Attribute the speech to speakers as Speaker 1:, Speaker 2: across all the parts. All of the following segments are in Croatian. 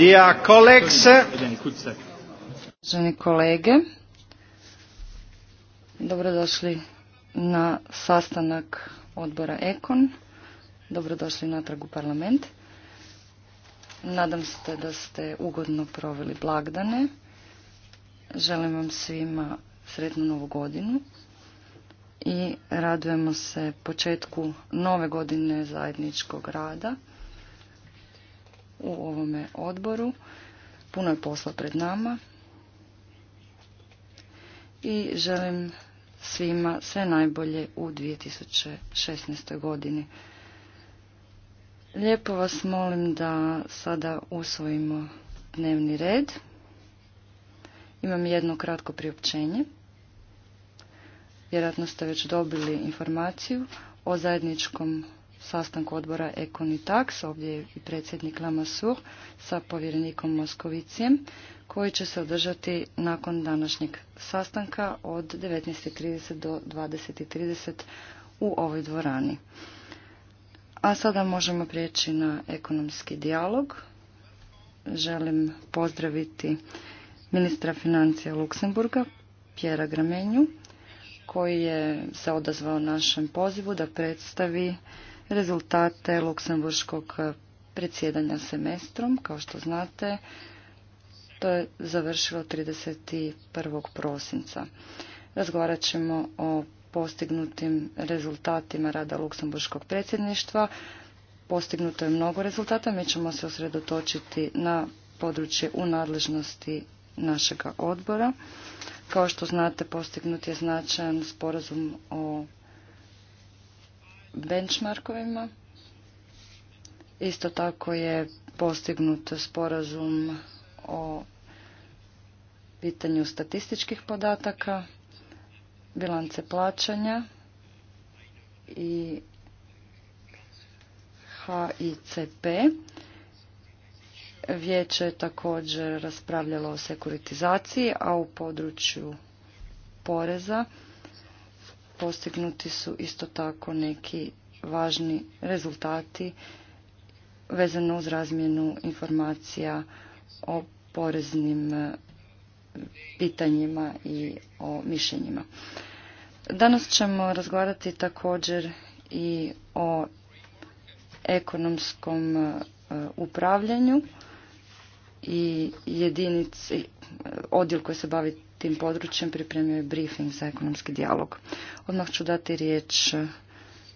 Speaker 1: Dear kolege, dobrodošli na sastanak odbora Ekon, dobrodošli natrag u parlament. Nadam se da ste ugodno proveli blagdane. Želim vam svima sretnu novu godinu i radujemo se početku nove godine zajedničkog rada u ovome odboru. Puno je posla pred nama i želim svima sve najbolje u 2016. godini. Lijepo vas molim da sada usvojimo dnevni red. Imam jedno kratko priopćenje. Vjerojatno ste već dobili informaciju o zajedničkom sastanku odbora EconiTax. ovdje je i predsjednik Lamassur sa povjerenikom Moskovicijem, koji će se održati nakon današnjeg sastanka od 19.30 do 20.30 u ovoj dvorani. A sada možemo prijeći na ekonomski dijalog. Želim pozdraviti ministra financija Luksemburga, Pjera Gramenju, koji je se odazvao našem pozivu da predstavi rezultate luksemburškog eh, predsjedanja semestrom. Kao što znate, to je završilo 31. prosinca. Razgovarat ćemo o postignutim rezultatima rada luksemburškog predsjedništva. Postignuto je mnogo rezultata, mi ćemo se osredotočiti na područje u nadležnosti našega odbora. Kao što znate, postignut je značajan sporazum o benchmarkovima. Isto tako je postignut sporazum o pitanju statističkih podataka, bilance plaćanja i HICP. Vijeće je također raspravljalo o sekuritizaciji, a u području poreza postignuti su isto tako neki važni rezultati vezano uz razmjenu informacija o poreznim e, pitanjima i o mišljenjima. Danas ćemo razgovarati također i o ekonomskom e, upravljanju i jedinici, e, odjel koji se bavi tim područjem pripremio je briefing za ekonomski dijalog. Odmah ću dati riječ eh,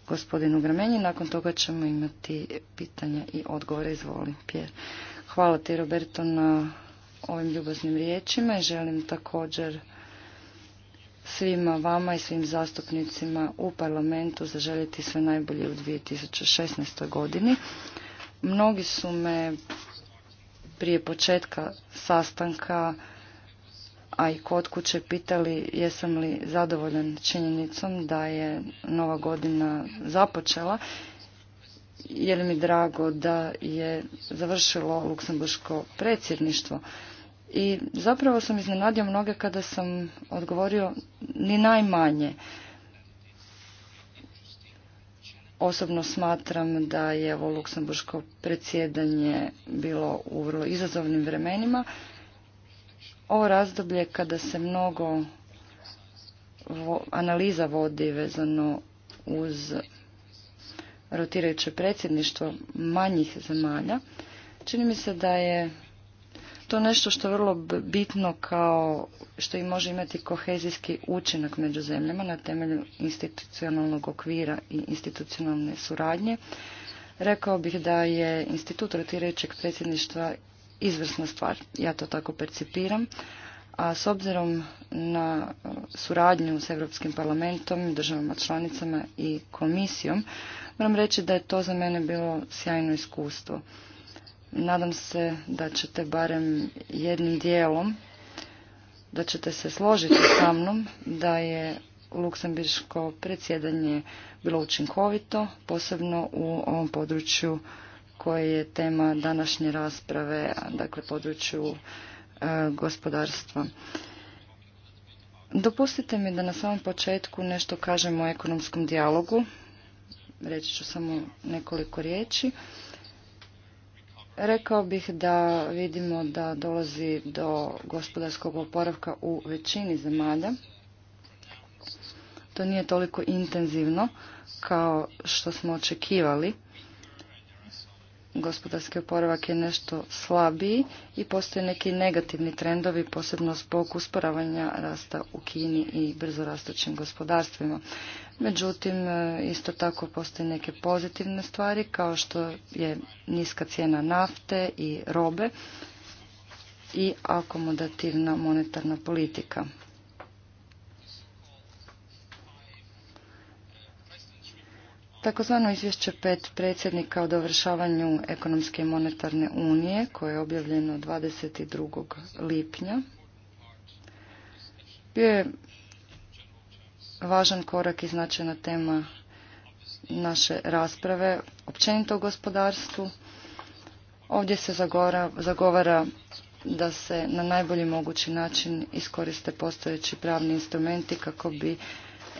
Speaker 1: gospodinu Gramenji, nakon toga ćemo imati pitanja i odgovore. Izvoli, Hvala ti, Roberto, na ovim ljubaznim riječima i želim također svima vama i svim zastupnicima u parlamentu zaželjeti sve najbolje u 2016. godini. Mnogi su me prije početka sastanka a i kod kuće pitali jesam li zadovoljan činjenicom da je nova godina započela. Je li mi drago da je završilo luksemburško predsjedništvo? I zapravo sam iznenadio mnoge kada sam odgovorio ni najmanje. Osobno smatram da je ovo luksemburško predsjedanje bilo u vrlo izazovnim vremenima ovo razdoblje kada se mnogo analiza vodi vezano uz rotirajuće predsjedništvo manjih zemalja, čini mi se da je to nešto što je vrlo bitno kao što i može imati kohezijski učinak među zemljama na temelju institucionalnog okvira i institucionalne suradnje. Rekao bih da je institut rotirajućeg predsjedništva izvrsna stvar. Ja to tako percipiram. A s obzirom na e, suradnju s Europskim parlamentom, državama članicama i komisijom, moram reći da je to za mene bilo sjajno iskustvo. Nadam se da ćete barem jednim dijelom, da ćete se složiti sa mnom da je luksemburško predsjedanje bilo učinkovito, posebno u ovom području koje je tema današnje rasprave, dakle području e, gospodarstva. Dopustite mi da na samom početku nešto kažem o ekonomskom dijalogu. Reći ću samo nekoliko riječi. Rekao bih da vidimo da dolazi do gospodarskog oporavka u većini zemalja. To nije toliko intenzivno kao što smo očekivali gospodarski oporavak je nešto slabiji i postoje neki negativni trendovi, posebno zbog usporavanja rasta u Kini i brzo rastućim gospodarstvima. Međutim, e, isto tako postoje neke pozitivne stvari kao što je niska cijena nafte i robe i akomodativna monetarna politika. Takozvano izvješće pet predsjednika o dovršavanju ekonomske i monetarne unije koje je objavljeno 22. lipnja bio je važan korak i značajna tema naše rasprave općenito o gospodarstvu. Ovdje se zagovara da se na najbolji mogući način iskoriste postojeći pravni instrumenti kako bi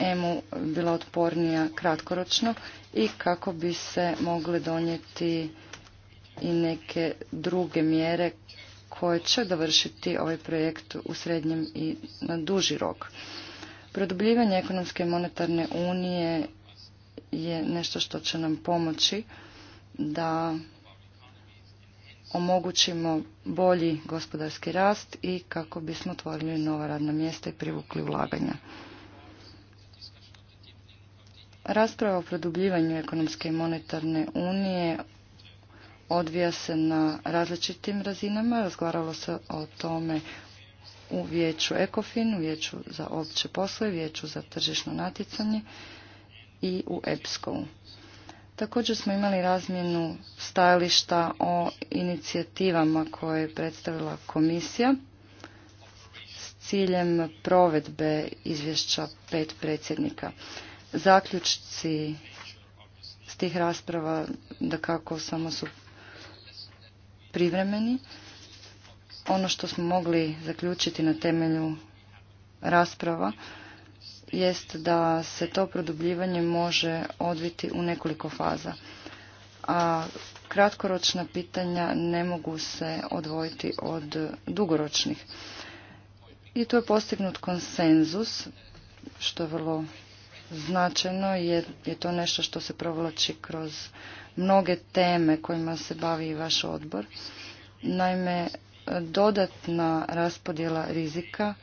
Speaker 1: EMU bila otpornija kratkoročno i kako bi se mogle donijeti i neke druge mjere koje će dovršiti ovaj projekt u srednjem i na duži rok. Produbljivanje ekonomske i monetarne unije je nešto što će nam pomoći da omogućimo bolji gospodarski rast i kako bismo otvorili nova radna mjesta i privukli ulaganja. Rasprava o produbljivanju ekonomske i monetarne unije odvija se na različitim razinama. Razgovaralo se o tome u vijeću ECOFIN, u vijeću za opće posle, vijeću za tržišno natjecanje i u EPSCO-u. Također smo imali razmjenu stajališta o inicijativama koje je predstavila komisija s ciljem provedbe izvješća pet predsjednika. Zaključci s tih rasprava da kako samo su privremeni. Ono što smo mogli zaključiti na temelju rasprava jest da se to produbljivanje može odviti u nekoliko faza. A kratkoročna pitanja ne mogu se odvojiti od dugoročnih. I tu je postignut konsenzus, što je vrlo značajno jer je to nešto što se provlači kroz mnoge teme kojima se bavi i vaš odbor. Naime, dodatna raspodjela rizika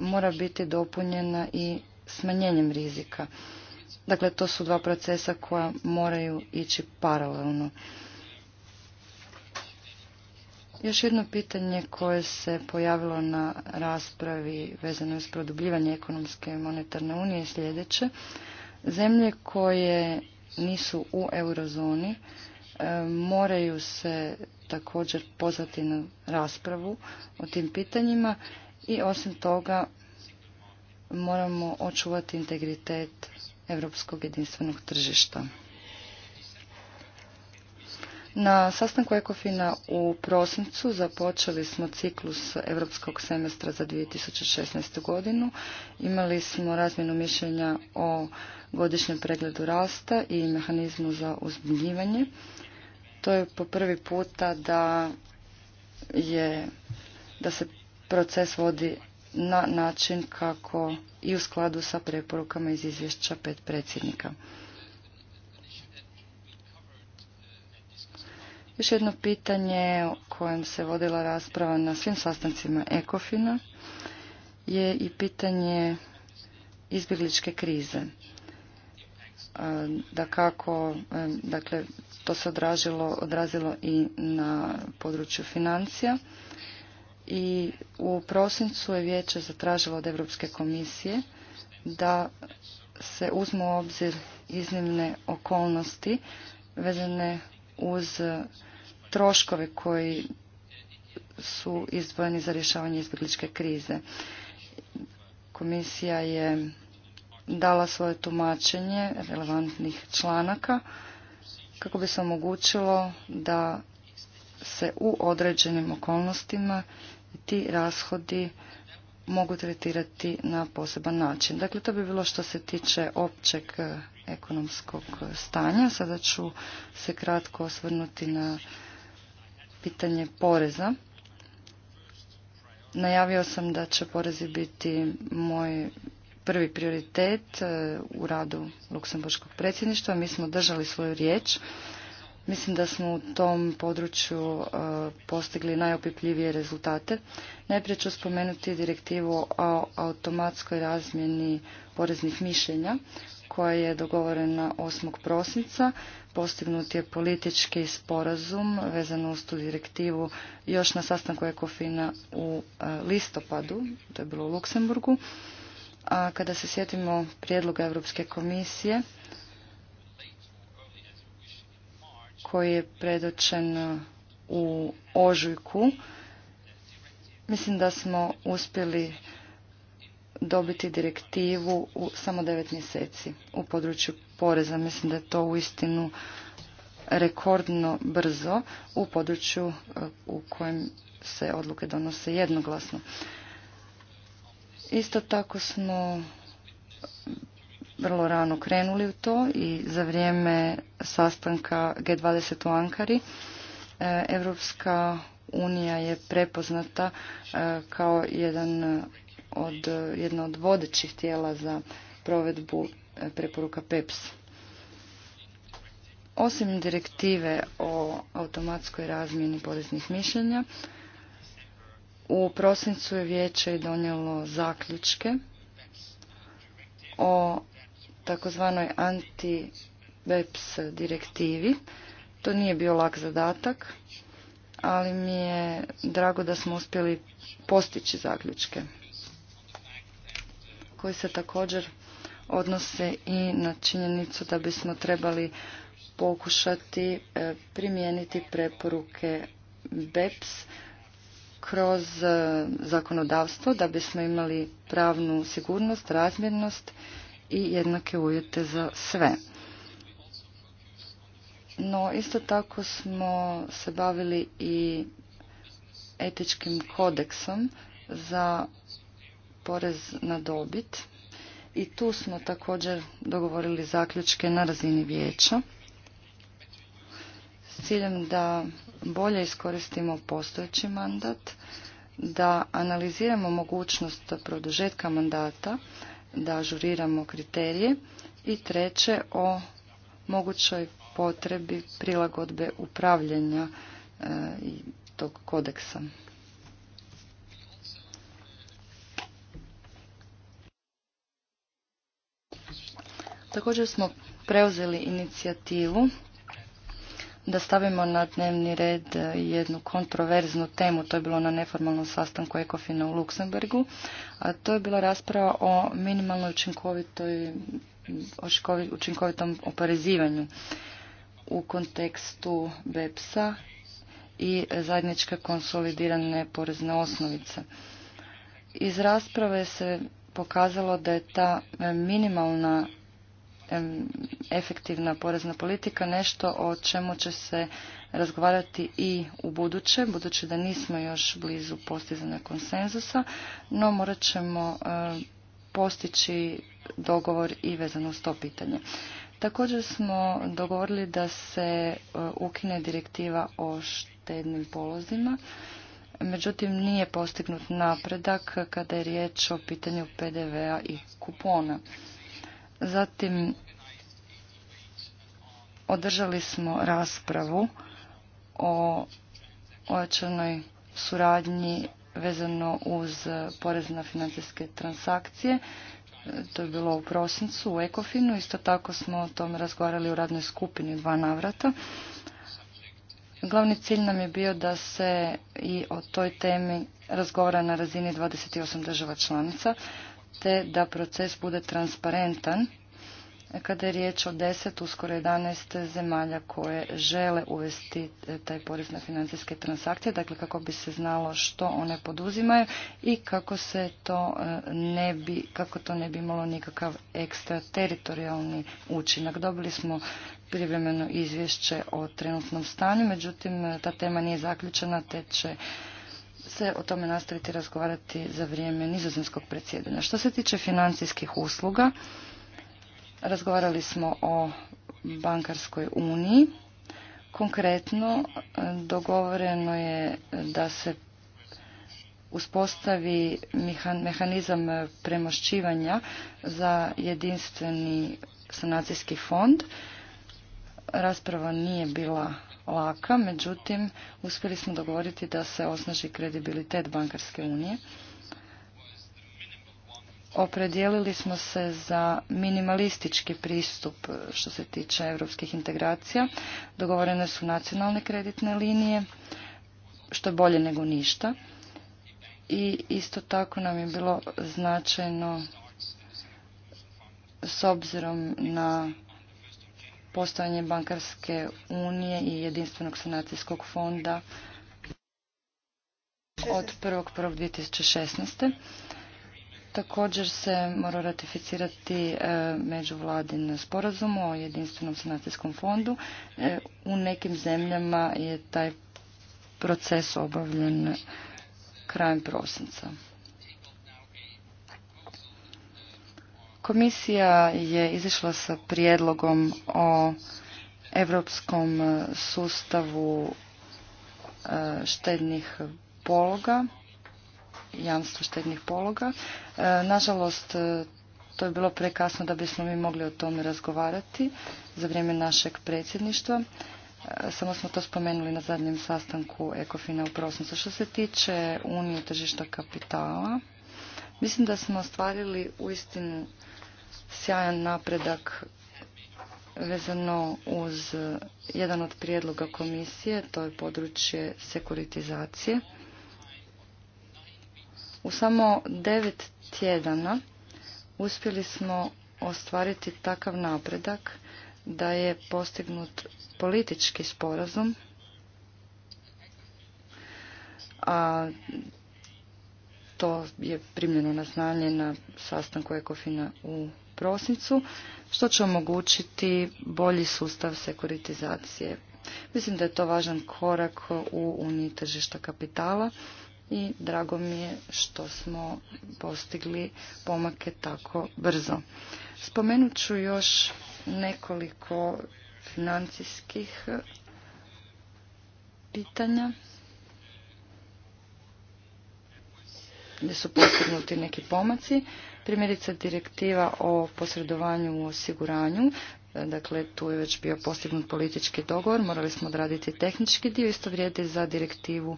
Speaker 1: mora biti dopunjena i smanjenjem rizika. Dakle, to su dva procesa koja moraju ići paralelno. Još jedno pitanje koje se pojavilo na raspravi vezano uz produbljivanje ekonomske i monetarne unije je sljedeće. Zemlje koje nisu u eurozoni e, moraju se također pozvati na raspravu o tim pitanjima i osim toga moramo očuvati integritet europskog jedinstvenog tržišta. Na sastanku Ekofina u prosincu započeli smo ciklus Europskog semestra za 2016. godinu. Imali smo razmjenu mišljenja o godišnjem pregledu rasta i mehanizmu za uzbiljivanje. To je po prvi puta da, je, da se proces vodi na način kako i u skladu sa preporukama iz izvješća pet predsjednika. Još jedno pitanje o kojem se vodila rasprava na svim sastancima Ekofina je i pitanje izbjegličke krize. Da kako, e, dakle, to se odražilo, odrazilo i na području financija i u prosincu je vijeće zatražilo od Europske komisije da se uzmu u obzir iznimne okolnosti vezane uz troškove koji su izdvojeni za rješavanje izbjegličke krize. Komisija je dala svoje tumačenje relevantnih članaka kako bi se omogućilo da se u određenim okolnostima ti rashodi mogu tretirati na poseban način. Dakle, to bi bilo što se tiče općeg ekonomskog stanja. Sada ću se kratko osvrnuti na pitanje poreza. Najavio sam da će porezi biti moj prvi prioritet eh, u radu Luksemburškog predsjedništva. Mi smo držali svoju riječ Mislim da smo u tom području e, postigli najopipljivije rezultate. Najprije ću spomenuti direktivu o automatskoj razmjeni poreznih mišljenja koja je dogovorena 8. prosinca. Postignut je politički sporazum vezano uz tu direktivu još na sastanku Ekofina u e, listopadu, to je bilo u Luksemburgu. A kada se sjetimo prijedloga Europske komisije, koji je predočen e, u ožujku. Mislim da smo uspjeli dobiti direktivu u samo devet mjeseci u području poreza. Mislim da je to uistinu rekordno brzo u području e, u kojem se odluke donose jednoglasno. Isto tako smo vrlo rano krenuli u to i za vrijeme sastanka G20 u Ankari e, Evropska unija je prepoznata e, kao jedan od, jedna od vodećih tijela za provedbu e, preporuka PEPS. Osim direktive o automatskoj razmjeni poreznih mišljenja, u prosincu je vijeće donijelo zaključke o takozvanoj anti-BEPS direktivi. To nije bio lak zadatak, ali mi je drago da smo uspjeli postići zaključke koji se također odnose i na činjenicu da bismo trebali pokušati e, primijeniti preporuke BEPS kroz e, zakonodavstvo da bismo imali pravnu sigurnost, razmjernost i jednake uvjete za sve. No, isto tako smo se bavili i etičkim kodeksom za porez na dobit i tu smo također dogovorili zaključke na razini vijeća s ciljem da bolje iskoristimo postojeći mandat, da analiziramo mogućnost produžetka mandata, da ažuriramo kriterije i treće o mogućoj potrebi prilagodbe upravljanja eh, tog kodeksa. Također smo preuzeli inicijativu da stavimo na dnevni red e, jednu kontroverznu temu. To je bilo na neformalnom sastanku Ekofina u Luksemburgu. A to je bila rasprava o minimalno učinkovitom oporezivanju u kontekstu BEPS-a i zajedničke konsolidirane porezne osnovice. Iz rasprave se pokazalo da je ta minimalna efektivna porezna politika nešto o čemu će se razgovarati i u buduće, budući da nismo još blizu postizanja konsenzusa, no morat ćemo e, postići dogovor i vezano uz to pitanje. Također smo dogovorili da se e, ukine direktiva o štednim polozima, međutim nije postignut napredak kada je riječ o pitanju PDV-a i kupona. Zatim održali smo raspravu o ojačanoj suradnji vezano uz porez na financijske transakcije. To je bilo u prosincu u Ekofinu. Isto tako smo o tome razgovarali u radnoj skupini dva navrata. Glavni cilj nam je bio da se i o toj temi razgovara na razini 28 država članica te da proces bude transparentan kada je riječ o 10, uskoro 11 zemalja koje žele uvesti e, taj porez na financijske transakcije, dakle kako bi se znalo što one poduzimaju i kako se to e, ne bi, kako to ne bi imalo nikakav teritorijalni učinak. Dobili smo privremeno izvješće o trenutnom stanju, međutim e, ta tema nije zaključena te će se o tome nastaviti razgovarati za vrijeme nizozemskog predsjedanja. Što se tiče financijskih usluga, razgovarali smo o bankarskoj uniji. Konkretno dogovoreno je da se uspostavi mehanizam premošćivanja za jedinstveni sanacijski fond. Rasprava nije bila laka, međutim uspjeli smo dogovoriti da se osnaži kredibilitet bankarske unije. Opredijelili smo se za minimalistički pristup što se tiče europskih integracija. Dogovorene su nacionalne kreditne linije, što je bolje nego ništa. I isto tako nam je bilo značajno s obzirom na postojanje bankarske unije i jedinstvenog sanacijskog fonda od 1.1.2016. Također se mora ratificirati e, međuvladin sporazum o jedinstvenom sanacijskom fondu. E, u nekim zemljama je taj proces obavljen krajem prosinca. Komisija je izišla sa prijedlogom o europskom e, sustavu e, štednih pologa, jamstvo štednih pologa. E, nažalost, to je bilo prekasno da bismo mi mogli o tome razgovarati za vrijeme našeg predsjedništva. Samo smo to spomenuli na zadnjem sastanku ECOFINA u prosincu. Što se tiče Unije tržišta kapitala, Mislim da smo ostvarili uistinu sjajan napredak vezano uz jedan od prijedloga komisije, to je područje sekuritizacije. U samo devet tjedana uspjeli smo ostvariti takav napredak da je postignut politički sporazum, a to je primljeno na znanje na sastanku Ekofina u prosincu, što će omogućiti bolji sustav sekuritizacije. Mislim da je to važan korak u uniji tržišta kapitala i drago mi je što smo postigli pomake tako brzo. Spomenut ću još nekoliko financijskih pitanja. gdje su postignuti neki pomaci. Primjerice direktiva o posredovanju u osiguranju, e, dakle tu je već bio postignut politički dogovor, morali smo odraditi tehnički dio, isto vrijedi za direktivu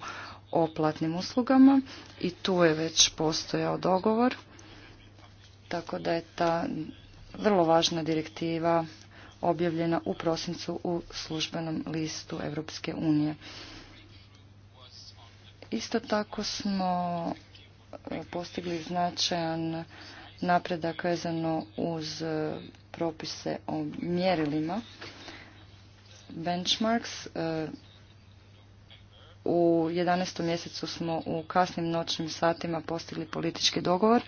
Speaker 1: o platnim uslugama i tu je već postojao dogovor, tako da je ta vrlo važna direktiva objavljena u prosincu u službenom listu Europske unije. Isto tako smo postigli značajan napredak vezano uz e, propise o mjerilima. Benchmarks e, u 11. mjesecu smo u kasnim noćnim satima postigli politički dogovor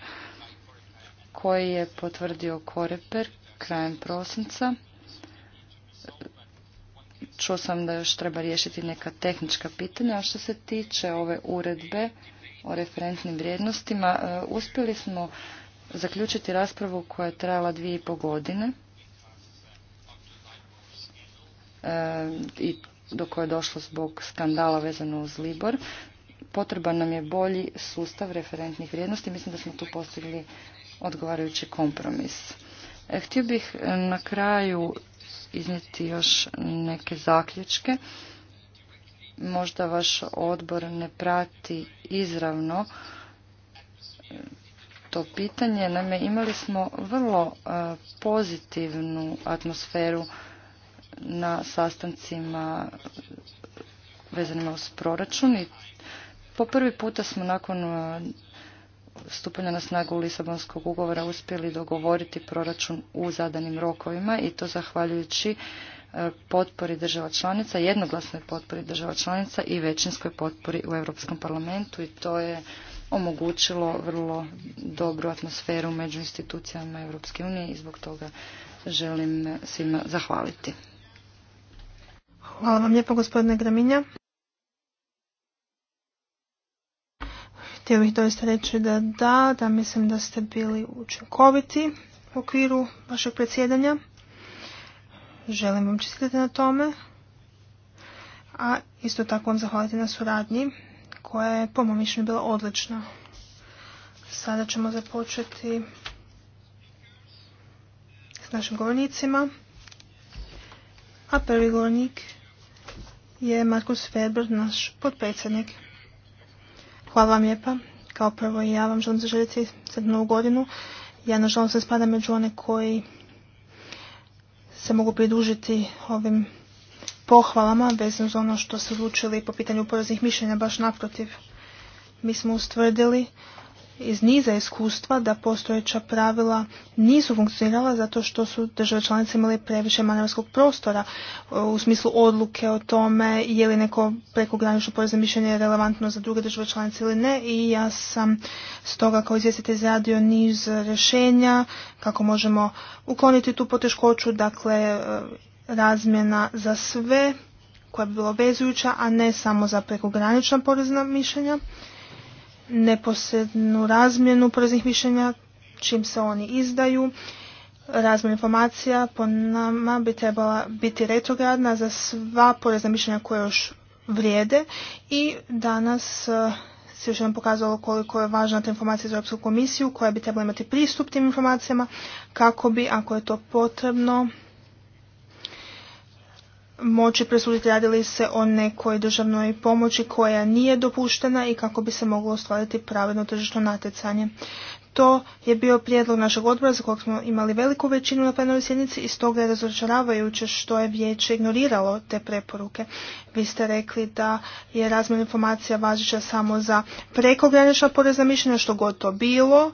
Speaker 1: koji je potvrdio Koreper krajem prosinca. Čuo sam da još treba riješiti neka tehnička pitanja. A što se tiče ove uredbe, o referentnim vrijednostima. E, uspjeli smo zaključiti raspravu koja je trajala dvije i po godine e, i do koje je došlo zbog skandala vezano uz Libor. Potreban nam je bolji sustav referentnih vrijednosti. Mislim da smo tu postigli odgovarajući kompromis. E, htio bih na kraju iznijeti još neke zaključke možda vaš odbor ne prati izravno e, to pitanje. Naime, imali smo vrlo e, pozitivnu atmosferu na sastancima vezanima uz proračun i po prvi puta smo nakon e, stupanja na snagu Lisabonskog ugovora uspjeli dogovoriti proračun u zadanim rokovima i to zahvaljujući potpori država članica, jednoglasnoj potpori država članica i većinskoj potpori u Europskom parlamentu i to je omogućilo vrlo dobru atmosferu među institucijama Europske unije i zbog toga želim svima zahvaliti.
Speaker 2: Hvala vam lijepo gospodine Graminja. Htio bih doista reći da da, da mislim da ste bili učinkoviti u okviru vašeg predsjedanja. Želim vam čestitati na tome, a isto tako vam zahvaliti na suradnji koja je po mom mišljenju bila odlična. Sada ćemo započeti s našim govornicima. A prvi govornik je Markus Weber, naš potpredsjednik. Hvala vam lijepa. Kao prvo i ja vam želim zaželjeti novu godinu. Ja nažalost se spadam među one koji se mogu pridružiti ovim pohvalama vezano za ono što su odlučili po pitanju poreznih mišljenja baš naprotiv. Mi smo ustvrdili iz niza iskustva da postojeća pravila nisu funkcionirala zato što su države članice imale previše manevarskog prostora e, u smislu odluke o tome je li neko prekogranično porezno mišljenje relevantno za druge države članice ili ne i ja sam stoga kao izvjestitelj izradio niz rješenja kako možemo ukloniti tu poteškoću, dakle e, razmjena za sve koja bi bila obvezujuća, a ne samo za prekogranična porezna mišljenja neposrednu razmjenu poreznih mišljenja čim se oni izdaju. Razmjena informacija po nama bi trebala biti retrogradna za sva porezna mišljenja koja još vrijede i danas eh, se još nam pokazalo koliko je važna ta informacija za Europsku komisiju koja bi trebala imati pristup tim informacijama kako bi, ako je to potrebno, moći presuditi radili se o nekoj državnoj pomoći koja nije dopuštena i kako bi se moglo ostvariti pravedno tržišno natjecanje. To je bio prijedlog našeg odbora za kojeg smo imali veliku većinu na plenarnoj sjednici i stoga je razočaravajuće što je vijeće ignoriralo te preporuke. Vi ste rekli da je razmjena informacija važića samo za prekogranična porezna mišljenja što god to bilo,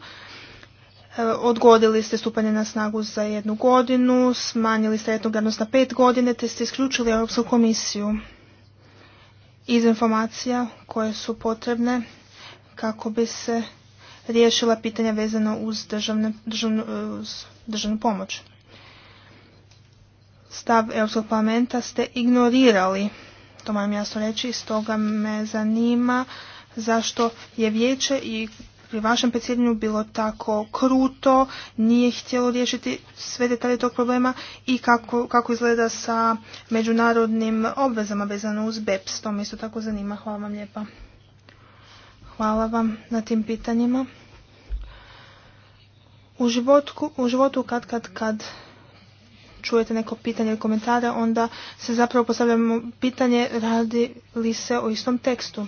Speaker 2: E, odgodili ste stupanje na snagu za jednu godinu, smanjili ste gradnost na pet godine, te ste isključili Europsku komisiju iz informacija koje su potrebne kako bi se riješila pitanja vezano uz državnu, e, državnu pomoć. Stav Europskog parlamenta ste ignorirali, to moram jasno reći, stoga me zanima zašto je vijeće i pri vašem predsjedanju bilo tako kruto, nije htjelo riješiti sve detalje tog problema i kako, kako izgleda sa međunarodnim obvezama vezano uz BEPS. To me isto tako zanima. Hvala vam lijepa. Hvala vam na tim pitanjima. U, u životu kad kad kad čujete neko pitanje ili komentare, onda se zapravo postavljamo pitanje radi li se o istom tekstu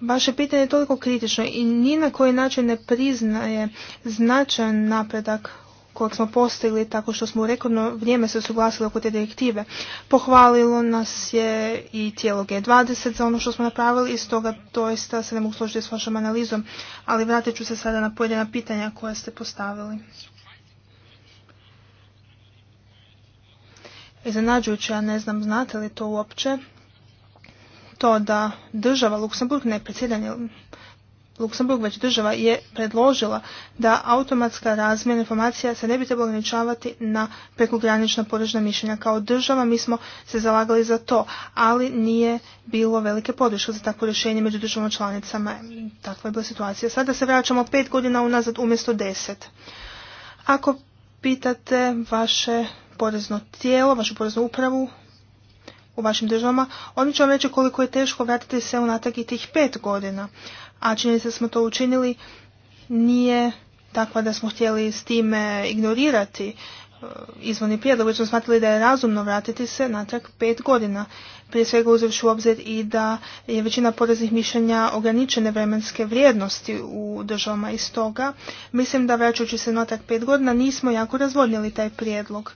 Speaker 2: vaše pitanje je toliko kritično i ni na koji način ne priznaje značajan napredak kojeg smo postigli tako što smo u rekordno vrijeme se usuglasili oko te direktive. Pohvalilo nas je i tijelo G20 za ono što smo napravili i stoga doista se ne mogu složiti s vašom analizom, ali vratit ću se sada na pojedina pitanja koja ste postavili. Iznenađujuće, ja ne znam znate li to uopće, to da država Luksemburg, ne predsjedanje Luksemburg, već država je predložila da automatska razmjena informacija se ne bi trebala ograničavati na prekogranična porezna mišljenja. Kao država mi smo se zalagali za to, ali nije bilo velike podrške za takvo rješenje među državama članicama. Takva je bila situacija. Sada se vraćamo pet godina unazad umjesto deset. Ako pitate vaše porezno tijelo, vašu poreznu upravu, u vašim državama, oni će vam reći koliko je teško vratiti se unatrag i tih pet godina. A činjenica da smo to učinili nije takva da smo htjeli s time ignorirati izvorni prijedlog, već smo smatrali da je razumno vratiti se natrag pet godina. Prije svega uzevši u obzir i da je većina poreznih mišljenja ograničene vremenske vrijednosti u državama i toga. Mislim da vraćajući se natrag pet godina nismo jako razvodnili taj prijedlog.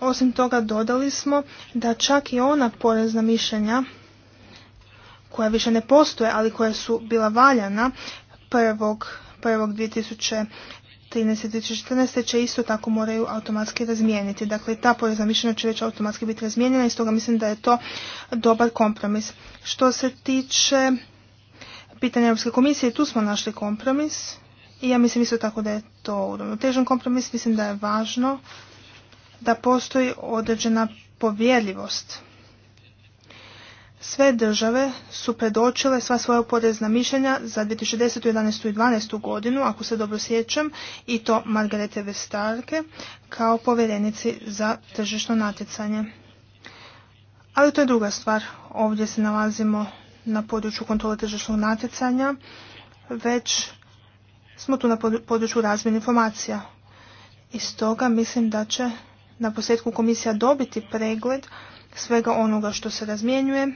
Speaker 2: Osim toga dodali smo da čak i ona porezna mišljenja koja više ne postoje, ali koja su bila valjana prvog, prvog 2000 13. i 14. će isto tako moraju automatski razmijeniti. Dakle, ta porezna mišljenja će već automatski biti razmijenjena i stoga mislim da je to dobar kompromis. Što se tiče pitanja Europske komisije, tu smo našli kompromis i ja mislim isto tako da je to uravnotežen kompromis. Mislim da je važno da postoji određena povjerljivost sve države su predočile sva svoja porezna mišljenja za 2010. 11. i 12. godinu, ako se dobro sjećam, i to Margarete Vestarke kao povjerenici za tržišno natjecanje. Ali to je druga stvar. Ovdje se nalazimo na području kontrole tržišnog natjecanja, već smo tu na području razmjene informacija. I stoga mislim da će na posljedku komisija dobiti pregled svega onoga što se razmjenjuje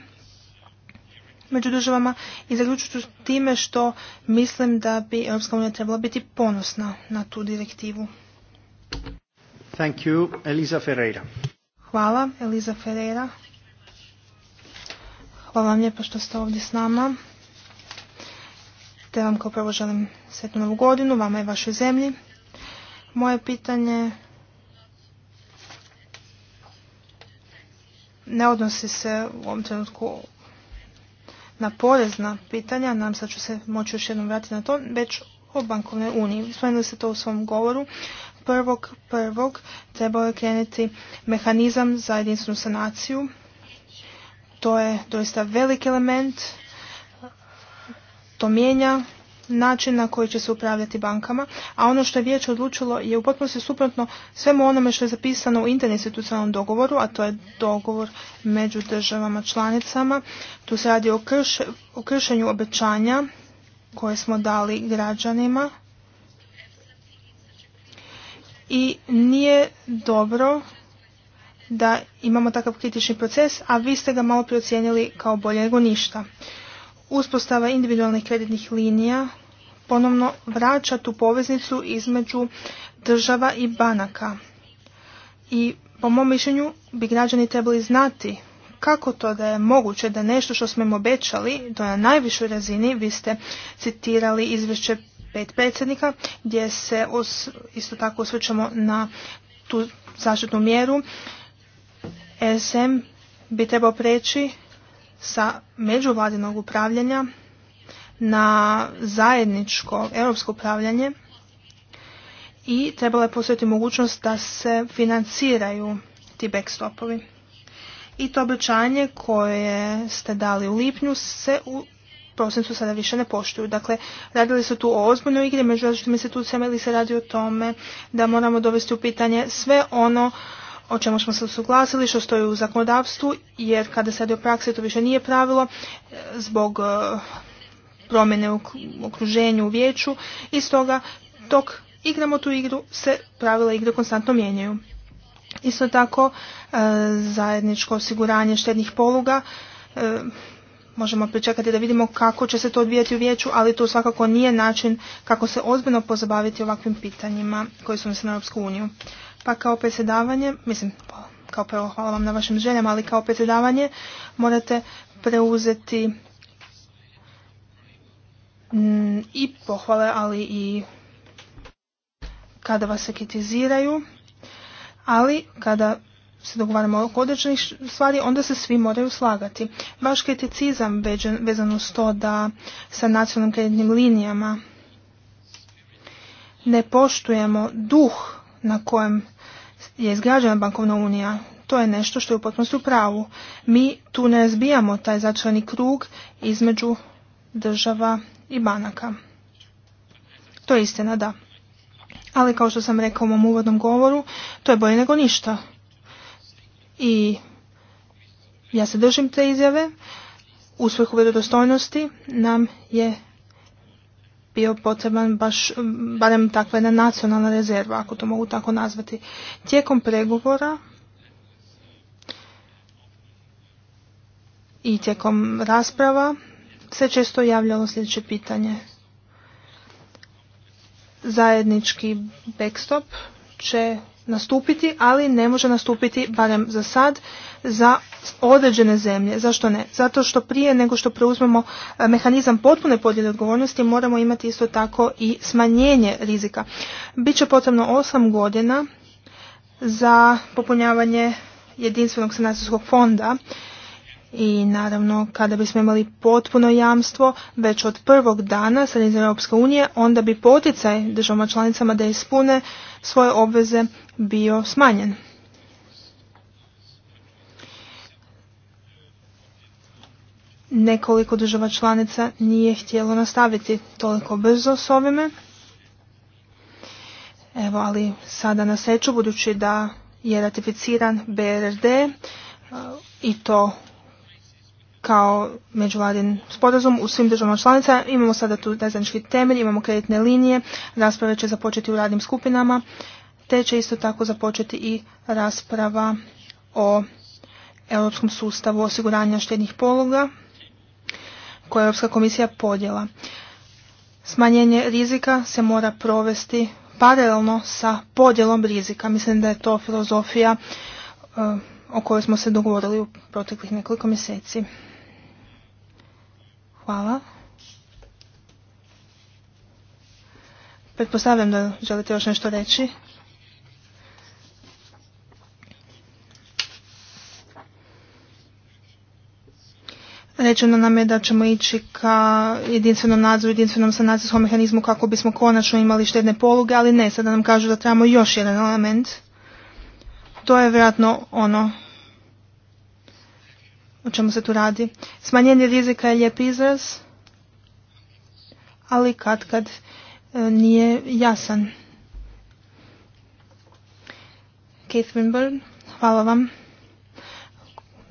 Speaker 2: među državama i zaključit ću time što mislim da bi Europska unija trebala biti ponosna na tu direktivu.
Speaker 1: Thank you, Elisa Ferreira.
Speaker 2: Hvala, Elisa Ferreira. Hvala vam lijepo što ste ovdje s nama. Te vam kao prvo želim sretnu novu godinu, vama i vašoj zemlji. Moje pitanje ne odnosi se u ovom trenutku na porezna pitanja, nam sad ću se moći još jednom vratiti na to, već o bankovnoj uniji. Spomenuli ste to u svom govoru. Prvog, prvog trebao je krenuti mehanizam za jedinstvenu sanaciju. To je doista velik element. To mijenja način na koji će se upravljati bankama, a ono što je vijeće odlučilo je u potpunosti suprotno svemu onome što je zapisano u interinstitucionalnom dogovoru, a to je dogovor među državama članicama. Tu se radi o, kršenju obećanja koje smo dali građanima i nije dobro da imamo takav kritični proces, a vi ste ga malo procijenili kao bolje nego ništa uspostava individualnih kreditnih linija ponovno vraća tu poveznicu između država i banaka. I po mom mišljenju bi građani trebali znati kako to da je moguće da nešto što smo im obećali, to na najvišoj razini, vi ste citirali izvješće pet predsjednika, gdje se os, isto tako osvrćamo na tu zaštitnu mjeru. SM bi trebao preći sa međuvladinog upravljanja na zajedničko europsko upravljanje i trebala je postojati mogućnost da se financiraju ti backstopovi. I to obećanje koje ste dali u lipnju se u prosincu sada više ne poštuju. Dakle, radili se tu o ozbiljnoj igri među različitim institucijama ili se radi o tome da moramo dovesti u pitanje sve ono o čemu smo se usuglasili, što stoji u zakonodavstvu, jer kada se radi o praksi to više nije pravilo e, zbog e, promjene u okruženju u vijeću i stoga dok igramo tu igru se pravila igre konstantno mijenjaju. Isto tako e, zajedničko osiguranje štednih poluga možemo pričekati da vidimo kako će se to odvijati u vijeću, ali to svakako nije način kako se ozbiljno pozabaviti ovakvim pitanjima koji su nas na Europsku uniju. Pa kao predsjedavanje, mislim, kao prvo hvala vam na vašim željama, ali kao predsjedavanje morate preuzeti mm, i pohvale, ali i kada vas se kritiziraju, ali kada se dogovaramo o određenih stvari, onda se svi moraju slagati. Vaš kriticizam vezan uz to da sa nacionalnim kreditnim linijama ne poštujemo duh na kojem je izgrađena bankovna unija. To je nešto što je u potpunosti u pravu. Mi tu ne razbijamo taj začarani krug između država i banaka. To je istina, da. Ali kao što sam rekao u mom uvodnom govoru, to je bolje nego ništa. I ja se držim te izjave. U svrhu vjerodostojnosti nam je bio potreban baš, barem takva jedna nacionalna rezerva, ako to mogu tako nazvati. Tijekom pregovora i tijekom rasprava se često javljalo sljedeće pitanje. Zajednički backstop će nastupiti, ali ne može nastupiti, barem za sad, za određene zemlje. Zašto ne? Zato što prije nego što preuzmemo e, mehanizam potpune podjele odgovornosti moramo imati isto tako i smanjenje rizika. Biće potrebno 8 godina za popunjavanje jedinstvenog sanacijskog fonda i naravno kada bismo imali potpuno jamstvo već od prvog dana sredine Europske unije onda bi poticaj državama članicama da ispune svoje obveze bio smanjen. Nekoliko država članica nije htjelo nastaviti toliko brzo s ovime. Evo, ali sada na sreću, budući da je ratificiran BRD e, i to kao međuvladin sporazum u svim državama članica. Imamo sada tu zajednički temelj, imamo kreditne linije, rasprave će započeti u radnim skupinama te će isto tako započeti i rasprava o europskom sustavu osiguranja štednih pologa koje je Europska komisija podjela. Smanjenje rizika se mora provesti paralelno sa podjelom rizika. Mislim da je to filozofija e, o kojoj smo se dogovorili u proteklih nekoliko mjeseci. Hvala. Pretpostavljam da želite još nešto reći. Rečeno nam je da ćemo ići ka jedinstvenom nadzoru, jedinstvenom sanacijskom mehanizmu kako bismo konačno imali štedne poluge, ali ne, sada nam kažu da trebamo još jedan element. To je vjerojatno ono o čemu se tu radi. Smanjenje rizika je lijep izraz, ali kad kad e, nije jasan. Keith Winburn, hvala vam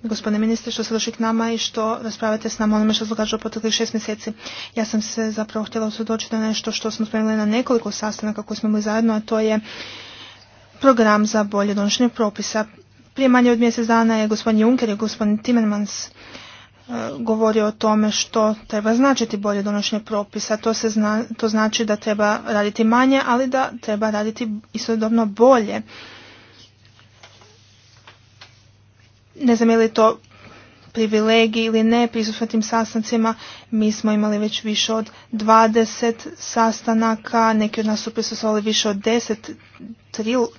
Speaker 2: gospodine ministre, što ste došli k nama i što raspravljate s nama onome što se događa u proteklih šest mjeseci. Ja sam se zapravo htjela osvjedočiti na nešto što smo spremili na nekoliko sastanaka koje smo imali zajedno, a to je program za bolje donošenje propisa. Prije manje od mjesec dana je gospodin Juncker i gospodin Timmermans e, govorio o tome što treba značiti bolje donošenje propisa. To, to znači da treba raditi manje, ali da treba raditi istodobno bolje ne znam je li to privilegij ili ne prisustvo tim sastancima. Mi smo imali već više od 20 sastanaka, neki od nas su prisustvovali više od 10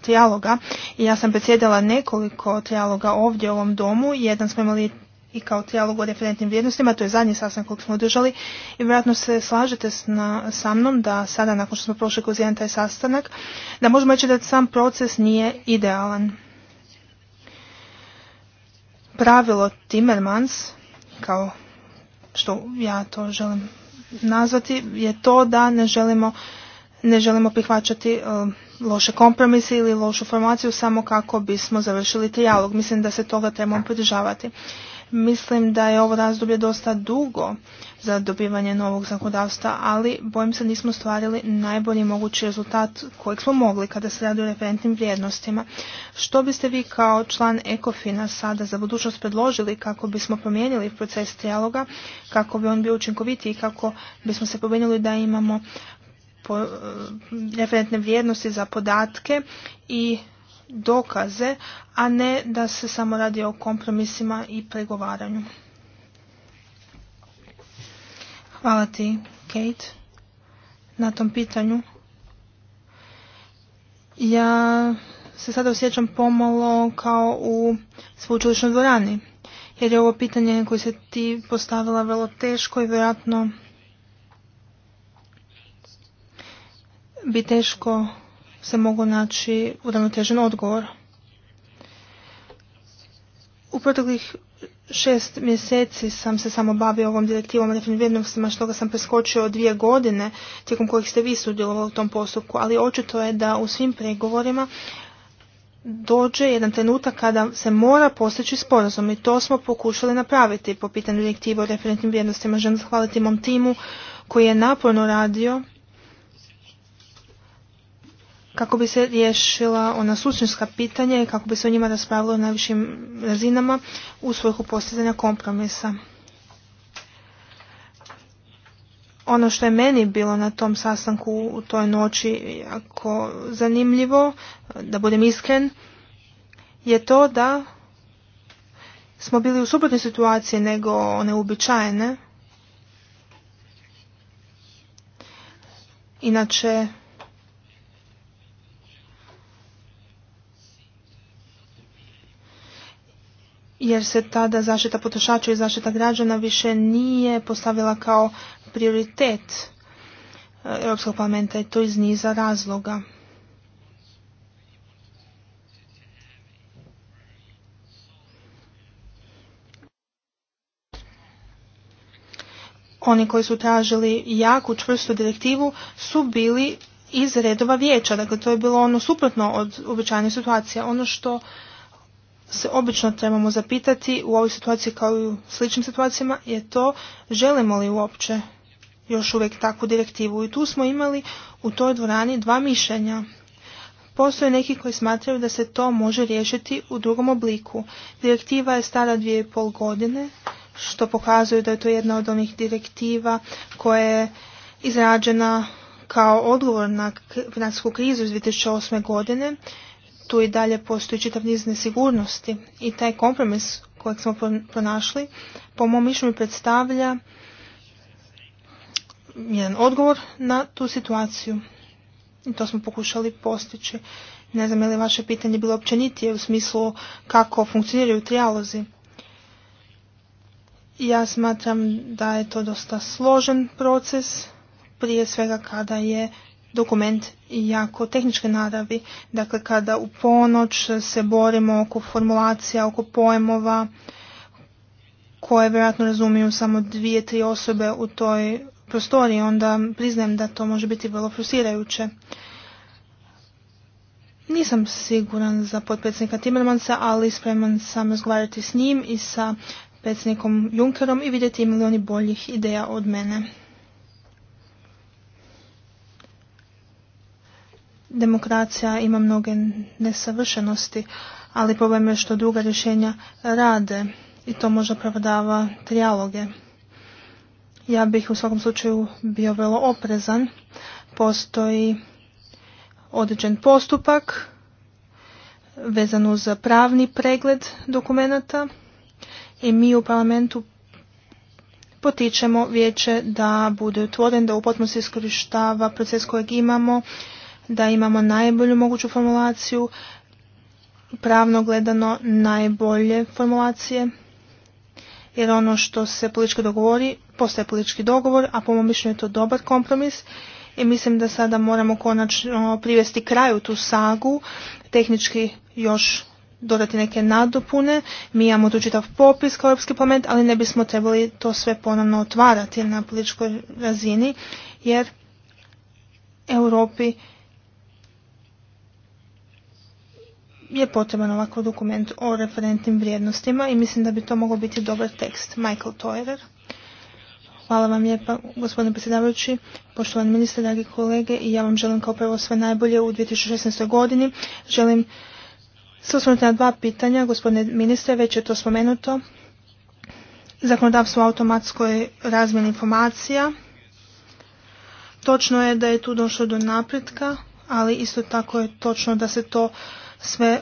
Speaker 2: trialoga i ja sam predsjedala nekoliko trialoga ovdje u ovom domu. Jedan smo imali i kao trijalog o referentnim vrijednostima, to je zadnji sastanak kojeg smo održali i vjerojatno se slažete na, sa mnom da sada nakon što smo prošli kroz jedan taj sastanak, da možemo reći da sam proces nije idealan pravilo Timmermans, kao što ja to želim nazvati, je to da ne želimo, ne želimo prihvaćati e, loše kompromise ili lošu formaciju samo kako bismo završili trijalog. Mislim da se toga trebamo pridržavati. Mislim da je ovo razdoblje dosta dugo za dobivanje novog zakonodavstva, ali bojim se nismo stvarili najbolji mogući rezultat kojeg smo mogli kada se radi o referentnim vrijednostima. Što biste vi kao član Ekofina sada za budućnost predložili kako bismo promijenili proces trijaloga, kako bi on bio učinkovitiji i kako bismo se pobrinuli da imamo eh, referentne vrijednosti za podatke i dokaze, a ne da se samo radi o kompromisima i pregovaranju. Hvala ti, Kate, na tom pitanju. Ja se sada osjećam pomalo kao u sveučilišnoj dvorani, jer je ovo pitanje koje se ti postavila vrlo teško i vjerojatno bi teško se mogu naći uravnotežen odgovor. U proteklih šest mjeseci sam se samo bavio ovom direktivom o vrijednostima, što ga sam preskočio dvije godine, tijekom kojih ste vi sudjelovali u tom postupku, ali očito je da u svim pregovorima dođe jedan trenutak kada se mora postići sporazum i to smo pokušali napraviti po pitanju direktive o referentnim vrijednostima. Želim zahvaliti mom timu koji je naporno radio kako bi se riješila ona suštinska pitanja i kako bi se o njima raspravilo na najvišim razinama u svrhu postizanja kompromisa. Ono što je meni bilo na tom sastanku u toj noći jako zanimljivo, da budem iskren, je to da smo bili u suprotnoj situaciji nego one uobičajene. Inače, jer se tada zaštita potrošača i zaštita građana više nije postavila kao prioritet e, Europskog parlamenta i to iz niza razloga. Oni koji su tražili jaku, čvrstu direktivu su bili iz redova vijeća. Dakle, to je bilo ono suprotno od uvečajne situacije. Ono što se obično trebamo zapitati u ovoj situaciji kao i u sličnim situacijama je to želimo li uopće još uvijek takvu direktivu. I tu smo imali u toj dvorani dva mišljenja. Postoje neki koji smatraju da se to može riješiti u drugom obliku. Direktiva je stara dvije i pol godine, što pokazuje da je to jedna od onih direktiva koja je izrađena kao odgovor na financijsku krizu iz 2008. godine tu i dalje postoji čitav niz nesigurnosti i taj kompromis kojeg smo pronašli, po mom mišljenju predstavlja jedan odgovor na tu situaciju. I to smo pokušali postići. Ne znam je li vaše pitanje bilo općenitije u smislu kako funkcioniraju trijalozi. Ja smatram da je to dosta složen proces, prije svega kada je dokument jako tehničke naravi. Dakle, kada u ponoć se borimo oko formulacija, oko pojmova, koje vjerojatno razumiju samo dvije, tri osobe u toj prostoriji, onda priznajem da to može biti vrlo frustrirajuće. Nisam siguran za potpredsjednika Timmermansa, ali spreman sam razgovarati s njim i sa predsjednikom Junkerom i vidjeti imaju li oni boljih ideja od mene. Demokracija ima mnoge nesavršenosti, ali problem je što druga rješenja rade i to možda pravdava trijaloge. Ja bih u svakom slučaju bio vrlo oprezan. Postoji određen postupak vezan uz pravni pregled dokumenata i mi u parlamentu potičemo vijeće da bude otvoren, da u potpunosti iskorištava proces kojeg imamo da imamo najbolju moguću formulaciju, pravno gledano najbolje formulacije, jer ono što se politički dogovori, postaje politički dogovor, a po mom mišljenju je to dobar kompromis i mislim da sada moramo konačno privesti kraju tu sagu, tehnički još dodati neke nadopune, mi imamo tu čitav popis kao Europski parlament, ali ne bismo trebali to sve ponovno otvarati na političkoj razini, jer Europi je potreban ovakav dokument o referentnim vrijednostima i mislim da bi to mogao biti dobar tekst. Michael Toerer. Hvala vam lijepa, gospodine predsjedavajući, poštovani ministre, dragi kolege i ja vam želim kao prvo sve najbolje u 2016. godini. Želim se osvrnuti na dva pitanja, gospodine ministre, već je to spomenuto. Zakonodavstvo o automatskoj razmjeni informacija. Točno je da je tu došlo do napretka, ali isto tako je točno da se to sve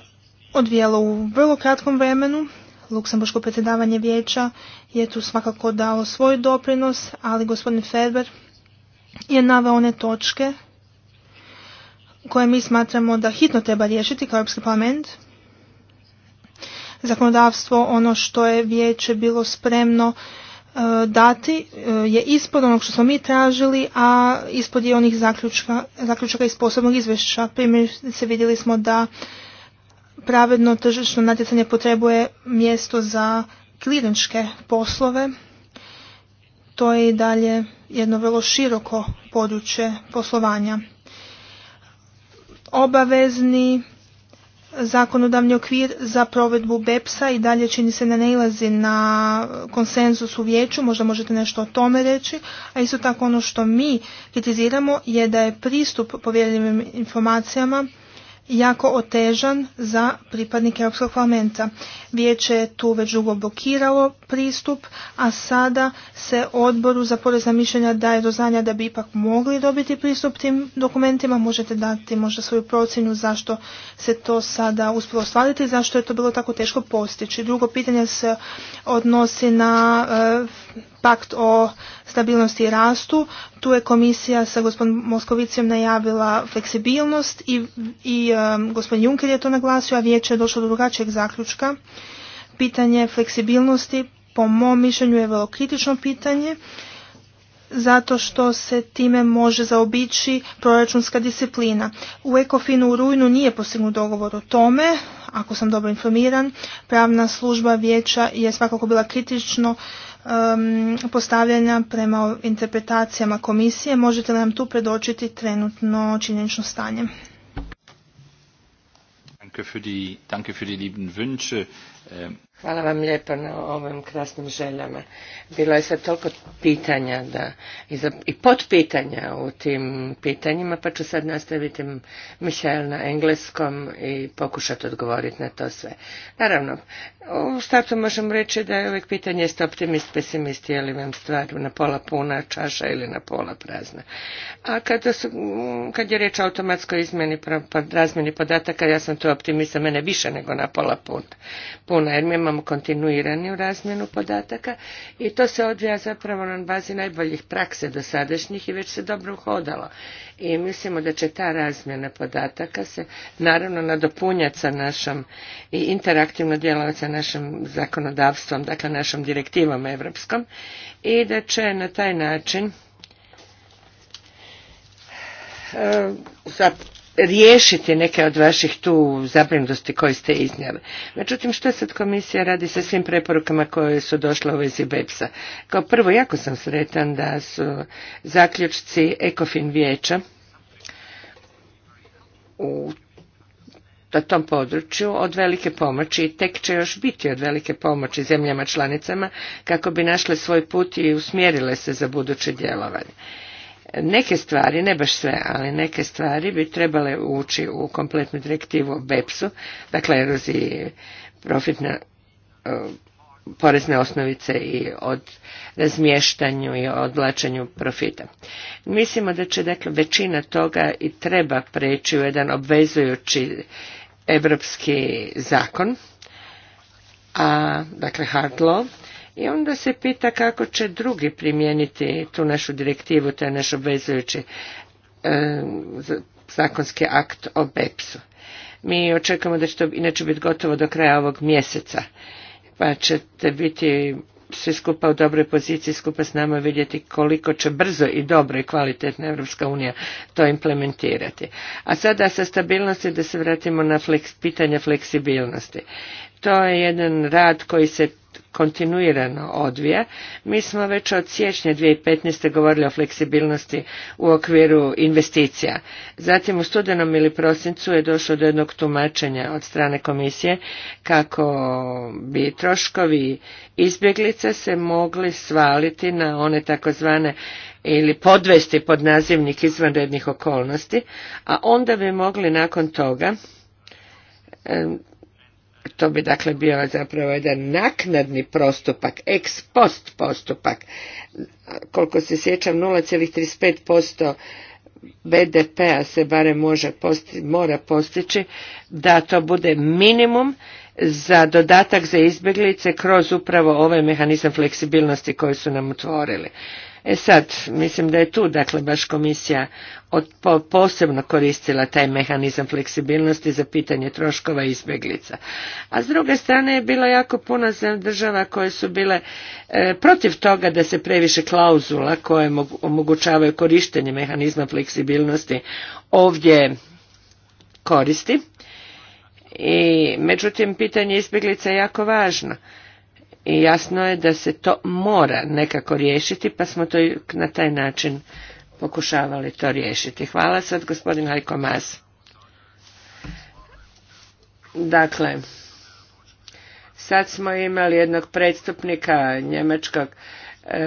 Speaker 2: odvijelo u vrlo kratkom vremenu. Luksemburško predsjedavanje vijeća je tu svakako dalo svoj doprinos, ali gospodin Ferber je naveo one točke koje mi smatramo da hitno treba riješiti kao Europski parlament. Zakonodavstvo, ono što je vijeće bilo spremno e, dati, e, je ispod onog što smo mi tražili, a ispod je onih zaključka, zaključaka iz posebnog izvješća. Primjer se vidjeli smo da pravedno tržišno natjecanje potrebuje mjesto za kliničke poslove. To je i dalje jedno vrlo široko područje poslovanja. Obavezni zakonodavni okvir za provedbu BEPS-a i dalje čini se ne nalazi na konsenzus u vijeću, možda možete nešto o tome reći, a isto tako ono što mi kritiziramo je da je pristup povjerljivim informacijama jako otežan za pripadnike Europskog parlamenta. Vijeće je tu već dugo blokiralo pristup, a sada se odboru za porezna mišljenja daje do znanja da bi ipak mogli dobiti pristup tim dokumentima. Možete dati možda svoju procjenu zašto se to sada uspjelo ostvariti, zašto je to bilo tako teško postići. Drugo pitanje se odnosi na e, pakt o stabilnosti i rastu. Tu je komisija sa gospodinom Moskovicijom najavila fleksibilnost i, i e, gospodin Juncker je to naglasio, a vijeće je došlo do drugačijeg zaključka pitanje fleksibilnosti po mom mišljenju je vrlo kritično pitanje zato što se time može zaobići proračunska disciplina. U Ekofinu u rujnu nije postignut dogovor o tome, ako sam dobro informiran, pravna služba vijeća je svakako bila kritično postavljena prema interpretacijama komisije. Možete li nam tu predočiti trenutno činjenično stanje? Danke für die, danke für die
Speaker 3: Hvala vam lijepa na ovim krasnim željama. Bilo je sad toliko pitanja da, i, za, i potpitanja u tim pitanjima, pa ću sad nastaviti Mišel na engleskom i pokušati odgovoriti na to sve. Naravno, u startu možemo reći da je uvijek pitanje jeste optimist, pesimist, je li vam stvar na pola puna čaša ili na pola prazna. A kada kad je reč o automatskoj izmjeni, razmjeni podataka, ja sam tu optimista, mene više nego na pola puna mi imamo kontinuiranu razmjenu podataka i to se odvija zapravo na bazi najboljih prakse dosadašnjih i već se dobro uhodalo. I mislimo da će ta razmjena podataka se naravno nadopunjati sa našom i interaktivno djelovati sa našim zakonodavstvom, dakle našom direktivom europskom i da će na taj način e, za riješiti neke od vaših tu zabrinutosti koje ste iznijeli. Međutim, što sad komisija radi sa svim preporukama koje su došle u vezi BEPS-a? Kao prvo, jako sam sretan da su zaključci ECOFIN vijeća u na tom području od velike pomoći i tek će još biti od velike pomoći zemljama članicama kako bi našle svoj put i usmjerile se za buduće djelovanje. Neke stvari, ne baš sve, ali neke stvari bi trebale ući u kompletnu direktivu o BEPS-u, dakle eroziji profitne e, porezne osnovice i od razmještanju i odvlačenju profita. Mislimo da će dakle većina toga i treba preći u jedan obvezujući europski zakon, a dakle hard law, i onda se pita kako će drugi primijeniti tu našu direktivu, taj naš obvezujući e, zakonski akt o BEPS-u. Mi očekujemo da će to inače biti gotovo do kraja ovog mjeseca, pa ćete biti svi skupa u dobroj poziciji skupa s nama vidjeti koliko će brzo i dobro i kvalitetna Europska unija to implementirati. A sada sa stabilnosti da se vratimo na pitanje fleksibilnosti. To je jedan rad koji se kontinuirano odvija. Mi smo već od siječnja 2015. govorili o fleksibilnosti u okviru investicija. Zatim u studenom ili prosincu je došlo do jednog tumačenja od strane komisije kako bi troškovi izbjeglica se mogli svaliti na one takozvane ili podvesti pod nazivnik izvanrednih okolnosti, a onda bi mogli nakon toga to bi dakle bio zapravo jedan naknadni postupak, ex post postupak, koliko se sjećam 0,35% BDP-a se barem može mora postići da to bude minimum za dodatak za izbjeglice kroz upravo ovaj mehanizam fleksibilnosti koji su nam otvorili. E sad, mislim da je tu, dakle, baš komisija posebno koristila taj mehanizam fleksibilnosti za pitanje troškova i izbjeglica. A s druge strane je bilo jako puno država koje su bile e, protiv toga da se previše klauzula koje omogućavaju korištenje mehanizma fleksibilnosti ovdje koristi. I međutim, pitanje izbjeglica je jako važno. I jasno je da se to mora nekako riješiti, pa smo to i na taj način pokušavali to riješiti. Hvala sad gospodin Hajko Mas. Dakle, sad smo imali jednog predstupnika njemačkog E,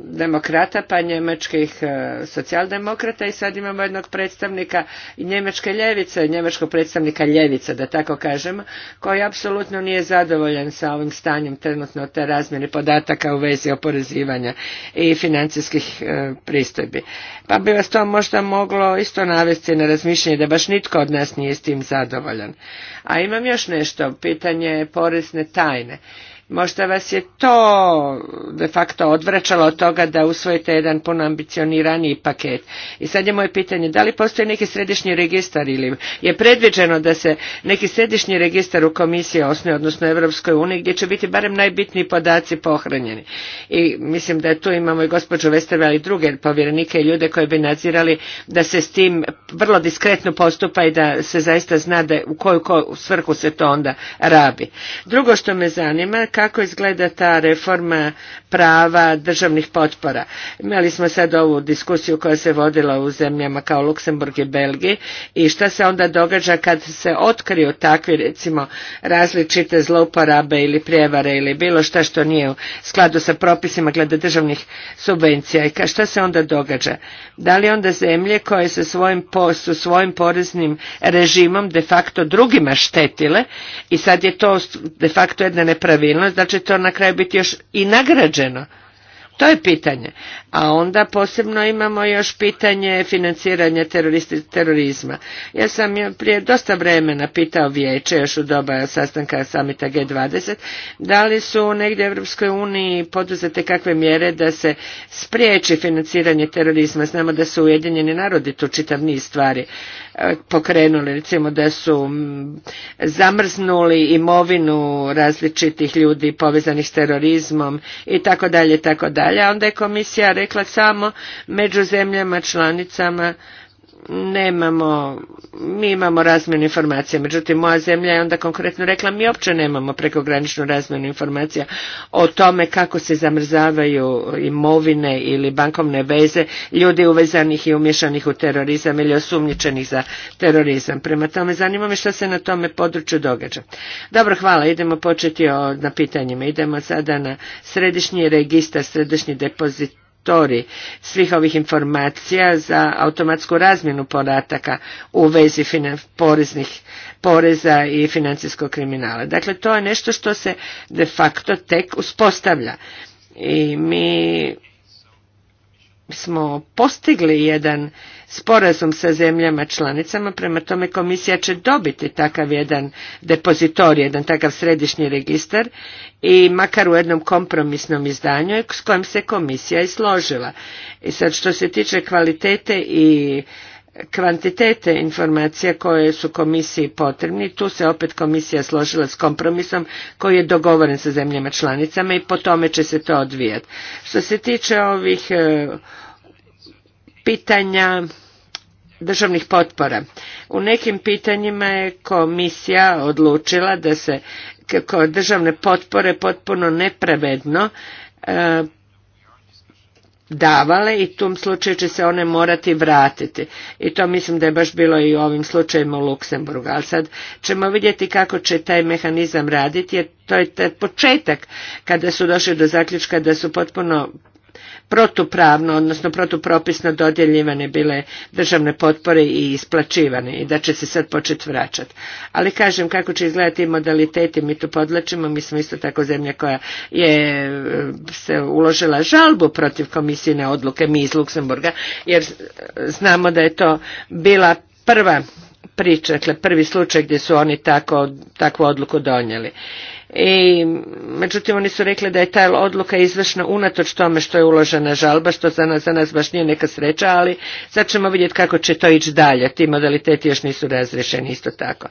Speaker 3: demokrata pa njemačkih e, socijaldemokrata i sad imamo jednog predstavnika njemačke ljevice, njemačkog predstavnika ljevice da tako kažemo, koji apsolutno nije zadovoljan sa ovim stanjem trenutno te razmjene podataka u vezi oporezivanja i financijskih e, pristojbi. Pa bi vas to možda moglo isto navesti na razmišljanje da baš nitko od nas nije s tim zadovoljan. A imam još nešto, pitanje porezne tajne. Možda vas je to de facto odvraćalo od toga da usvojite jedan puno ambicioniraniji paket. I sad je moje pitanje, da li postoji neki središnji registar ili je predviđeno da se neki središnji registar u komisiji osnuje, odnosno Evropskoj uniji, gdje će biti barem najbitniji podaci pohranjeni. I mislim da tu imamo i gospođu Vesterve, ali i druge povjerenike i ljude koji bi nadzirali da se s tim vrlo diskretno postupa i da se zaista zna da u koju, koju svrhu se to onda rabi. Drugo što me zanima, kako izgleda ta reforma prava državnih potpora. Imali smo sad ovu diskusiju koja se vodila u zemljama kao Luksemburg i Belgiji i šta se onda događa kad se otkriju takvi recimo različite zlouporabe ili prijevare ili bilo šta što nije u skladu sa propisima glede državnih subvencija i šta se onda događa? Da li onda zemlje koje se svojim, su svojim poreznim režimom de facto drugima štetile i sad je to de facto jedna nepravilnost znači da će to na kraju biti još i nagrađeno? To je pitanje. A onda posebno imamo još pitanje financiranja terorizma. Ja sam prije dosta vremena pitao vijeće, još u doba sastanka samita G20, da li su negdje u EU uniji poduzete kakve mjere da se spriječi financiranje terorizma. Znamo da su Ujedinjeni narodi tu čitav niz stvari pokrenuli, recimo da su zamrznuli imovinu različitih ljudi povezanih s terorizmom i tako dalje, tako dalje. onda je komisija rekla samo među zemljama članicama nemamo, mi imamo razmjenu informacija, međutim moja zemlja je onda konkretno rekla mi uopće nemamo prekograničnu razmjenu informacija o tome kako se zamrzavaju imovine ili bankovne veze ljudi uvezanih i umješanih u terorizam ili osumnjičenih za terorizam. Prema tome zanima me što se na tome području događa. Dobro, hvala, idemo početi o, na pitanjima. Idemo sada na središnji registar, središnji depozit svih ovih informacija za automatsku razmjenu podataka u vezi poreznih poreza i financijskog kriminala. Dakle, to je nešto što se de facto tek uspostavlja i mi smo postigli jedan sporazum sa zemljama članicama, prema tome komisija će dobiti takav jedan depozitor, jedan takav središnji registar i makar u jednom kompromisnom izdanju s kojim se komisija i složila. I sad što se tiče kvalitete i kvantitete informacija koje su komisiji potrebni. Tu se opet komisija složila s kompromisom koji je dogovoren sa zemljama članicama i po tome će se to odvijati. Što se tiče ovih e, pitanja državnih potpora. U nekim pitanjima je komisija odlučila da se kako državne potpore potpuno nepravedno e, davale i u tom slučaju će se one morati vratiti. I to mislim da je baš bilo i u ovim slučajima u Luksemburgu. Ali sad ćemo vidjeti kako će taj mehanizam raditi jer to je taj početak kada su došli do zaključka da su potpuno protupravno, odnosno protupropisno dodjeljivane bile državne potpore i isplaćivane i da će se sad početi vraćati. Ali kažem kako će izgledati modaliteti, mi tu podlačimo, mi smo isto tako zemlja koja je e, se uložila žalbu protiv komisijne odluke, mi iz Luksemburga, jer znamo da je to bila prva priča, dakle prvi slučaj gdje su oni tako, takvu odluku donijeli i međutim oni su rekli da je ta odluka izvršna unatoč tome što je uložena žalba, što za nas, za nas baš nije neka sreća, ali sad ćemo vidjeti kako će to ići dalje, ti modaliteti još nisu razriješeni isto tako.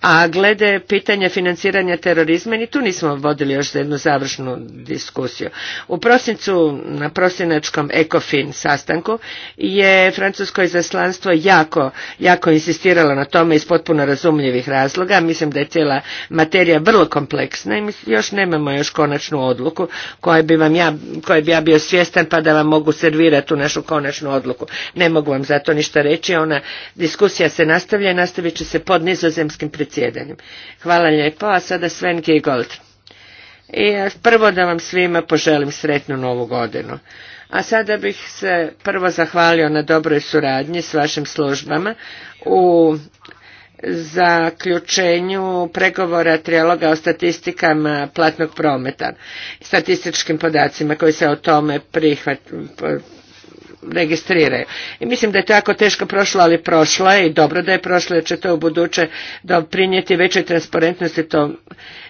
Speaker 3: A glede pitanja financiranja terorizma, ni tu nismo vodili još za jednu završnu diskusiju. U prosincu na prosinačkom ECOFIN sastanku je francusko izaslanstvo jako, jako insistiralo na tome iz potpuno razumljivih razloga, mislim da je cijela materija vrlo kompleksna ne, još nemamo još konačnu odluku koja bi, vam ja, koje bi ja bio svjestan pa da vam mogu servirati tu našu konačnu odluku. Ne mogu vam zato ništa reći. Ona diskusija se nastavlja i nastavit će se pod nizozemskim predsjedanjem. Hvala lijepo, a sada Sven Giegold. I e, prvo da vam svima poželim sretnu novu godinu. A sada bih se prvo zahvalio na dobroj suradnji s vašim službama u zaključenju pregovora trijaloga o statistikama platnog prometa, statističkim podacima koji se o tome prihvat, registriraju. I mislim da je to jako teško prošlo, ali prošlo je i dobro da je prošlo jer će to u buduće doprinijeti većoj transparentnosti to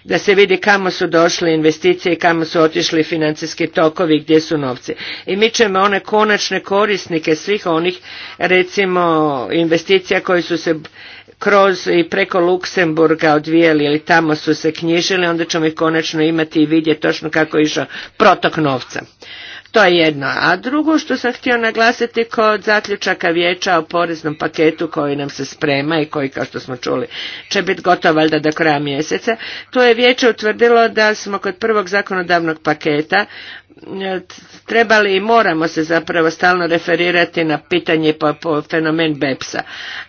Speaker 3: da se vidi kamo su došle investicije i kamo su otišli financijski tokovi gdje su novci. I mi ćemo one konačne korisnike svih onih recimo investicija koji su se kroz i preko Luksemburga odvijali ili tamo su se knjižili, onda ćemo ih konačno imati i vidjeti točno kako je išao protok novca. To je jedno. A drugo što sam htio naglasiti kod zaključaka vijeća o poreznom paketu koji nam se sprema i koji, kao što smo čuli, će biti gotov valjda do kraja mjeseca, to je vijeće utvrdilo da smo kod prvog zakonodavnog paketa e, trebali i moramo se zapravo stalno referirati na pitanje po, fenomen BEPS-a.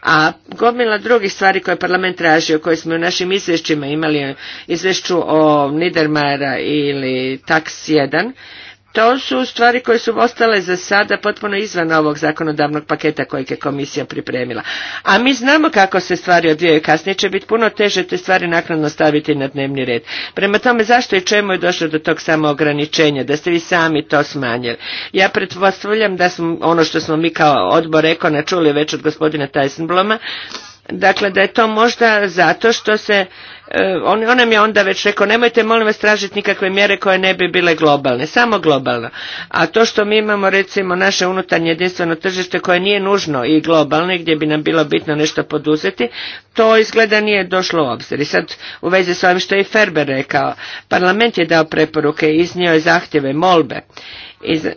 Speaker 3: A gomila drugih stvari koje je parlament tražio, koje smo u našim izvješćima imali, izvješću o nidermara ili Tax 1, to su stvari koje su ostale za sada potpuno izvan ovog zakonodavnog paketa kojeg je komisija pripremila. A mi znamo kako se stvari odvijaju kasnije, će biti puno teže te stvari naknadno staviti na dnevni red. Prema tome zašto i čemu je došlo do tog samo ograničenja, da ste vi sami to smanjili. Ja pretpostavljam da smo, ono što smo mi kao odbor ekona čuli već od gospodina Tysonbloma. Dakle, da je to možda zato što se, e, on, on nam je onda već rekao, nemojte molim vas tražiti nikakve mjere koje ne bi bile globalne, samo globalno. A to što mi imamo recimo naše unutarnje jedinstveno tržište koje nije nužno i globalno i gdje bi nam bilo bitno nešto poduzeti, to izgleda nije došlo u obzir. I sad u vezi s ovim što je Ferber rekao, parlament je dao preporuke, iznio je zahtjeve, molbe iz, eh,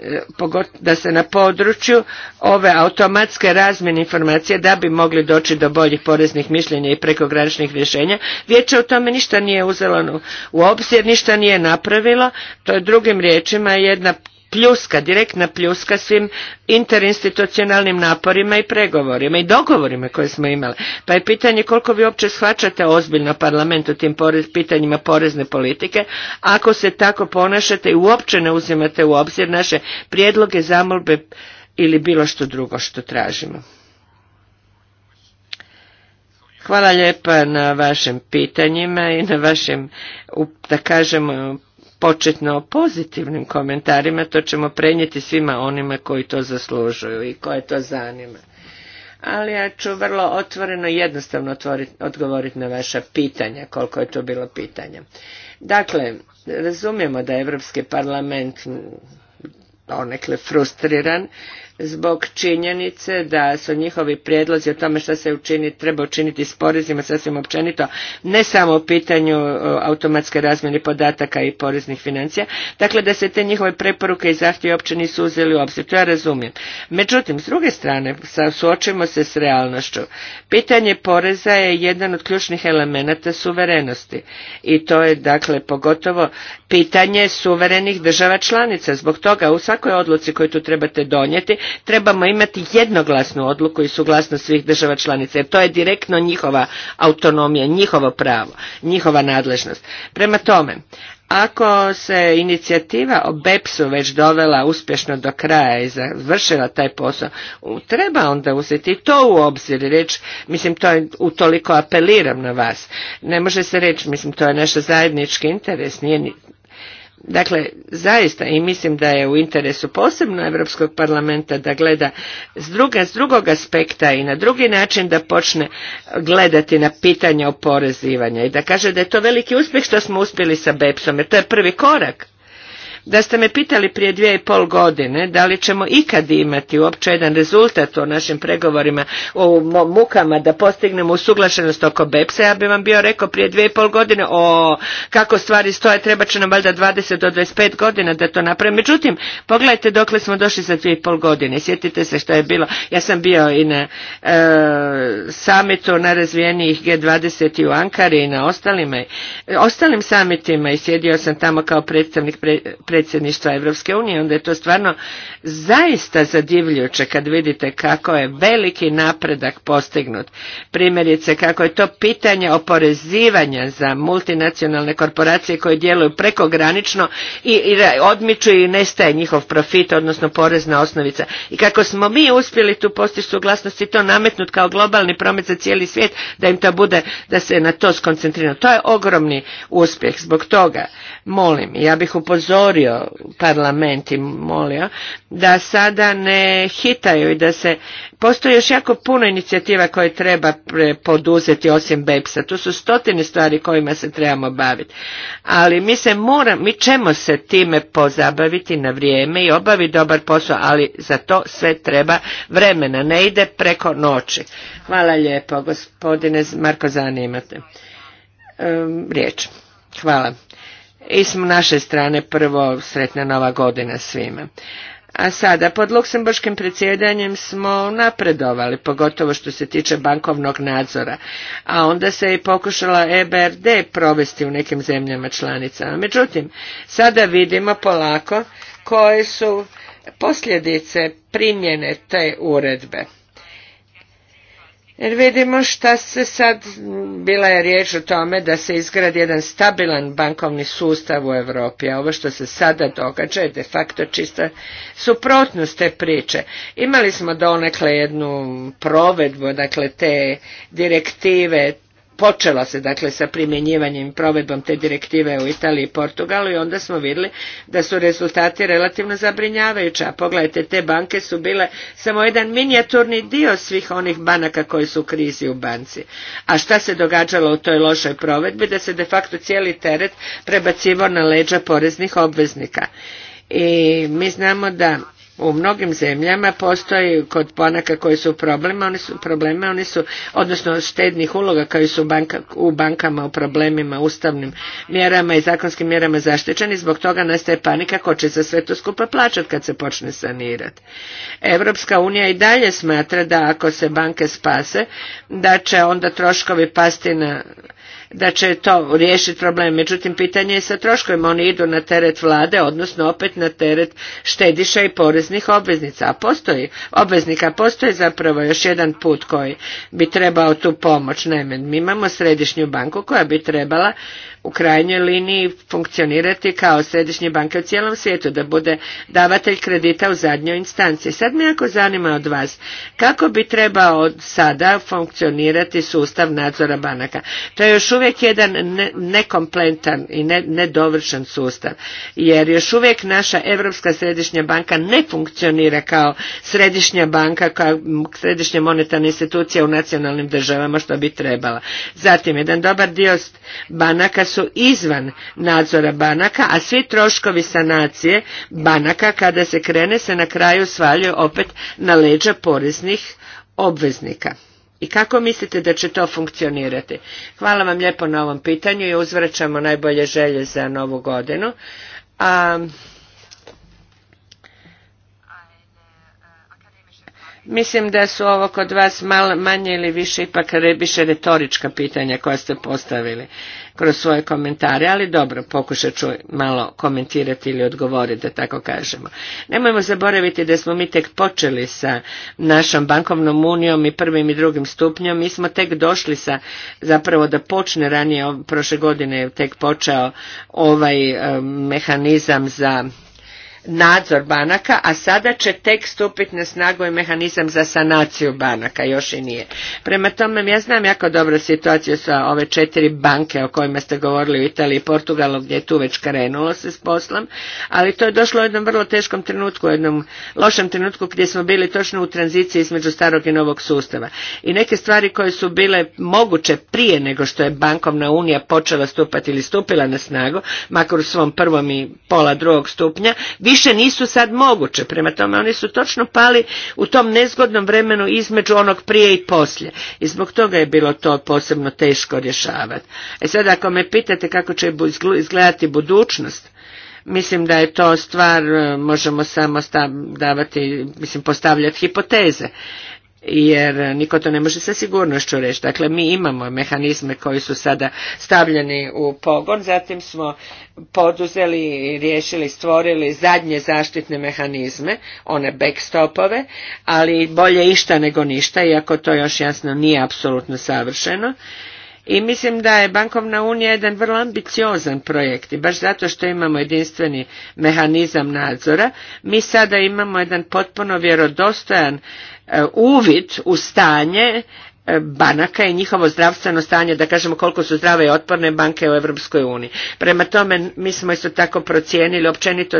Speaker 3: da se na području ove automatske razmjene informacija da bi mogli doći do boljih poreznih mišljenja i prekograničnih rješenja. Vijeće o tome ništa nije uzelo u obzir, ništa nije napravilo. To je drugim riječima jedna pljuska, direktna pljuska svim interinstitucionalnim naporima i pregovorima i dogovorima koje smo imali. Pa je pitanje koliko vi uopće shvaćate ozbiljno parlament u tim pitanjima porezne politike, ako se tako ponašate i uopće ne uzimate u obzir naše prijedloge, zamolbe ili bilo što drugo što tražimo. Hvala lijepa na vašim pitanjima i na vašim, da kažemo, početno pozitivnim komentarima, to ćemo prenijeti svima onima koji to zaslužuju i koje to zanima. Ali ja ću vrlo otvoreno i jednostavno odgovoriti na vaša pitanja, koliko je to bilo pitanja. Dakle, razumijemo da je Europski parlament onekle frustriran zbog činjenice da su njihovi prijedlozi o tome što se učini treba učiniti s porezima sasvim općenito, ne samo u pitanju e, automatske razmjene podataka i poreznih financija, dakle da se te njihove preporuke i zahtjevi uopće nisu uzeli u obzir, to ja razumijem. Međutim, s druge strane, suočimo se s realnošću. Pitanje poreza je jedan od ključnih elemenata suverenosti i to je dakle pogotovo pitanje suverenih država članica. Zbog toga u svakoj odluci koju tu trebate donijeti trebamo imati jednoglasnu odluku i suglasnost svih država članica jer to je direktno njihova autonomija, njihovo pravo, njihova nadležnost. Prema tome, ako se inicijativa o BEPS-u već dovela uspješno do kraja i završila taj posao, treba onda uzeti to u obzir i reći, mislim, to je utoliko apeliram na vas. Ne može se reći, mislim, to je naš zajednički interes, nije Dakle, zaista i mislim da je u interesu posebno Europskog parlamenta da gleda s, druga, drugog aspekta i na drugi način da počne gledati na pitanja oporezivanja i da kaže da je to veliki uspjeh što smo uspjeli sa BEPS-om jer to je prvi korak da ste me pitali prije dvije i pol godine da li ćemo ikad imati uopće jedan rezultat o našim pregovorima, o mukama da postignemo usuglašenost oko BEPS-a, ja bi vam bio rekao prije dvije i pol godine o kako stvari stoje, treba će nam valjda 20 do 25 godina da to napravimo. Međutim, pogledajte dokle smo došli za dvije i pol godine, sjetite se što je bilo. Ja sam bio i na e, samitu na razvijenijih G20 i u Ankari i na ostalima, ostalim samitima i sjedio sam tamo kao predstavnik pre predsjedništva Evropske unije, onda je to stvarno zaista zadivljujuće kad vidite kako je veliki napredak postignut. Primjerice kako je to pitanje oporezivanja za multinacionalne korporacije koje djeluju prekogranično i, i odmiču i nestaje njihov profit, odnosno porezna osnovica. I kako smo mi uspjeli tu postići suglasnost i to nametnut kao globalni promet za cijeli svijet, da im to bude, da se na to skoncentriramo. To je ogromni uspjeh. Zbog toga, molim, ja bih upozorio molio parlament i molio da sada ne hitaju i da se postoji još jako puno inicijativa koje treba poduzeti osim BEPS-a. Tu su stotine stvari kojima se trebamo baviti. Ali mi se moramo, mi ćemo se time pozabaviti na vrijeme i obaviti dobar posao, ali za to sve treba vremena. Ne ide preko noći. Hvala lijepo, gospodine Marko zanimate riječ. Hvala. I s naše strane prvo sretna nova godina svima. A sada, pod luksemburškim predsjedanjem smo napredovali, pogotovo što se tiče bankovnog nadzora, a onda se i pokušala EBRD provesti u nekim zemljama članicama. Međutim, sada vidimo polako koje su posljedice primjene te uredbe jer vidimo šta se sad, bila je riječ o tome da se izgradi jedan stabilan bankovni sustav u Europi, a ovo što se sada događa je de facto čista suprotnost te priče. Imali smo donekle jednu provedbu, dakle te direktive počelo se dakle sa primjenjivanjem i provedbom te direktive u Italiji i Portugalu i onda smo vidjeli da su rezultati relativno zabrinjavajući. A pogledajte, te banke su bile samo jedan minijaturni dio svih onih banaka koji su u krizi u banci. A šta se događalo u toj lošoj provedbi? Da se de facto cijeli teret prebacivao na leđa poreznih obveznika. I mi znamo da u mnogim zemljama postoji kod banaka koji su u oni su probleme, oni su, odnosno štednih uloga koji su banka, u bankama u problemima, ustavnim mjerama i zakonskim mjerama zaštićeni, zbog toga nastaje panika ko će se sve to skupa plaćati kad se počne sanirati. Europska unija i dalje smatra da ako se banke spase, da će onda troškovi pasti na da će to riješiti problem. Međutim, pitanje je sa troškovima. Oni idu na teret vlade, odnosno opet na teret štediša i poreznih obveznica. A postoji, obveznika postoji zapravo još jedan put koji bi trebao tu pomoć. Naime, mi imamo središnju banku koja bi trebala u krajnjoj liniji funkcionirati kao središnje banke u cijelom svijetu, da bude davatelj kredita u zadnjoj instanci. Sad me jako zanima od vas, kako bi trebao sada funkcionirati sustav nadzora banaka? To je još uvijek jedan ne, nekompletan i ne, nedovršen sustav, jer još uvijek naša Europska središnja banka ne funkcionira kao središnja banka, kao središnja monetarna institucija u nacionalnim državama, što bi trebala. Zatim, jedan dobar dio banaka su izvan nadzora banaka, a svi troškovi sanacije banaka kada se krene se na kraju svaljuju opet na leđa poreznih obveznika. I kako mislite da će to funkcionirati? Hvala vam lijepo na ovom pitanju i uzvraćamo najbolje želje za novu godinu. A, Mislim da su ovo kod vas malo manje ili više ipak više retorička pitanja koja ste postavili kroz svoje komentare, ali dobro, pokušat ću malo komentirati ili odgovoriti, da tako kažemo. Nemojmo zaboraviti da smo mi tek počeli sa našom bankovnom unijom i prvim i drugim stupnjom. Mi smo tek došli sa, zapravo da počne ranije, prošle godine je tek počeo ovaj mehanizam za nadzor banaka, a sada će tek stupiti na snagu i mehanizam za sanaciju banaka, još i nije. Prema tome, ja znam jako dobro situaciju sa ove četiri banke o kojima ste govorili u Italiji i Portugalu, gdje je tu već krenulo se s poslom, ali to je došlo u jednom vrlo teškom trenutku, u jednom lošem trenutku gdje smo bili točno u tranziciji između starog i novog sustava. I neke stvari koje su bile moguće prije nego što je bankovna unija počela stupati ili stupila na snagu, makar u svom prvom i pola drugog stupnja, vi više nisu sad moguće. Prema tome oni su točno pali u tom nezgodnom vremenu između onog prije i poslije. I zbog toga je bilo to posebno teško rješavati. E sad ako me pitate kako će izgledati budućnost, mislim da je to stvar, e, možemo samo davati, mislim postavljati hipoteze jer niko to ne može sa sigurnošću reći. Dakle, mi imamo mehanizme koji su sada stavljeni u pogon, zatim smo poduzeli, riješili, stvorili zadnje zaštitne mehanizme, one backstopove, ali bolje išta nego ništa, iako to još jasno nije apsolutno savršeno. I mislim da je Bankovna unija jedan vrlo ambiciozan projekt i baš zato što imamo jedinstveni mehanizam nadzora, mi sada imamo jedan potpuno vjerodostojan uvid u stanje E, banaka i njihovo zdravstveno stanje, da kažemo koliko su zdrave i otporne banke u Europskoj uniji. Prema tome, mi smo isto tako procijenili općenito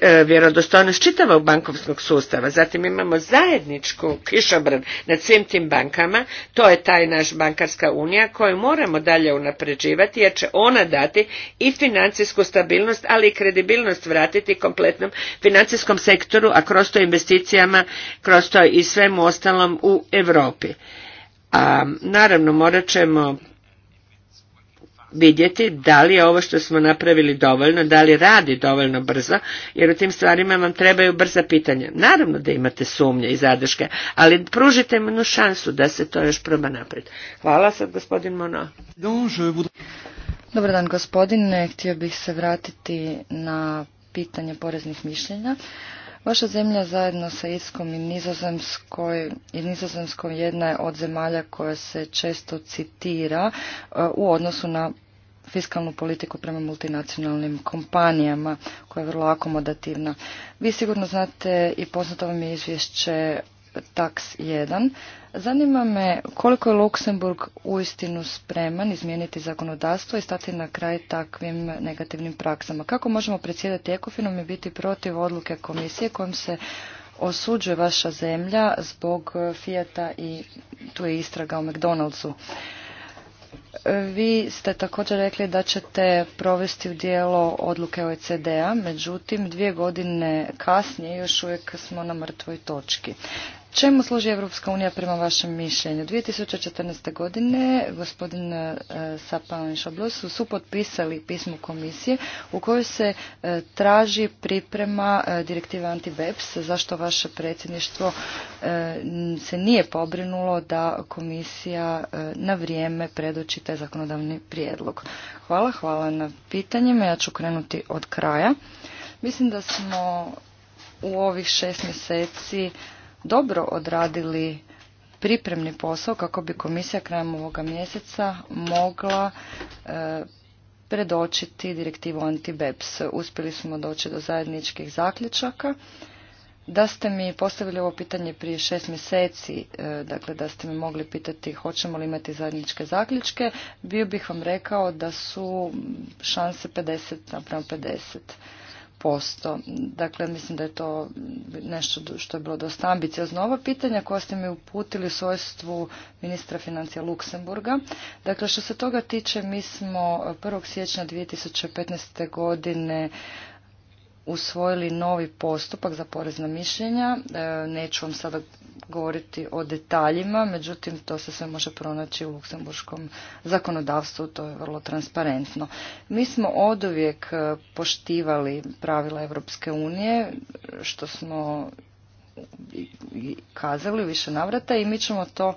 Speaker 3: e, vjerodostojnost čitavog bankovskog sustava. Zatim imamo zajedničku kišobran nad svim tim bankama, to je taj naš bankarska unija koju moramo dalje unapređivati jer će ona dati i financijsku stabilnost, ali i kredibilnost vratiti kompletnom financijskom sektoru, a kroz to investicijama, kroz to i svemu ostalom u Europi. A naravno morat ćemo vidjeti da li je ovo što smo napravili dovoljno, da li radi dovoljno brzo, jer u tim stvarima vam trebaju brza pitanja. Naravno da imate sumnje i zadrške, ali pružite mu šansu da se to još proba naprijed. Hvala sad gospodin Mono.
Speaker 1: Dobar dan gospodine, htio bih se vratiti na pitanje poreznih mišljenja. Vaša zemlja zajedno sa Irskom i Nizozemskoj, i Nizozemskom jedna je od zemalja koja se često citira e, u odnosu na fiskalnu politiku prema multinacionalnim kompanijama koja je vrlo akomodativna. Vi sigurno znate i poznato vam je izvješće taks 1. Zanima me koliko je Luksemburg uistinu spreman izmijeniti zakonodavstvo i stati na kraj takvim negativnim praksama. Kako možemo predsjedati Ekofinom i biti protiv odluke komisije kojom se osuđuje vaša zemlja zbog Fijata i tu je istraga o McDonald'su. Vi ste također rekli da ćete provesti u dijelo odluke OECD-a, međutim dvije godine kasnije još uvijek smo na mrtvoj točki. Čemu služi Europska unija prema vašem mišljenju? 2014. godine gospodin e, Sapan i su potpisali pismo komisije u kojoj se e, traži priprema e, direktive anti-BEPS. Zašto vaše predsjedništvo se nije pobrinulo da komisija na vrijeme predoči taj zakonodavni prijedlog? Hvala, hvala na pitanjima. Ja ću krenuti od kraja. Mislim da smo u ovih šest mjeseci dobro odradili pripremni posao kako bi komisija krajem ovoga mjeseca mogla e, predočiti direktivu antibeps beps Uspjeli smo doći do zajedničkih zaključaka. Da ste mi postavili ovo pitanje prije šest mjeseci, e, dakle da ste me mogli pitati hoćemo li imati zajedničke zaključke, bio bih vam rekao da su šanse 50 napravo 50 posto. Dakle, mislim da je to nešto što je bilo dosta ambiciozno. Ova pitanja koja ste mi uputili u svojstvu ministra financija Luksemburga. Dakle, što se toga tiče, mi smo 1. siječnja 2015. godine usvojili novi postupak za porezna mišljenja. E, neću vam sada govoriti o detaljima, međutim to se sve može pronaći u luksemburškom zakonodavstvu, to je vrlo transparentno. Mi smo oduvijek e, poštivali pravila Europske unije, što smo kazali više navrata i mi ćemo to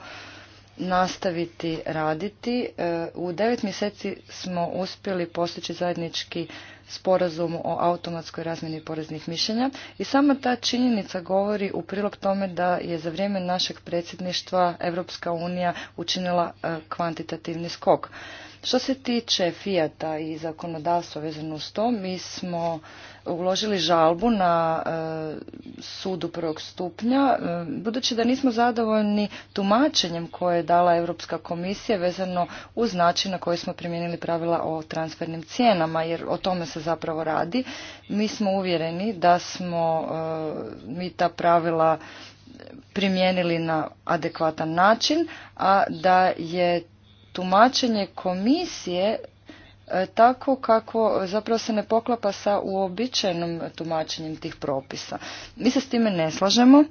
Speaker 1: nastaviti raditi. E, u devet mjeseci smo uspjeli postići zajednički sporazum o automatskoj razmjeni poreznih mišljenja i sama ta činjenica govori u prilog tome da je za vrijeme našeg predsjedništva Europska unija učinila e, kvantitativni skok. Što se tiče Fijata i zakonodavstva vezano uz to, mi smo uložili žalbu na e, sudu prvog stupnja, e, budući da nismo zadovoljni tumačenjem koje je dala Europska komisija vezano uz način na koji smo primijenili pravila o transfernim cijenama, jer o tome se zapravo radi. Mi smo uvjereni da smo e, mi ta pravila primijenili na adekvatan način, a da je tumačenje komisije E, tako kako zapravo se ne poklapa sa uobičajenom tumačenjem tih propisa. Mi se s time ne slažemo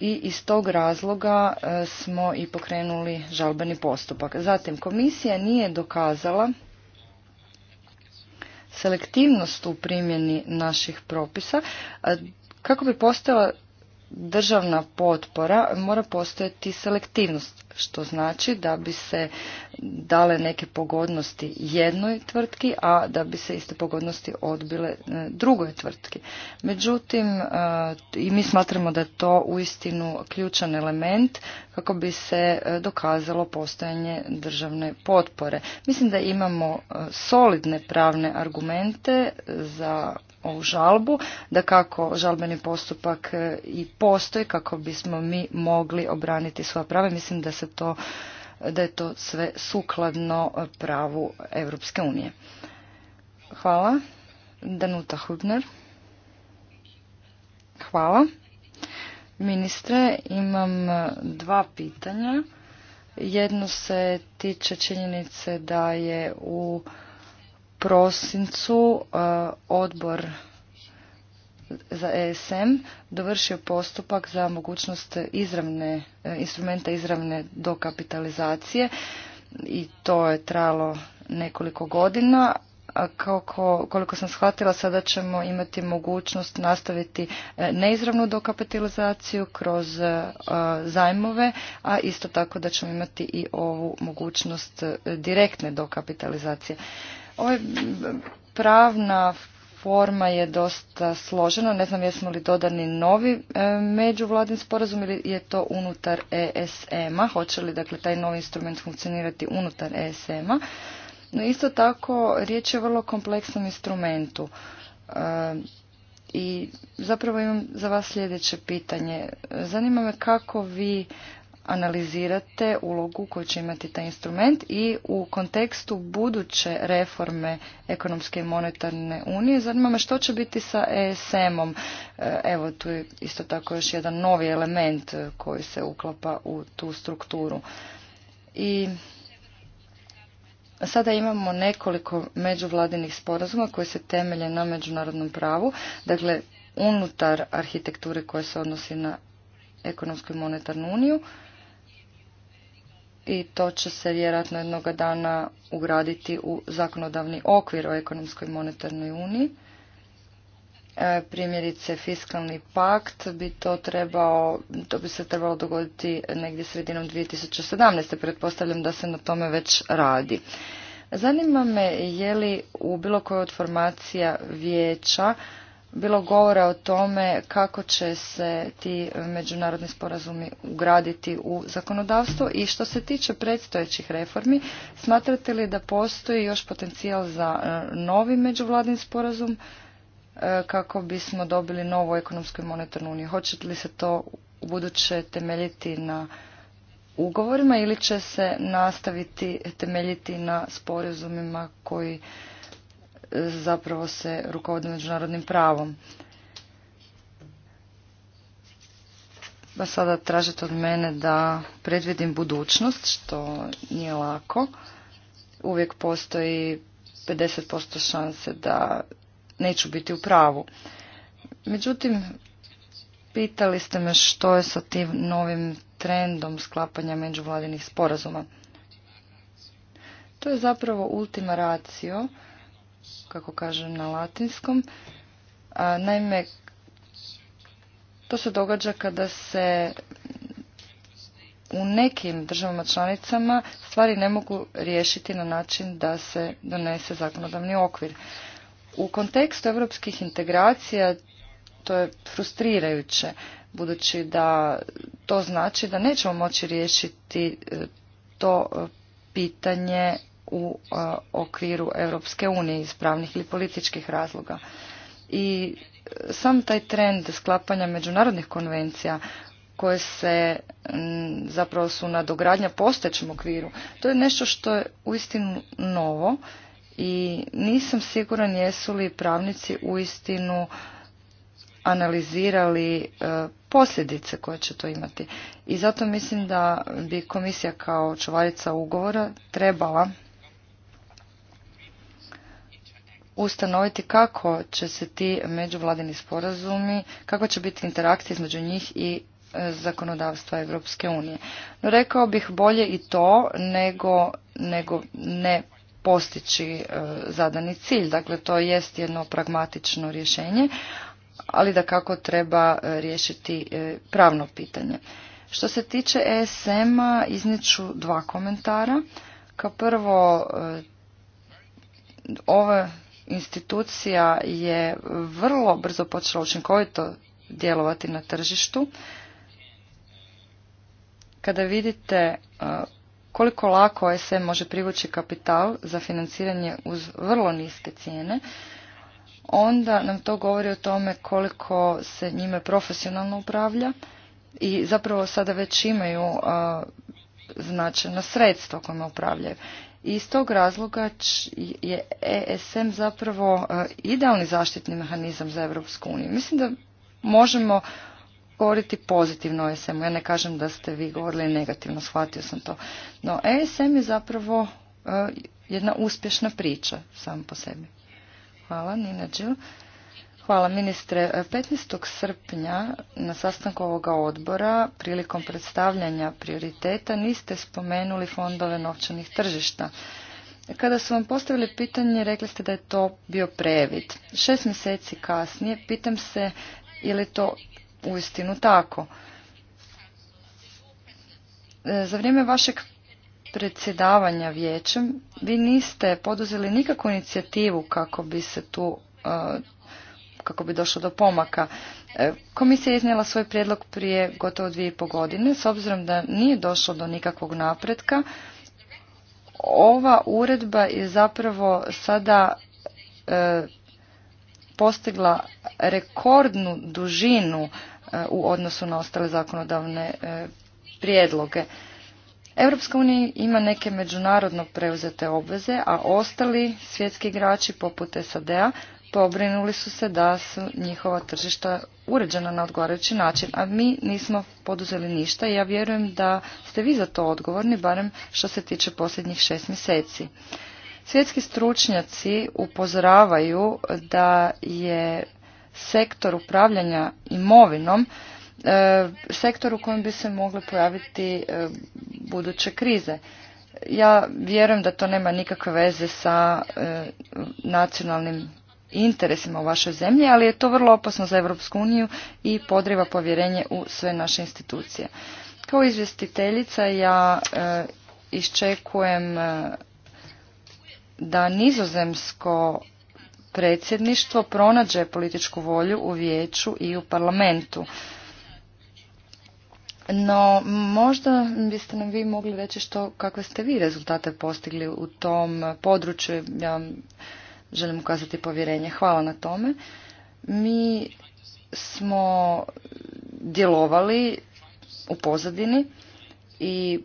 Speaker 1: i iz tog razloga e, smo i pokrenuli žalbeni postupak. Zatim, komisija nije dokazala selektivnost u primjeni naših propisa kako bi postojala državna potpora mora postojati selektivnost, što znači da bi se dale neke pogodnosti jednoj tvrtki, a da bi se iste pogodnosti odbile e, drugoj tvrtki. Međutim, e, i mi smatramo da je to uistinu ključan element kako bi se e, dokazalo postojanje državne potpore. Mislim da imamo solidne pravne argumente za ovu žalbu, da kako žalbeni postupak e, i postoji kako bismo mi mogli obraniti svoja prava. Mislim da se to da je to sve sukladno pravu Europske unije. Hvala. Danuta Hubner. Hvala. Ministre, imam e, dva pitanja. Jedno se tiče činjenice da je u prosincu e, odbor za ESM dovršio postupak za mogućnost izravne, e, instrumenta izravne dokapitalizacije i to je trajalo nekoliko godina. koliko, koliko sam shvatila, sada ćemo imati mogućnost nastaviti e, neizravnu dokapitalizaciju kroz zajmove, a isto tako da ćemo imati i ovu mogućnost direktne dokapitalizacije. Ovaj pravna forma je dosta složena. Ne znam jesmo li dodani novi e, međuvladin sporazum ili je to unutar ESM-a. Hoće li dakle taj novi instrument funkcionirati unutar ESM-a. No isto tako riječ je o vrlo kompleksnom instrumentu. E, I zapravo imam za vas sljedeće pitanje. Zanima me kako vi analizirate ulogu koju će imati taj instrument i u kontekstu buduće reforme ekonomske i monetarne unije. Zanima me što će biti sa ESM-om. E, evo tu je isto tako još jedan novi element koji se uklapa u tu strukturu. I Sada imamo nekoliko međuvladinih sporazuma koji se temelje na međunarodnom pravu, dakle unutar arhitekture koja se odnosi na ekonomsku i monetarnu uniju i to će se vjerojatno jednoga dana ugraditi u zakonodavni okvir o ekonomskoj monetarnoj uniji. E, primjerice, fiskalni pakt bi to trebao, to bi se trebalo dogoditi negdje sredinom 2017. Pretpostavljam da se na tome već radi. Zanima me je li u bilo kojoj od formacija vijeća bilo govora o tome kako će se ti međunarodni sporazumi ugraditi u zakonodavstvo i što se tiče predstojećih reformi, smatrate li da postoji još potencijal za e, novi međuvladin sporazum e, kako bismo dobili novu ekonomsku i monetarnu uniju? Hoćete li se to u buduće temeljiti na ugovorima ili će se nastaviti temeljiti na sporazumima koji zapravo se rukovodi međunarodnim pravom. Pa sada tražite od mene da predvidim budućnost, što nije lako. Uvijek postoji 50% šanse da neću biti u pravu. Međutim, pitali ste me što je sa tim novim trendom sklapanja međuvladinih sporazuma. To je zapravo ultima ratio kako kažem, na latinskom. Naime, to se događa kada se u nekim državama članicama stvari ne mogu riješiti na način da se donese zakonodavni okvir. U kontekstu europskih integracija to je frustrirajuće, budući da to znači da nećemo moći riješiti e, to e, pitanje u okviru Europske unije iz pravnih ili političkih razloga. I sam taj trend sklapanja međunarodnih konvencija koje se mm, zapravo su nadogradnja postojećem okviru, to je nešto što je uistinu novo i nisam siguran jesu li pravnici uistinu analizirali e, posljedice koje će to imati. I zato mislim da bi komisija kao čuvarica ugovora trebala ustanoviti kako će se ti međuvladini sporazumi, kako će biti interakcija između njih i e, zakonodavstva Europske unije. No rekao bih bolje i to nego, nego ne postići e, zadani cilj. Dakle, to jest jedno pragmatično rješenje, ali da kako treba e, riješiti pravno pitanje. Što se tiče ESM-a, izniču dva komentara. Kao prvo, e, ove institucija je vrlo brzo počela učinkovito djelovati na tržištu. Kada vidite e, koliko lako se može privući kapital za financiranje uz vrlo niske cijene, onda nam to govori o tome koliko se njime profesionalno upravlja i zapravo sada već imaju e, značajna sredstva kojima upravljaju. Iz tog razloga je ESM zapravo e, idealni zaštitni mehanizam za Europsku uniju. Mislim da možemo govoriti pozitivno o ESM-u. Ja ne kažem da ste vi govorili negativno, shvatio sam to. No, ESM je zapravo e, jedna uspješna priča sam po sebi. Hvala, Nina Đil. Hvala ministre. 15. srpnja na sastanku ovoga odbora prilikom predstavljanja prioriteta niste spomenuli fondove novčanih tržišta. Kada su vam postavili pitanje, rekli ste da je to bio previd. Šest mjeseci kasnije, pitam se je li to uistinu tako. E, za vrijeme vašeg predsjedavanja vijećem vi niste poduzeli nikakvu inicijativu kako bi se tu e, kako bi došlo do pomaka. E, komisija je iznijela svoj prijedlog prije gotovo dvije i po godine. S obzirom da nije došlo do nikakvog napretka, ova uredba je zapravo sada e, postigla rekordnu dužinu e, u odnosu na ostale zakonodavne prijedloge. Europska unija ima neke međunarodno preuzete obveze, a ostali svjetski igrači poput SAD-a pobrinuli su se da su njihova tržišta uređena na odgovarajući način, a mi nismo poduzeli ništa i ja vjerujem da ste vi za to odgovorni, barem što se tiče posljednjih šest mjeseci. Svjetski stručnjaci upozoravaju da je sektor upravljanja imovinom e, sektor u kojem bi se mogle pojaviti e, buduće krize. Ja vjerujem da to nema nikakve veze sa e, nacionalnim interesima u vašoj zemlji, ali je to vrlo opasno za Europsku uniju i podriva povjerenje u sve naše institucije. Kao izvjestiteljica ja e, iščekujem e, da nizozemsko predsjedništvo pronađe političku volju u vijeću i u parlamentu. No, možda biste nam vi mogli reći što, kakve ste vi rezultate postigli u tom području. Ja želim ukazati povjerenje. Hvala na tome. Mi smo djelovali u pozadini i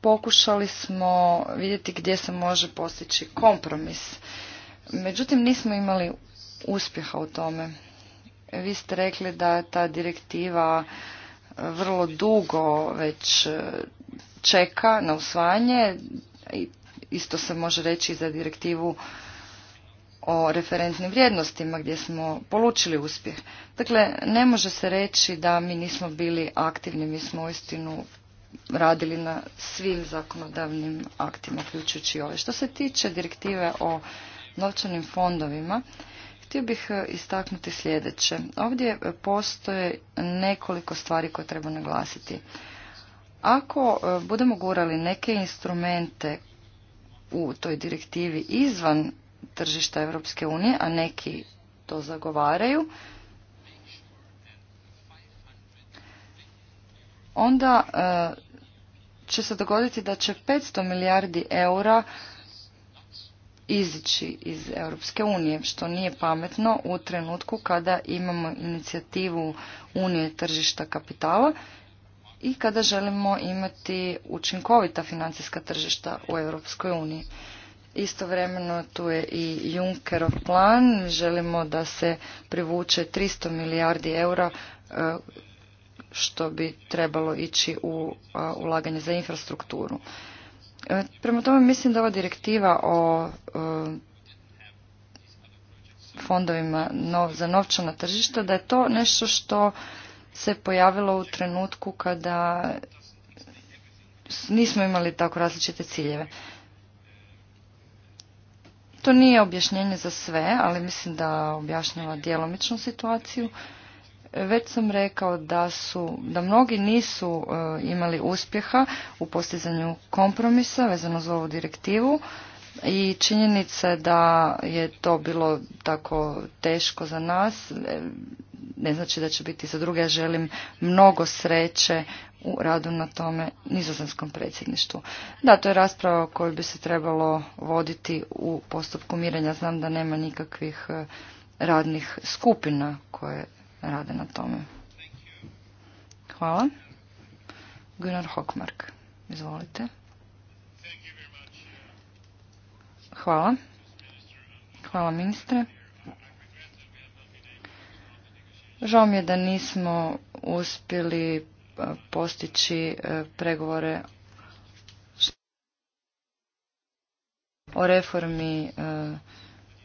Speaker 1: pokušali smo vidjeti gdje se može postići kompromis. Međutim, nismo imali uspjeha u tome. Vi ste rekli da je ta direktiva vrlo dugo već čeka na usvajanje. Isto se može reći za direktivu o referentnim vrijednostima gdje smo polučili uspjeh. Dakle, ne može se reći da mi nismo bili aktivni, mi smo uistinu radili na svim zakonodavnim aktima, uključujući i ove. Što se tiče direktive o novčanim fondovima, htio bih e, istaknuti sljedeće. Ovdje postoje nekoliko stvari koje treba naglasiti. Ako e, budemo gurali neke instrumente u toj direktivi izvan tržišta Europske unije, a neki to zagovaraju, onda e, će se dogoditi da će 500 milijardi eura izići iz Europske unije, što nije pametno u trenutku kada imamo inicijativu Unije tržišta kapitala i kada želimo imati učinkovita financijska tržišta u Europskoj uniji. Istovremeno tu je i Junckerov plan. Želimo da se privuče 300 milijardi eura e, što bi trebalo ići u e, ulaganje za infrastrukturu. E, prema tome mislim da ova direktiva o fondovima za novčana tržišta, da je to nešto što se pojavilo u trenutku kada nismo imali tako različite ciljeve. To nije objašnjenje za sve, ali mislim da objašnjava djelomično situaciju. Već sam rekao da su, da mnogi nisu e, imali uspjeha u postizanju kompromisa vezano za ovu direktivu i činjenica da je to bilo tako teško za nas e, ne znači da će biti za druge. Ja želim mnogo sreće u radu na tome nizozemskom predsjedništvu. Da, to je rasprava kojoj bi se trebalo voditi u postupku mirenja. Znam da nema nikakvih e, radnih skupina koje rade na tome. Hvala. Gunnar Hockmark, izvolite. Hvala. Hvala ministre. Žao mi je da nismo uspjeli e, postići e, pregovore o reformi e,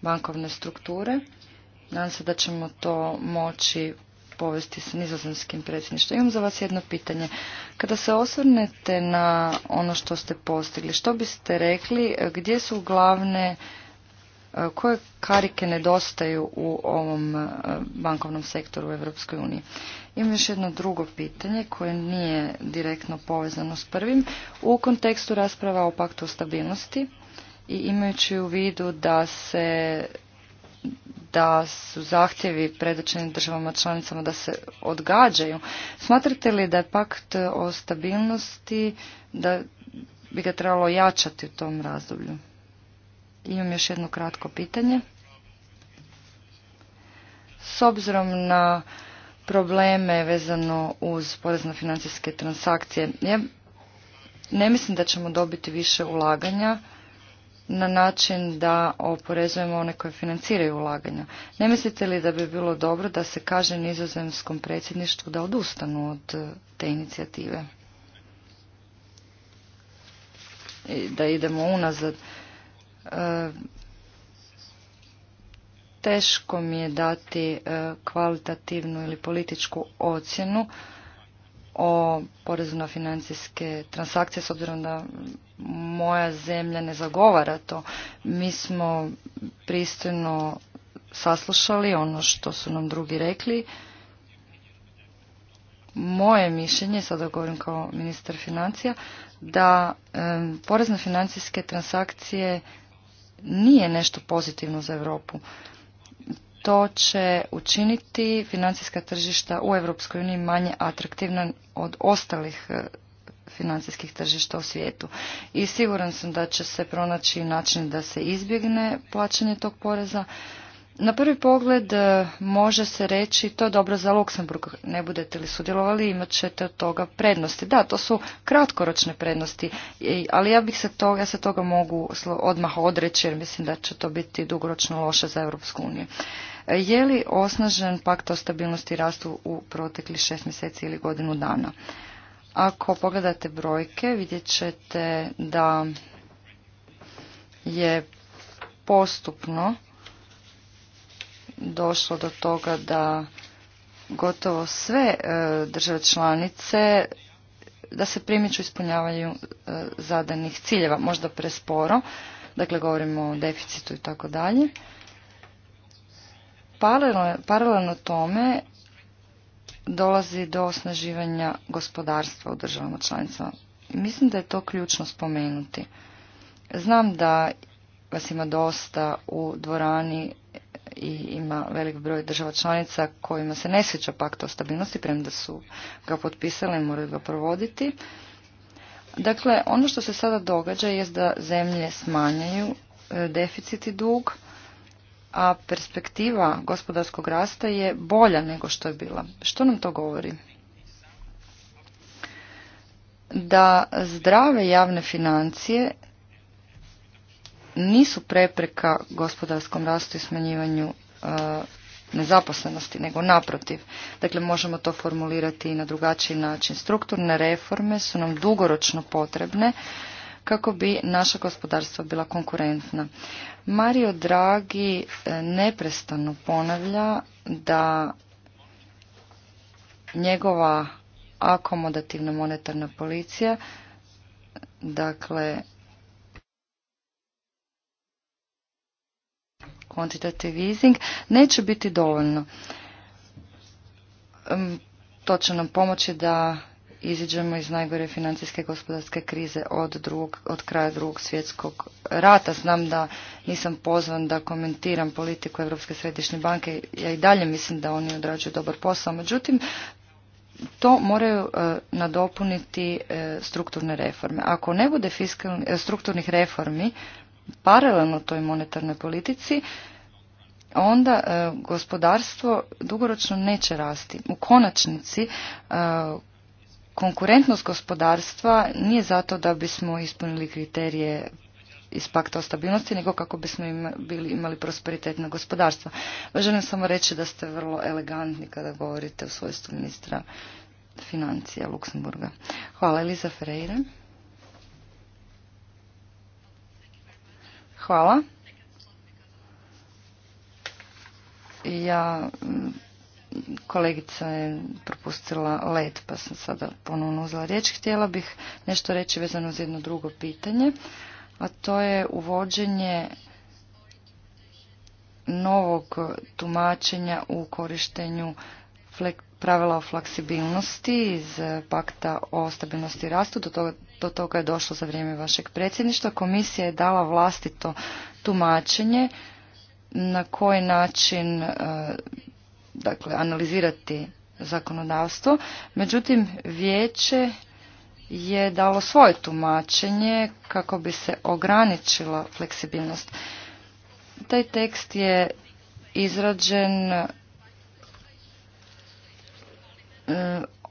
Speaker 1: bankovne strukture. Nadam se da ćemo to moći povesti sa nizozemskim predsjedništvom. Imam za vas jedno pitanje. Kada se osvrnete na ono što ste postigli, što biste rekli, gdje su glavne, e, koje karike nedostaju u ovom e, bankovnom sektoru u Europskoj uniji? Imam još jedno drugo pitanje koje nije direktno povezano s prvim. U kontekstu rasprava o paktu o stabilnosti i imajući u vidu da se da su zahtjevi predočeni državama članicama da se odgađaju. Smatrate li da je pakt o stabilnosti, da bi ga trebalo jačati u tom razdoblju? Imam još jedno kratko pitanje. S obzirom na probleme vezano uz porezno financijske transakcije, ne mislim da ćemo dobiti više ulaganja na način da oporezujemo one koje financiraju ulaganja. Ne mislite li da bi bilo dobro da se kaže nizozemskom predsjedništvu da odustanu od eh, te inicijative? I da idemo unazad. Eh, teško mi je dati eh, kvalitativnu ili političku ocjenu o porezu na financijske transakcije s obzirom da moja zemlja ne zagovara to. Mi smo pristojno saslušali ono što su nam drugi rekli. Moje mišljenje, sada govorim kao ministar financija, da e, financijske transakcije nije nešto pozitivno za Europu. To će učiniti financijska tržišta u Europskoj uniji manje atraktivna od ostalih financijskih tržišta u svijetu. I siguran sam da će se pronaći način da se izbjegne plaćanje tog poreza. Na prvi pogled e, može se reći to je dobro za Luksemburg, ne budete li sudjelovali imat ćete od toga prednosti. Da, to su kratkoročne prednosti, ali ja bih se toga, ja se toga mogu odmah odreći jer mislim da će to biti dugoročno loše za Europsku uniju. E, je li osnažen pakt o stabilnosti i rastu u proteklih šest mjeseci ili godinu dana? Ako pogledate brojke, vidjet ćete da je postupno došlo do toga da gotovo sve e, države članice da se primiču ispunjavanju e, zadanih ciljeva, možda presporo, dakle govorimo o deficitu i tako dalje. Paralelno tome dolazi do osnaživanja gospodarstva u državama članicama. Mislim da je to ključno spomenuti. Znam da vas ima dosta u dvorani i ima velik broj država članica kojima se ne sjeća pakt o stabilnosti, premda su ga potpisali i moraju ga provoditi. Dakle, ono što se sada događa je da zemlje smanjaju e, deficit i dug, a perspektiva gospodarskog rasta je bolja nego što je bila. Što nam to govori? Da zdrave javne financije nisu prepreka gospodarskom rastu i smanjivanju e, nezaposlenosti, nego naprotiv. Dakle, možemo to formulirati i na drugačiji način. Strukturne reforme su nam dugoročno potrebne kako bi naša gospodarstva bila konkurentna. Mario Draghi e, neprestano ponavlja da njegova akomodativna monetarna policija, dakle quantitative easing, neće biti dovoljno. To će nam pomoći da iziđemo iz najgore financijske gospodarske krize od, drug, od kraja drugog svjetskog rata. Znam da nisam pozvan da komentiram politiku Europske središnje banke. Ja i dalje mislim da oni odrađuju dobar posao. Međutim, to moraju e, nadopuniti e, strukturne reforme. Ako ne bude e, strukturnih reformi paralelno toj monetarnoj politici, onda gospodarstvo dugoročno neće rasti. U konačnici konkurentnost gospodarstva nije zato da bismo ispunili kriterije iz pakta o stabilnosti, nego kako bismo bili, imali prosperitetno gospodarstva. Želim samo reći da ste vrlo elegantni kada govorite o svojstvu ministra financija Luksemburga. Hvala Eliza Ferreira. Hvala. Ja kolegica je propustila let, pa sam sada ponovno uzela riječ. Htjela bih nešto reći vezano uz jedno drugo pitanje, a to je uvođenje novog tumačenja u korištenju pravila o fleksibilnosti iz pakta o stabilnosti i rastu. Do toga, do toga je došlo za vrijeme vašeg predsjedništva. Komisija je dala vlastito tumačenje na koji način e, dakle analizirati zakonodavstvo, međutim vijeće je dalo svoje tumačenje kako bi se ograničila fleksibilnost. Taj tekst je izrađen e,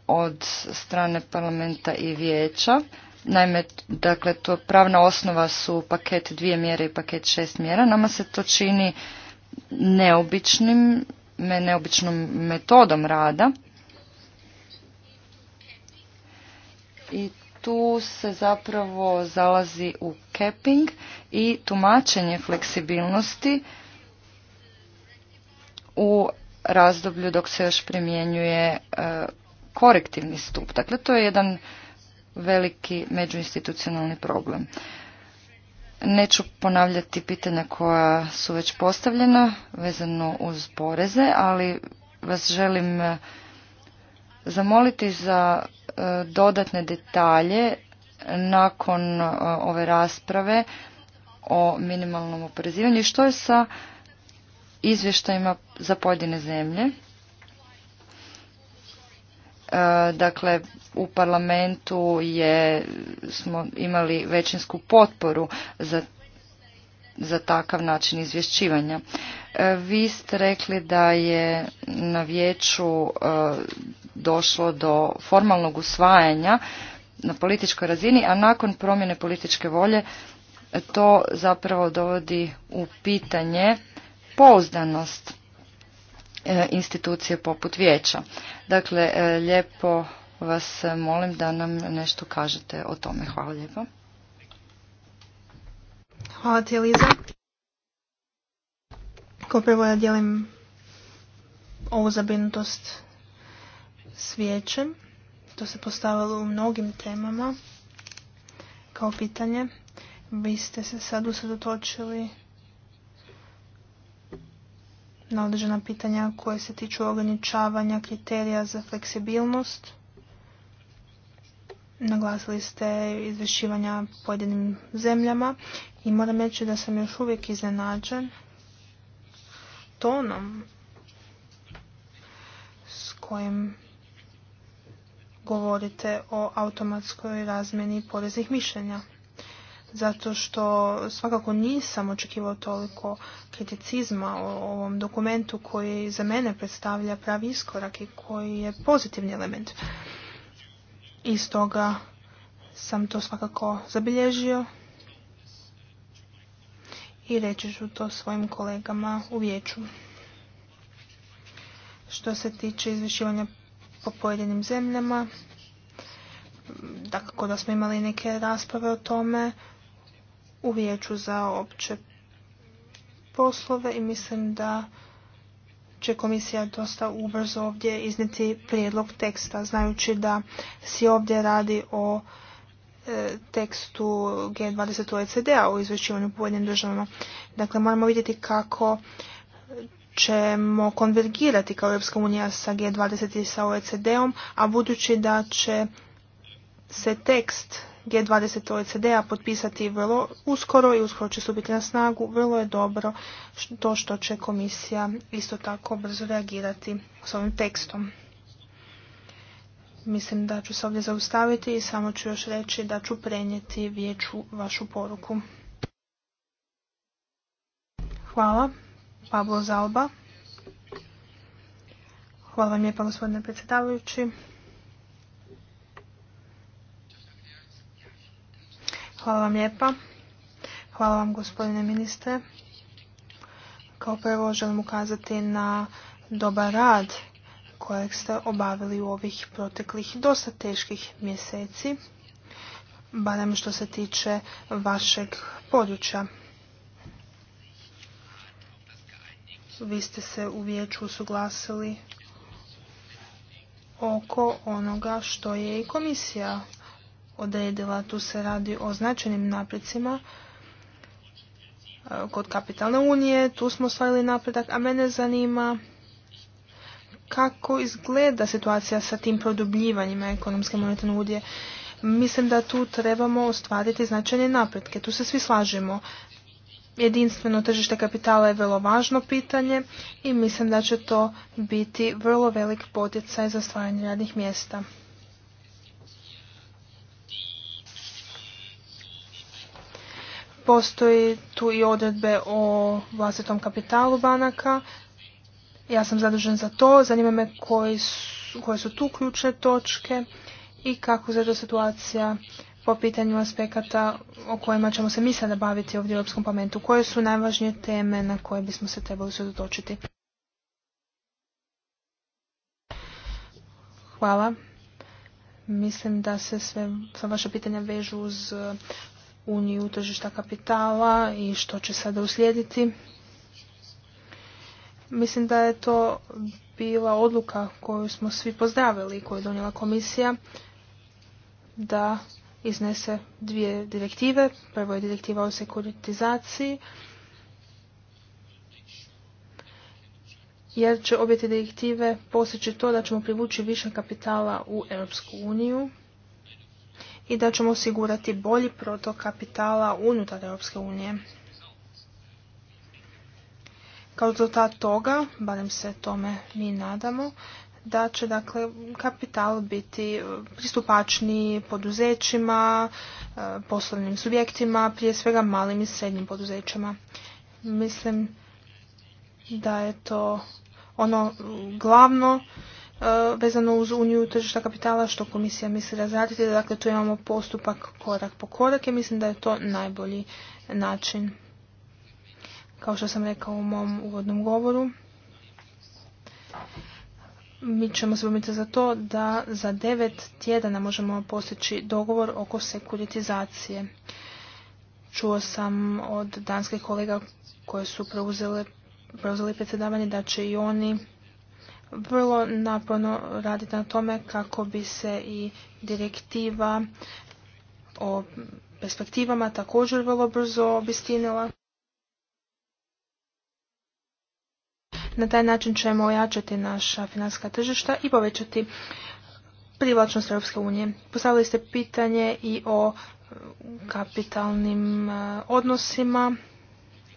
Speaker 1: od strane parlamenta i vijeća. Naime, dakle, to pravna osnova su paket dvije mjere i paket šest mjera. Nama se to čini neobičnim neobičnom metodom rada. I tu se zapravo zalazi u capping i tumačenje fleksibilnosti u razdoblju dok se još primjenjuje e, korektivni stup. Dakle, to je jedan veliki međuinstitucionalni problem. Neću ponavljati pitanja koja su već postavljena vezano uz poreze, ali vas želim e, zamoliti za e, dodatne detalje nakon e, ove rasprave o minimalnom oporezivanju. Što je sa izvještajima za pojedine zemlje? E, dakle, u parlamentu je, smo imali većinsku potporu za, za takav način izvješćivanja. E, vi ste rekli da je na vijeću e, došlo do formalnog usvajanja na političkoj razini, a nakon promjene političke volje to zapravo dovodi u pitanje pouzdanost E, institucije poput vijeća. Dakle, e, lijepo vas molim da nam nešto kažete o tome. Hvala lijepo. Hvala ti, Eliza.
Speaker 2: Kao prvo ja dijelim ovu zabrinutost s vijećem. To se postavilo u mnogim temama kao pitanje. Vi ste se sad usredotočili na određena pitanja koje se tiču ograničavanja kriterija za fleksibilnost. Naglasili ste izvješćivanja pojedinim zemljama i moram reći da sam još uvijek iznenađen tonom s kojim govorite o automatskoj razmeni poreznih mišljenja zato što svakako nisam očekivao toliko kriticizma o ovom dokumentu koji za mene predstavlja pravi iskorak i koji je pozitivni element. I stoga sam to svakako zabilježio i reći ću to svojim kolegama u vijeću. Što se tiče izvješivanja po pojedinim zemljama, dakle da smo imali neke rasprave o tome, u vijeću za opće poslove i mislim da će komisija dosta ubrzo ovdje izniti prijedlog teksta, znajući da si ovdje radi o e, tekstu G20 OECD-a o izvješćivanju pojedinim državama. Dakle, moramo vidjeti kako ćemo konvergirati kao Europska unija sa G20 i sa OECD-om, a budući da će se tekst G20 OECD-a potpisati vrlo uskoro i uskoro će stupiti na snagu. Vrlo je dobro to što će komisija isto tako brzo reagirati s ovim tekstom. Mislim da ću se ovdje zaustaviti i samo ću još reći da ću prenijeti vijeću vašu poruku. Hvala. Pablo Zalba. Hvala vam lijepa gospodine predsjedavajući. Hvala vam lijepa. Hvala vam gospodine ministre. Kao prvo želim ukazati na dobar rad kojeg ste obavili u ovih proteklih dosta teških mjeseci, barem što se tiče vašeg područja. Vi ste se u vijeću usuglasili oko onoga što je i komisija odredila. Tu se radi o značajnim napredcima e, kod kapitalne unije. Tu smo ostvarili napredak, a mene zanima kako izgleda situacija sa tim produbljivanjima ekonomske monetarne unije. Mislim da tu trebamo ostvariti značajne napretke. Tu se svi slažemo. Jedinstveno tržište kapitala je vrlo važno pitanje i mislim da će to biti vrlo velik potjecaj za stvaranje radnih mjesta. Postoji tu i odredbe o vlastitom kapitalu banaka. Ja sam zadužen za to. Zanima me koji koje su tu ključne točke i kako se to situacija po pitanju aspekata o kojima ćemo se mi sada baviti ovdje u Europskom parlamentu. Koje su najvažnije teme na koje bismo se trebali usredotočiti? Hvala. Mislim da se sve, sva vaša pitanja vežu uz uniju tržišta kapitala i što će sada uslijediti. Mislim da je to bila odluka koju smo svi pozdravili i koju je donijela komisija da iznese dvije direktive. Prvo je direktiva o sekuritizaciji jer će obje direktive posjeći to da ćemo privući više kapitala u Europsku uniju i da ćemo osigurati bolji protok kapitala unutar Europske unije. Kao rezultat toga, barem se tome mi nadamo, da će dakle kapital biti pristupačni poduzećima, e, poslovnim subjektima, prije svega malim i srednjim poduzećima. Mislim da je to ono glavno Eh, vezano uz uniju tržišta kapitala što komisija misli razraditi. Dakle, tu imamo postupak korak po korak i mislim da je to najbolji način. Kao što sam rekao u mom uvodnom govoru, mi ćemo se bomiti za to da za devet tjedana možemo postići dogovor oko sekuritizacije. Čuo sam od danskih kolega koje su preuzeli predsjedavanje da će i oni vrlo naporno raditi na tome kako bi se i direktiva o perspektivama također vrlo brzo obistinila. Na taj način ćemo ojačati naša financijska tržišta i povećati privlačnost Europske unije. Postavili ste pitanje i o kapitalnim e, odnosima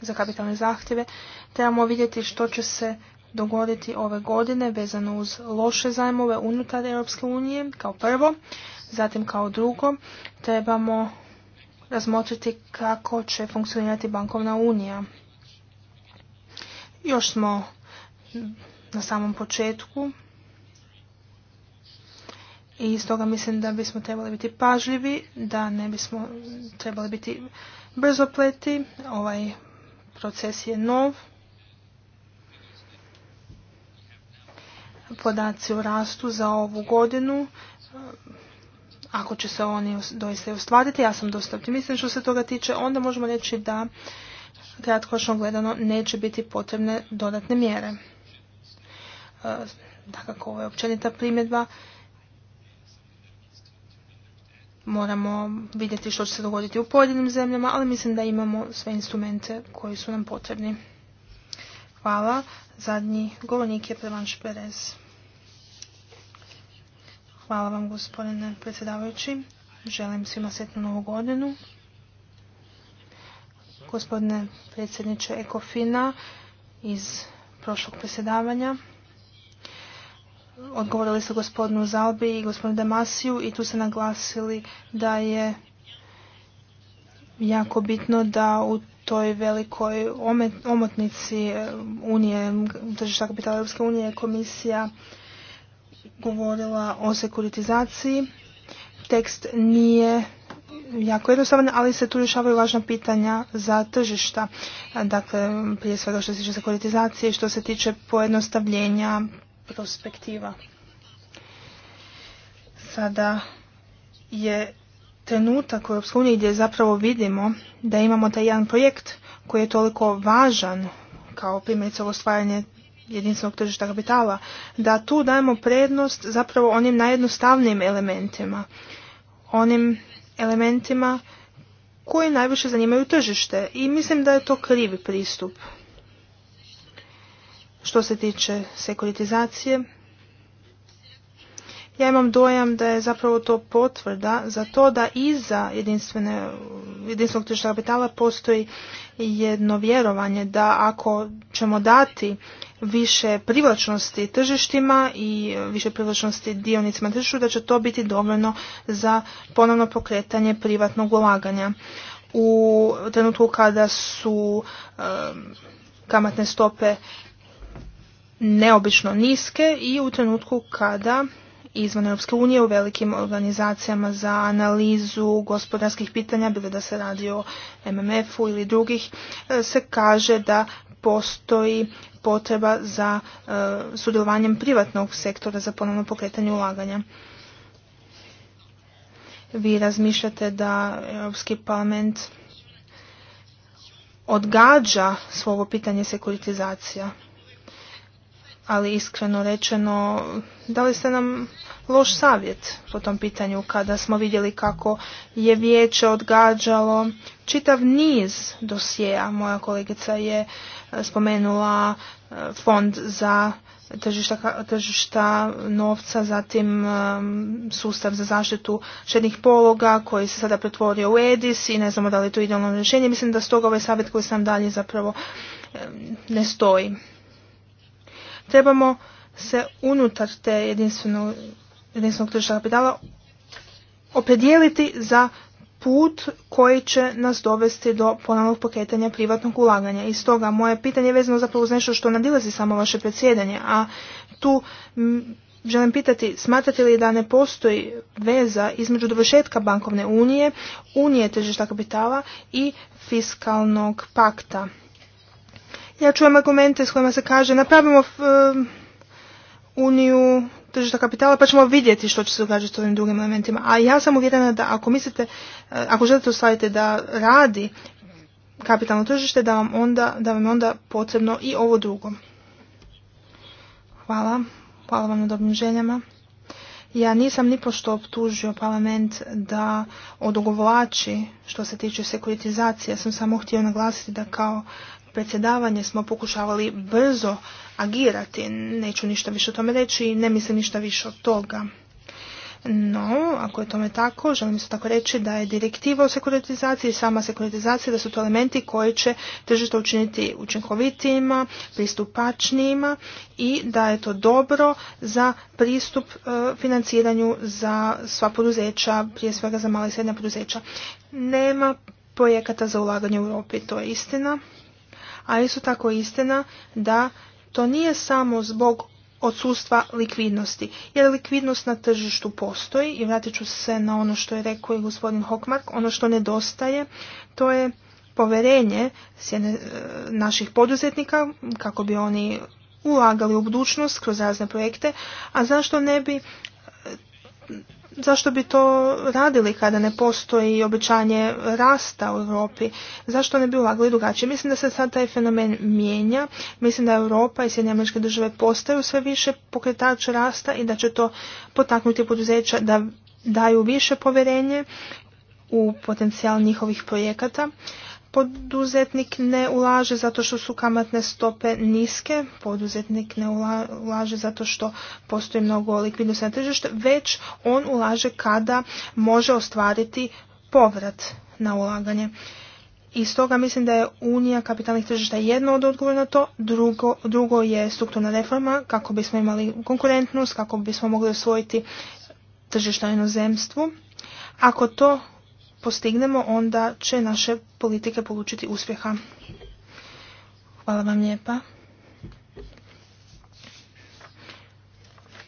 Speaker 2: za kapitalne zahtjeve. Trebamo vidjeti što će se dogoditi ove godine vezano uz loše zajmove unutar Europske unije kao prvo, zatim kao drugo trebamo razmotriti kako će funkcionirati bankovna unija. Još smo na samom početku i stoga mislim da bismo trebali biti pažljivi, da ne bismo trebali biti brzopleti. Ovaj proces je nov podaci o rastu za ovu godinu, ako će se oni doista i ostvariti, ja sam dosta optimistan što se toga tiče, onda možemo reći da kratkoročno gledano neće biti potrebne dodatne mjere. E, dakako, ovo je općenita primjedba. Moramo vidjeti što će se dogoditi u pojedinim zemljama, ali mislim da imamo sve instrumente koji su nam potrebni. Hvala. Zadnji govornik je Prevanš Perez. Hvala vam gospodine predsjedavajući. Želim svima sretnu novu godinu. Gospodine predsjedniče Ekofina iz prošlog predsjedavanja. Odgovorili ste gospodinu Zalbi i gospodinu Damasiju i tu ste naglasili da je jako bitno da u toj velikoj omotnici eh, Unije, tržišta kapitala Europske unije, komisija govorila o sekuritizaciji. Tekst nije jako jednostavan, ali se tu rješavaju važna pitanja za tržišta. Dakle, prije svega što se tiče sekuritizacije i što se tiče pojednostavljenja prospektiva. Sada je trenutak u EU gdje zapravo vidimo da imamo taj jedan projekt koji je toliko važan kao primjerice ovo stvaranje jedinstvenog tržišta kapitala, da tu dajemo prednost zapravo onim najjednostavnijim elementima, onim elementima koji najviše zanimaju tržište i mislim da je to krivi pristup. Što se tiče sekuritizacije, ja imam dojam da je zapravo to potvrda za to da iza jedinstvene, jedinstvenog tržišta kapitala postoji jedno vjerovanje da ako ćemo dati više privlačnosti tržištima i više privlačnosti dionicima tržištu, da će to biti dovoljno za ponovno pokretanje privatnog ulaganja. U trenutku kada su um, kamatne stope neobično niske i u trenutku kada izvan Europske unije u velikim organizacijama za analizu gospodarskih pitanja, bilo da se radi o MMF-u ili drugih, e, se kaže da postoji potreba za e, sudjelovanjem privatnog sektora za ponovno pokretanje ulaganja. Vi razmišljate da Europski parlament odgađa svovo pitanje sekuritizacija ali iskreno rečeno, da li ste nam loš savjet po tom pitanju kada smo vidjeli kako je vijeće odgađalo čitav niz dosjeja. Moja kolegica je e, spomenula e, fond za tržišta, novca, zatim e, sustav za zaštitu šednih pologa koji se sada pretvorio u EDIS i ne znamo da li je to idealno rješenje. Mislim da stoga ovaj savjet koji sam dalje zapravo ne stoji. Trebamo se unutar te jedinstvenog tržišta kapitala opredijeliti za put koji će nas dovesti do ponovnog pokretanja privatnog ulaganja. I stoga moje pitanje je vezano zapravo uz nešto što nadilazi samo vaše predsjedanje, a tu želim pitati smatrate li da ne postoji veza između dovršetka bankovne unije, unije tržišta kapitala i fiskalnog pakta ja čujem argumente s kojima se kaže napravimo uniju tržišta kapitala pa ćemo vidjeti što će se događati s ovim drugim elementima. A ja sam uvjerena da ako mislite, e, ako želite ostaviti da radi kapitalno tržište, da vam, onda, da vam onda potrebno i ovo drugo. Hvala. Hvala vam na dobrim željama. Ja nisam ni pošto optužio parlament da odugovlači što se tiče sekuritizacije. Ja sam samo htio naglasiti da kao predsjedavanje smo pokušavali brzo agirati. Neću ništa više o tome reći i ne mislim ništa više od toga. No, ako je tome tako, želim se tako reći da je direktiva o sekuritizaciji i sama sekuritizacija da su to elementi koji će tržište učiniti učinkovitijima, pristupačnijima i da je to dobro za pristup e, financiranju za sva poduzeća, prije svega za mala i srednja poduzeća. Nema projekata za ulaganje u Europi, to je istina a isto tako istina da to nije samo zbog odsustva likvidnosti. Jer likvidnost na tržištu postoji i vratit ću se na ono što je rekao i gospodin Hokmark, ono što nedostaje to je poverenje e, naših poduzetnika kako bi oni ulagali u budućnost kroz razne projekte, a zašto ne bi e, Zašto bi to radili kada ne postoji obećanje rasta u Europi? Zašto ne bi ulagali drugačije? Mislim da se sad taj fenomen mijenja. Mislim da Europa i Sjedinje američke države postaju sve više pokretač rasta i da će to potaknuti poduzeća da daju više povjerenje u potencijal njihovih projekata. Poduzetnik ne ulaže zato što su kamatne stope niske, poduzetnik ne ulaže zato što postoji mnogo likvidnosti na tržište, već on ulaže kada može ostvariti povrat na ulaganje. I stoga mislim da je Unija kapitalnih tržišta jedno od odgovora na to, drugo, drugo je strukturna reforma kako bismo imali konkurentnost, kako bismo mogli osvojiti tržišta inozemstvu. Ako to postignemo, onda će naše politike polučiti uspjeha. Hvala vam lijepa.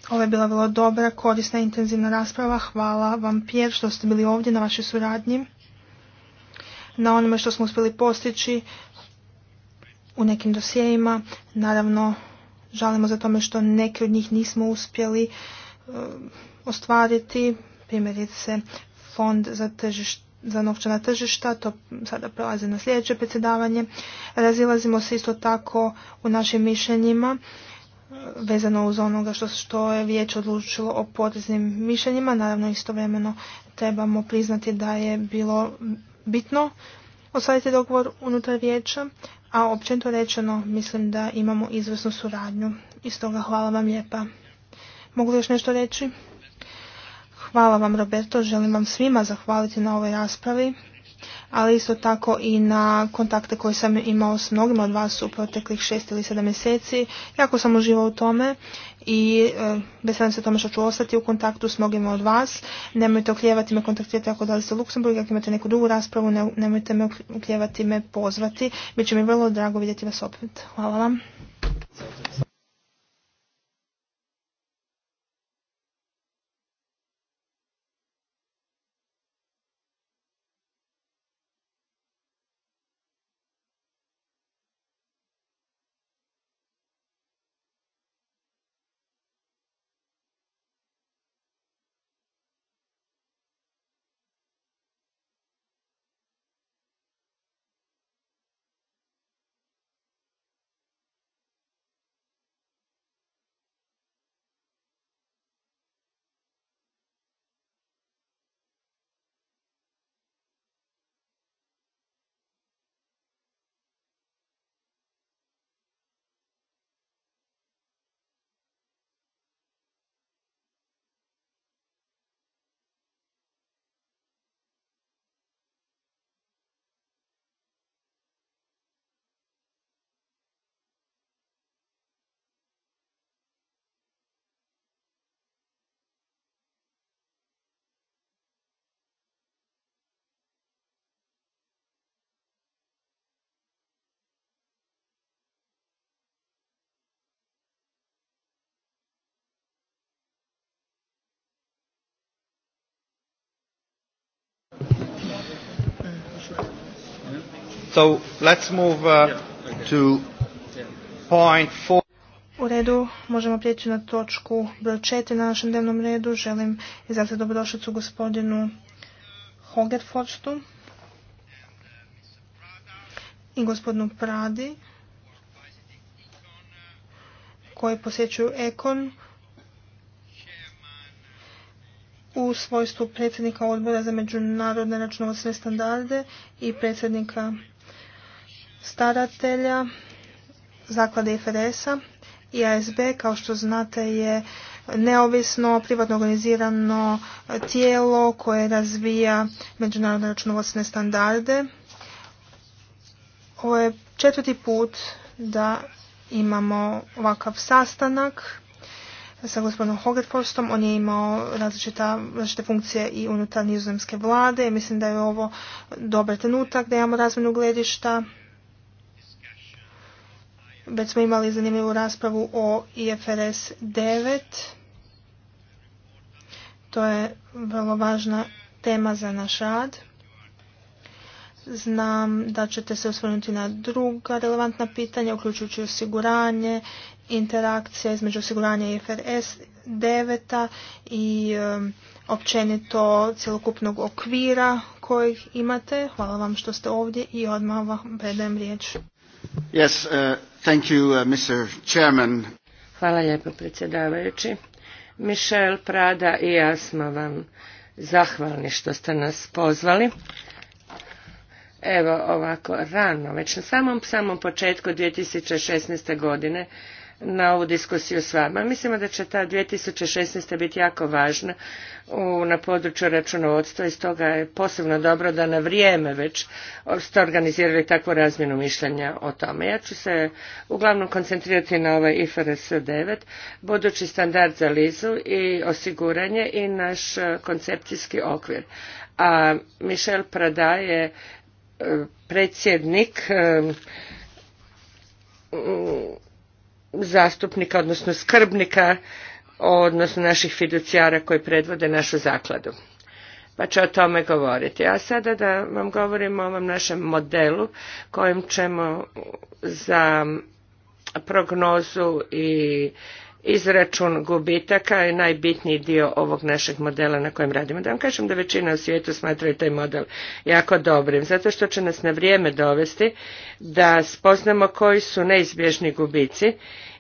Speaker 2: Ovo je bila vrlo dobra, korisna, i intenzivna rasprava. Hvala vam, Pjer, što ste bili ovdje na vašoj suradnji. Na onome što smo uspjeli postići u nekim dosjejima. Naravno, žalimo za tome što neke od njih nismo uspjeli eh, ostvariti. Primjerice, fond za, tržiš, za novčana tržišta, to sada prelazi na sljedeće predsjedavanje. Razilazimo se isto tako u našim mišljenjima e, vezano uz onoga što, što je vijeće odlučilo o poteznim mišljenjima. Naravno istovremeno trebamo priznati da je bilo bitno ostvariti dogovor unutar vijeća, a općenito rečeno mislim da imamo izvrsnu suradnju. I stoga hvala vam lijepa. Mogu li još nešto reći? Hvala vam Roberto, želim vam svima zahvaliti na ovoj raspravi, ali isto tako i na kontakte koje sam imao s mnogima od vas u proteklih šest ili sedam mjeseci. Jako sam uživao u tome i e, veselim se tome što ću ostati u kontaktu s mnogima od vas. Nemojte okljevati me kontaktirati ako da li ste u Luksemburgu, ako imate neku drugu raspravu, nemojte me okljevati me pozvati. Biće mi vrlo drago vidjeti vas opet. Hvala vam. let's move uh, to point four. U redu, možemo prijeći na točku broj četiri na našem dnevnom redu. Želim izraziti dobrodošlicu gospodinu Hogerfordstu i gospodinu Pradi koji posjećuju Ekon u svojstvu predsjednika odbora za međunarodne računovodstvene standarde i predsjednika staratelja zaklade IFRS-a. ASB, kao što znate, je neovisno, privatno organizirano tijelo koje razvija međunarodne računovodstvene standarde. Ovo je četvrti put da imamo ovakav sastanak sa gospodinom Hogerforstom. On je imao različita, različite funkcije i unutar nizozemske vlade. Mislim da je ovo dobar trenutak da imamo razmjenu gledišta već smo imali zanimljivu raspravu o IFRS 9. To je vrlo važna tema za naš rad. Znam da ćete se osvrnuti na druga relevantna pitanja, uključujući osiguranje, interakcija između osiguranja i 9 i um, općenito cjelokupnog okvira kojeg imate. Hvala vam što ste ovdje i odmah vam
Speaker 3: predajem riječ.
Speaker 1: Yes, uh, uh, Hvala
Speaker 3: lijepo predsjedavajući. Michel Prada i ja smo vam zahvalni što ste nas pozvali. Evo ovako rano, već na samom samom početku 2016. godine na ovu diskusiju s vama. Mislimo da će ta 2016. biti jako važna na području računovodstva i stoga je posebno dobro da na vrijeme već ste organizirali takvu razmjenu mišljenja o tome. Ja ću se uglavnom koncentrirati na ovaj IFRS 9, budući standard za lizu i osiguranje i naš e, koncepcijski okvir. A Michel Prada je e, predsjednik e, zastupnika, odnosno skrbnika, odnosno naših fiducijara koji predvode našu zakladu. Pa ću o tome govoriti. A sada da vam govorim o ovom našem modelu kojim ćemo za prognozu i izračun gubitaka je najbitniji dio ovog našeg modela na kojem radimo. Da vam kažem da većina u svijetu smatraju taj model jako dobrim, zato što će nas na vrijeme dovesti da spoznamo koji su neizbježni gubici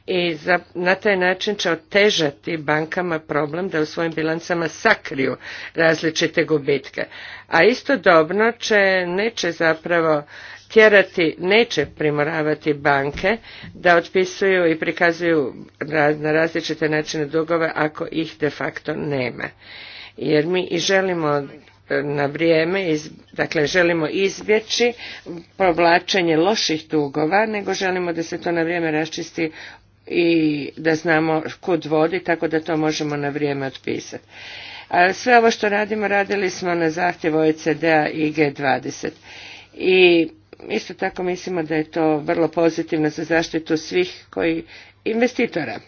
Speaker 3: i za, na taj način će otežati bankama problem da u svojim bilancama sakriju različite gubitke. A istodobno će, neće zapravo tjerati, neće primoravati banke da otpisuju i prikazuju na različite načine dugove ako ih de facto nema. Jer mi i želimo e, na vrijeme, dakle želimo izbjeći povlačenje loših dugova, nego želimo da se to na vrijeme raščisti i da znamo kud vodi, tako da to možemo na vrijeme otpisati. sve ovo što radimo, radili smo na zahtjev OECD-a i G20. I Isto tako mislimo da je to vrlo pozitivno za zaštitu svih koji investitora.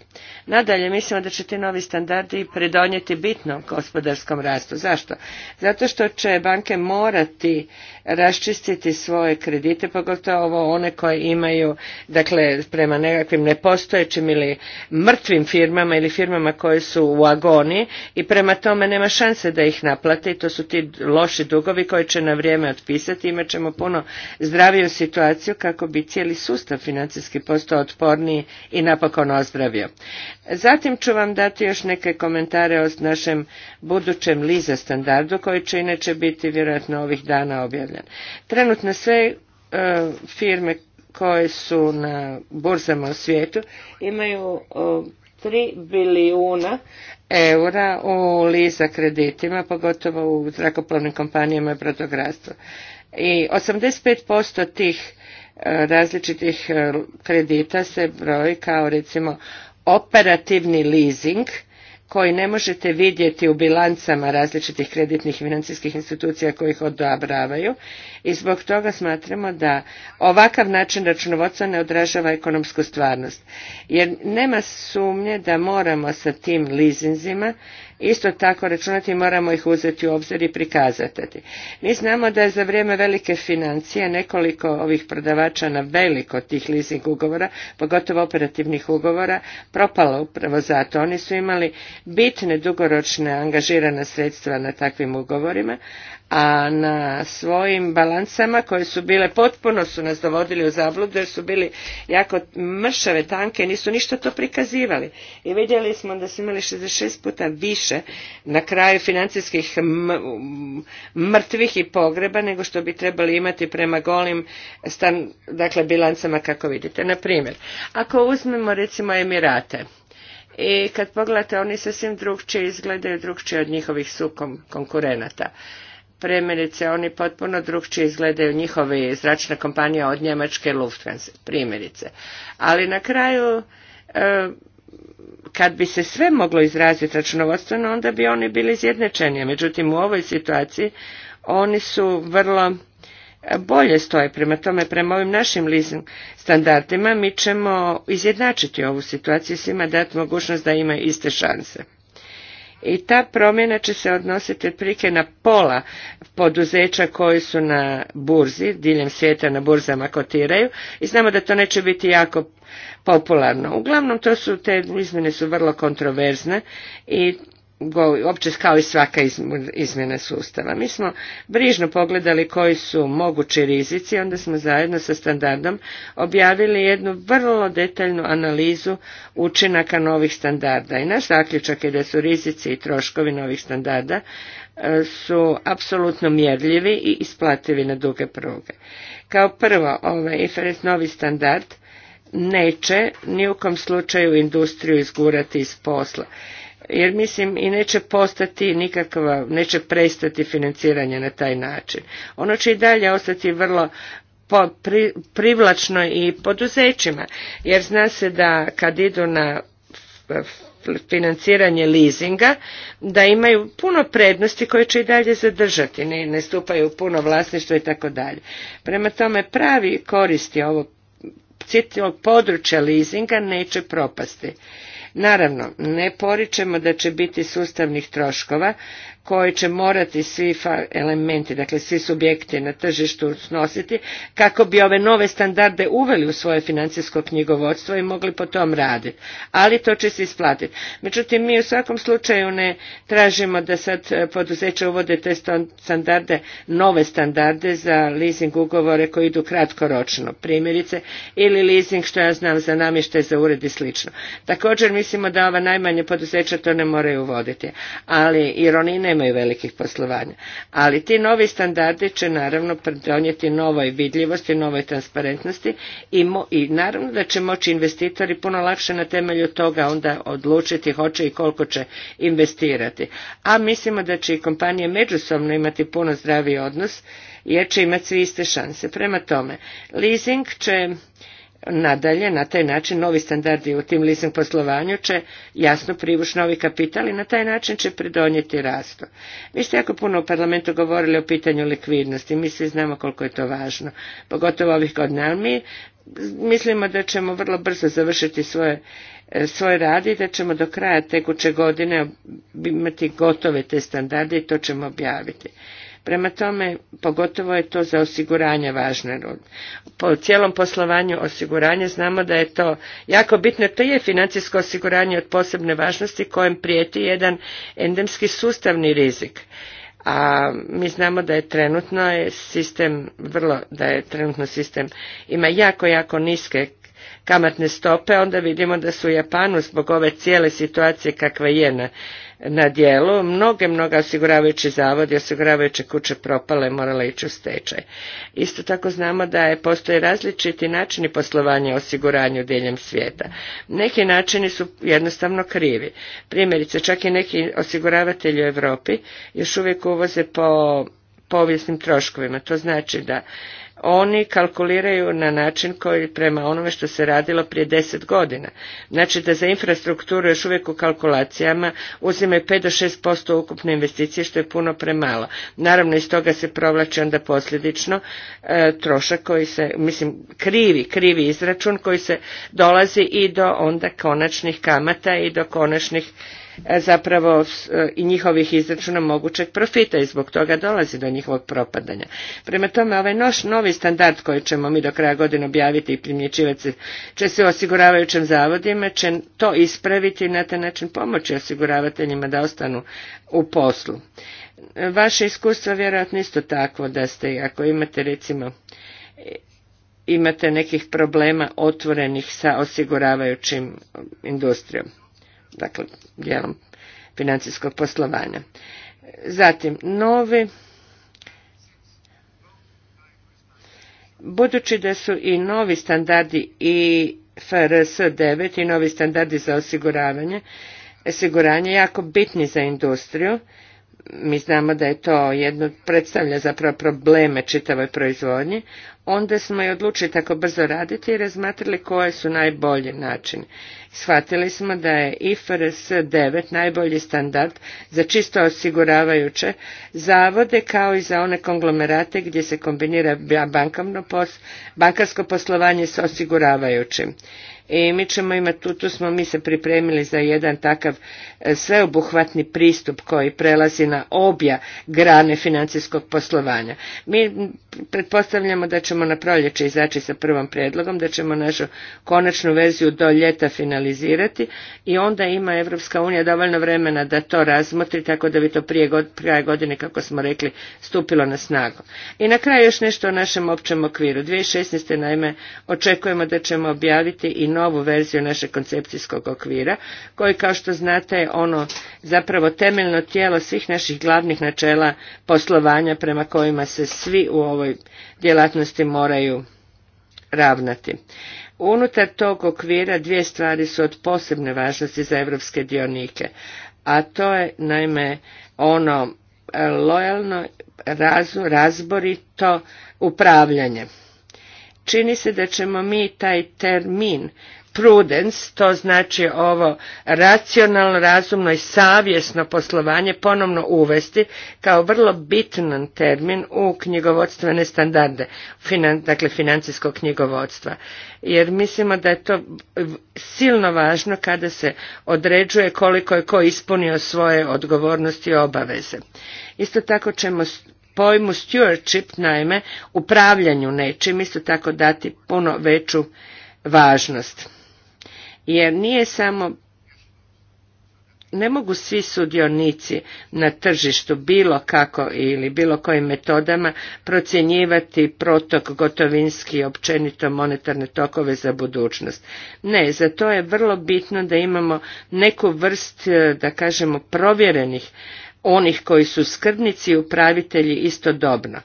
Speaker 3: Nadalje, mislimo da će ti novi standardi pridonijeti bitno gospodarskom rastu. Zašto? Zato što će banke morati raščistiti svoje kredite, pogotovo one koje imaju, dakle, prema nekakvim nepostojećim ili mrtvim firmama ili firmama koje su u agoni i prema tome nema šanse da ih naplate i to su ti loši dugovi koji će na vrijeme otpisati. Imat ćemo puno zdraviju situaciju kako bi cijeli sustav financijski postao otporniji i na napokon ozdravio. Zatim ću vam dati još neke komentare o našem budućem Liza standardu koji će inače biti vjerojatno ovih dana objavljen. Trenutno sve e, firme koje su na burzama u svijetu imaju 3 e, bilijuna eura u liza kreditima, pogotovo u zrakoplovnim kompanijama i brodogradstvu. I 85% tih različitih e, kredita se broji kao recimo operativni leasing koji ne možete vidjeti u bilancama različitih kreditnih i financijskih institucija koji ih odobravaju i zbog toga smatramo da ovakav način računovodstva ne odražava ekonomsku stvarnost. Jer nema sumnje da moramo sa tim leasinzima isto tako računati moramo ih uzeti u obzir i prikazati. Mi znamo da je za vrijeme velike financije nekoliko ovih prodavača na veliko tih leasing ugovora, pogotovo operativnih ugovora, propalo upravo zato. Oni su imali bitne dugoročne angažirane sredstva na takvim ugovorima, a na svojim balancama koje su bile potpuno su nas dovodili u zabludu jer su bili jako mršave, tanke i nisu ništa to prikazivali. I vidjeli smo da su imali 66 puta više na kraju financijskih mrtvih i pogreba nego što bi trebali imati prema golim dakle bilancama kako vidite. Na primjer, ako uzmemo recimo Emirate, i kad pogledate oni sasvim drugčije izgledaju drugčije od njihovih sukom konkurenata primjerice oni potpuno drugčije izgledaju njihove zračne kompanije od Njemačke Lufthansa, primjerice. Ali na kraju, e, kad bi se sve moglo izraziti računovodstveno, onda bi oni bili izjednačeni. Međutim, u ovoj situaciji oni su vrlo e, bolje stoje. Prema tome, prema ovim našim leasing standardima mi ćemo izjednačiti ovu situaciju i svima dati mogućnost da imaju iste šanse i ta promjena će se odnositi otprilike na pola poduzeća koji su na burzi, diljem svijeta na burzama kotiraju i znamo da to neće biti jako popularno. Uglavnom to su, te izmjene su vrlo kontroverzne i uopće kao i svaka izmjena sustava. Mi smo brižno pogledali koji su mogući rizici, onda smo zajedno sa standardom objavili jednu vrlo detaljnu analizu učinaka novih standarda. I naš zaključak je da su rizici i troškovi novih standarda e, su apsolutno mjerljivi i isplativi na duge pruge. Kao prvo, ovaj IFRS novi standard neće ni u kom slučaju industriju izgurati iz posla jer mislim i neće postati nikakva, neće prestati financiranje na taj način. Ono će i dalje ostati vrlo po, privlačno i poduzećima, jer zna se da kad idu na financiranje leasinga, da imaju puno prednosti koje će i dalje zadržati, ne, stupaju u puno vlasništva i tako dalje. Prema tome pravi koristi ovog cijelog područja leasinga neće propasti. Naravno, ne poričemo da će biti sustavnih troškova koje će morati svi elementi, dakle svi subjekti na tržištu snositi kako bi ove nove standarde uveli u svoje financijsko knjigovodstvo i mogli po tom raditi. Ali to će se isplatiti. Međutim, mi u svakom slučaju ne tražimo da sad e, poduzeća uvode te standarde, nove standarde za leasing ugovore koji idu kratkoročno, primjerice, ili leasing što ja znam za namještaj za ured i slično. Također mislimo da ova najmanje poduzeća to ne moraju uvoditi. Ali ironine nemaju velikih poslovanja. Ali ti novi standardi će naravno donijeti novoj vidljivosti, novoj transparentnosti i, i naravno da će moći investitori puno lakše na temelju toga onda odlučiti hoće i koliko će investirati. A mislimo da će i kompanije međusobno imati puno zdraviji odnos jer će imati svi iste šanse. Prema tome, leasing će Nadalje, na taj način novi standardi u tim leasing poslovanju će jasno privući novi kapital i na taj način će pridonijeti rastu. Vi ste jako puno u parlamentu govorili o pitanju likvidnosti, mi svi znamo koliko je to važno, pogotovo ovih godina, ali mi mislimo da ćemo vrlo brzo završiti svoje e, svoj rad i da ćemo do kraja tekuće godine imati gotove te standarde i to ćemo objaviti. Prema tome, pogotovo je to za osiguranje važno. Po cijelom poslovanju osiguranja znamo da je to jako bitno. To je financijsko osiguranje od posebne važnosti kojem prijeti jedan endemski sustavni rizik a mi znamo da je trenutno sistem vrlo, da je trenutno sistem ima jako, jako niske kamatne stope, onda vidimo da su u Japanu zbog ove cijele situacije kakva je na dijelu. Mnoge, mnoga osiguravajući zavodi, osiguravajuće kuće propale morale ići u stečaj. Isto tako znamo da je, postoje različiti načini poslovanja osiguranju diljem svijeta. Neki načini su jednostavno krivi. Primjerice, čak i neki osiguravatelji u Europi još uvijek uvoze po povijesnim troškovima. To znači da oni kalkuliraju na način koji prema onome što se radilo prije deset godina. Znači da za infrastrukturu još uvijek u kalkulacijama uzimaju 5 do 6% ukupne investicije što je puno premalo. Naravno iz toga se provlači onda posljedično e, trošak koji se, mislim krivi, krivi izračun koji se dolazi i do onda konačnih kamata i do konačnih E, zapravo e, i njihovih izračuna mogućeg profita i zbog toga dolazi do njihovog propadanja. Prema tome, ovaj noš novi standard koji ćemo mi do kraja godine objaviti i primjećivati će se osiguravajućim zavodima, će to ispraviti i na taj način pomoći osiguravateljima da ostanu u poslu. E, vaše iskustvo vjerojatno isto tako da ste, ako imate recimo imate nekih problema otvorenih sa osiguravajućim industrijom dakle dijelom financijskog poslovanja. Zatim, novi Budući da su i novi standardi i FRS 9 i novi standardi za osiguravanje, osiguranje jako bitni za industriju, mi znamo da je to jedno predstavlja zapravo probleme čitavoj proizvodnji, onda smo i odlučili tako brzo raditi i razmatrali koje su najbolji način. Shvatili smo da je IFRS 9 najbolji standard za čisto osiguravajuće zavode kao i za one konglomerate gdje se kombinira bankarsko poslovanje s osiguravajućim. I mi ćemo imati, tu, tu smo mi se pripremili za jedan takav e, sveobuhvatni pristup koji prelazi na obja grane financijskog poslovanja. Mi pretpostavljamo da ćemo na proljeće izaći sa prvom predlogom, da ćemo našu konačnu verziju do ljeta finalizirati i onda ima Evropska unija dovoljno vremena da to razmotri, tako da bi to prije godine, kako smo rekli, stupilo na snagu. I na kraju još nešto o našem općem okviru. 2016. naime očekujemo da ćemo objaviti i novu verziju našeg koncepcijskog okvira, koji kao što znate je ono zapravo temeljno tijelo svih naših glavnih načela poslovanja prema kojima se svi u ovoj djelatnosti moraju ravnati. Unutar tog okvira dvije stvari su od posebne važnosti za evropske dionike, a to je naime ono e, lojalno, razborito upravljanje čini se da ćemo mi taj termin prudence, to znači ovo racionalno, razumno i savjesno poslovanje ponovno uvesti kao vrlo bitan termin u knjigovodstvene standarde, finan, dakle financijskog knjigovodstva. Jer mislimo da je to silno važno kada se određuje koliko je ko ispunio svoje odgovornosti i obaveze. Isto tako ćemo pojmu stewardship, naime, upravljanju nečim, isto tako dati puno veću važnost. Jer nije samo ne mogu svi sudionici na tržištu bilo kako ili bilo kojim metodama procjenjivati protok gotovinski općenito monetarne tokove za budućnost. Ne, za to je vrlo bitno da imamo neku vrst, eh, da kažemo, provjerenih onih koji su skrbnici i upravitelji istodobno.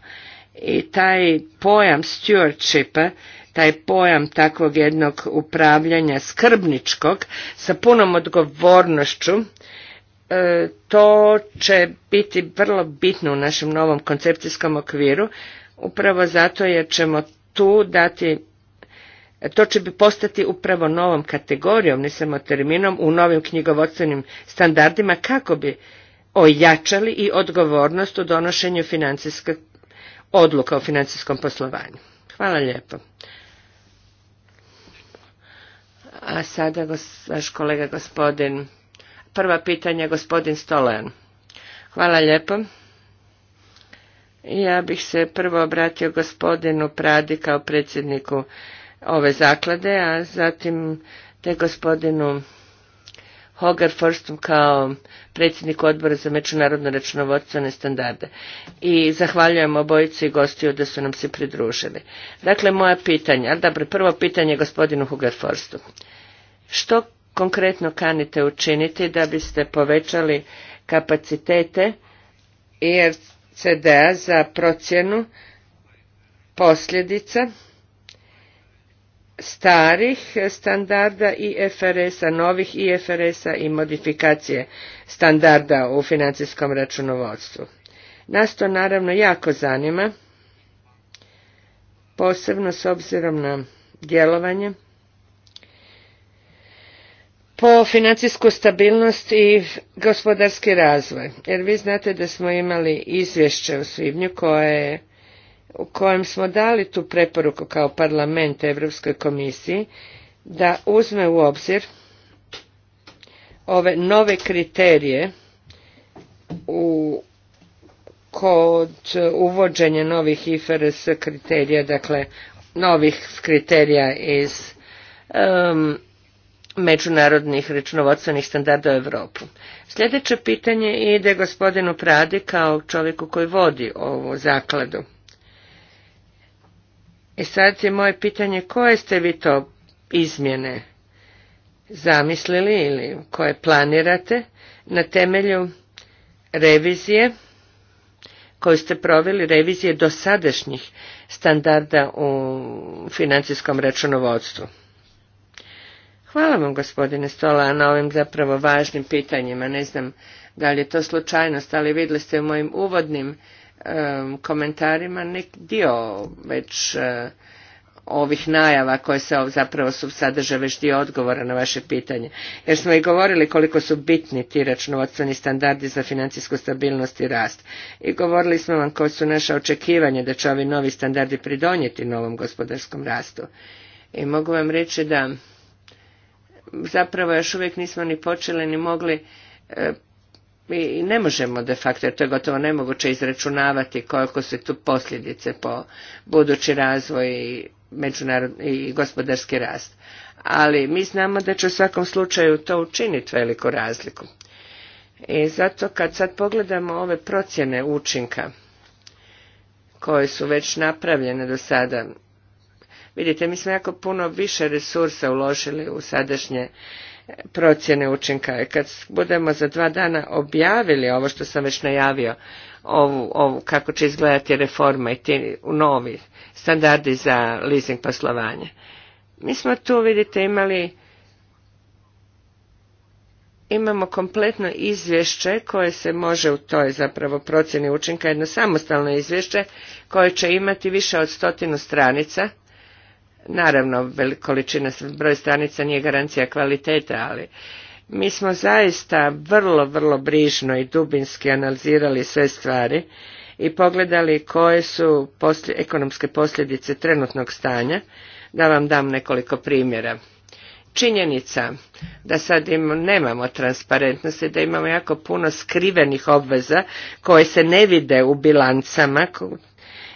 Speaker 3: I taj pojam stewardshipa, taj pojam takvog jednog upravljanja skrbničkog sa punom odgovornošću, e, to će biti vrlo bitno u našem novom koncepcijskom okviru, upravo zato jer ćemo tu dati to će bi postati upravo novom kategorijom, ne samo terminom, u novim knjigovodstvenim standardima kako bi ojačali i odgovornost u donošenju financijske odluka o financijskom poslovanju. Hvala lijepo. A sada vaš kolega gospodin, prva pitanja gospodin Stolan. Hvala lijepo. Ja bih se prvo obratio gospodinu Pradi kao predsjedniku ove zaklade, a zatim te gospodinu Hogar Forstom kao predsjednik odbora za međunarodno računovodstvene standarde. I zahvaljujem obojici i gostiju da su nam se pridružili. Dakle, moja pitanja, ali dobro, prvo pitanje gospodinu Hogar Forstu. Što konkretno kanite učiniti da biste povećali kapacitete IRCD-a za procjenu posljedica starih standarda IFRS-a, novih IFRS-a i modifikacije standarda u financijskom računovodstvu. Nas to naravno jako zanima, posebno s obzirom na djelovanje po financijsku stabilnost i gospodarski razvoj. Jer vi znate da smo imali izvješće u svibnju koje je u kojem smo dali tu preporuku kao parlament Europskoj komisiji da uzme u obzir ove nove kriterije u kod uvođenja novih IFRS kriterija, dakle novih kriterija iz međunarodnih računovodstvenih standarda u Europu. Sljedeće pitanje ide gospodinu Pradi kao čovjeku koji vodi ovu zakladu. I e sad je moje pitanje koje ste vi to izmjene zamislili ili koje planirate na temelju revizije koju ste proveli, revizije dosadašnjih standarda u financijskom računovodstvu. Hvala vam gospodine Stola na ovim zapravo važnim pitanjima. Ne znam da li je to slučajnost, ali vidjeli ste u mojim uvodnim komentarima nek dio već e, ovih najava koje se zapravo su sadrže već dio odgovora na vaše pitanje. Jer smo i govorili koliko su bitni ti računovodstveni standardi za financijsku stabilnost i rast. I govorili smo vam koje su naše očekivanja da će ovi novi standardi pridonijeti novom gospodarskom rastu. I mogu vam reći da zapravo još uvijek nismo ni počeli ni mogli e, i ne možemo de facto, jer to je gotovo nemoguće izračunavati koliko su tu posljedice po budući razvoj i, i gospodarski rast. Ali mi znamo da će u svakom slučaju to učiniti veliku razliku. I zato kad sad pogledamo ove procjene učinka koje su već napravljene do sada, vidite mi smo jako puno više resursa uložili u sadašnje procjene učinka. Kad budemo za dva dana objavili ovo što sam već najavio, ovu, ovu kako će izgledati reforma i ti novi standardi za leasing poslovanje. Mi smo tu, vidite, imali imamo kompletno izvješće koje se može u toj zapravo procjeni učinka, jedno samostalno izvješće koje će imati više od stotinu stranica Naravno, količina, broj stranica nije garancija kvalitete, ali mi smo zaista vrlo, vrlo brižno i dubinski analizirali sve stvari i pogledali koje su ekonomske posljedice trenutnog stanja. Da vam dam nekoliko primjera. Činjenica da sad im nemamo transparentnosti, da imamo jako puno skrivenih obveza koje se ne vide u bilancama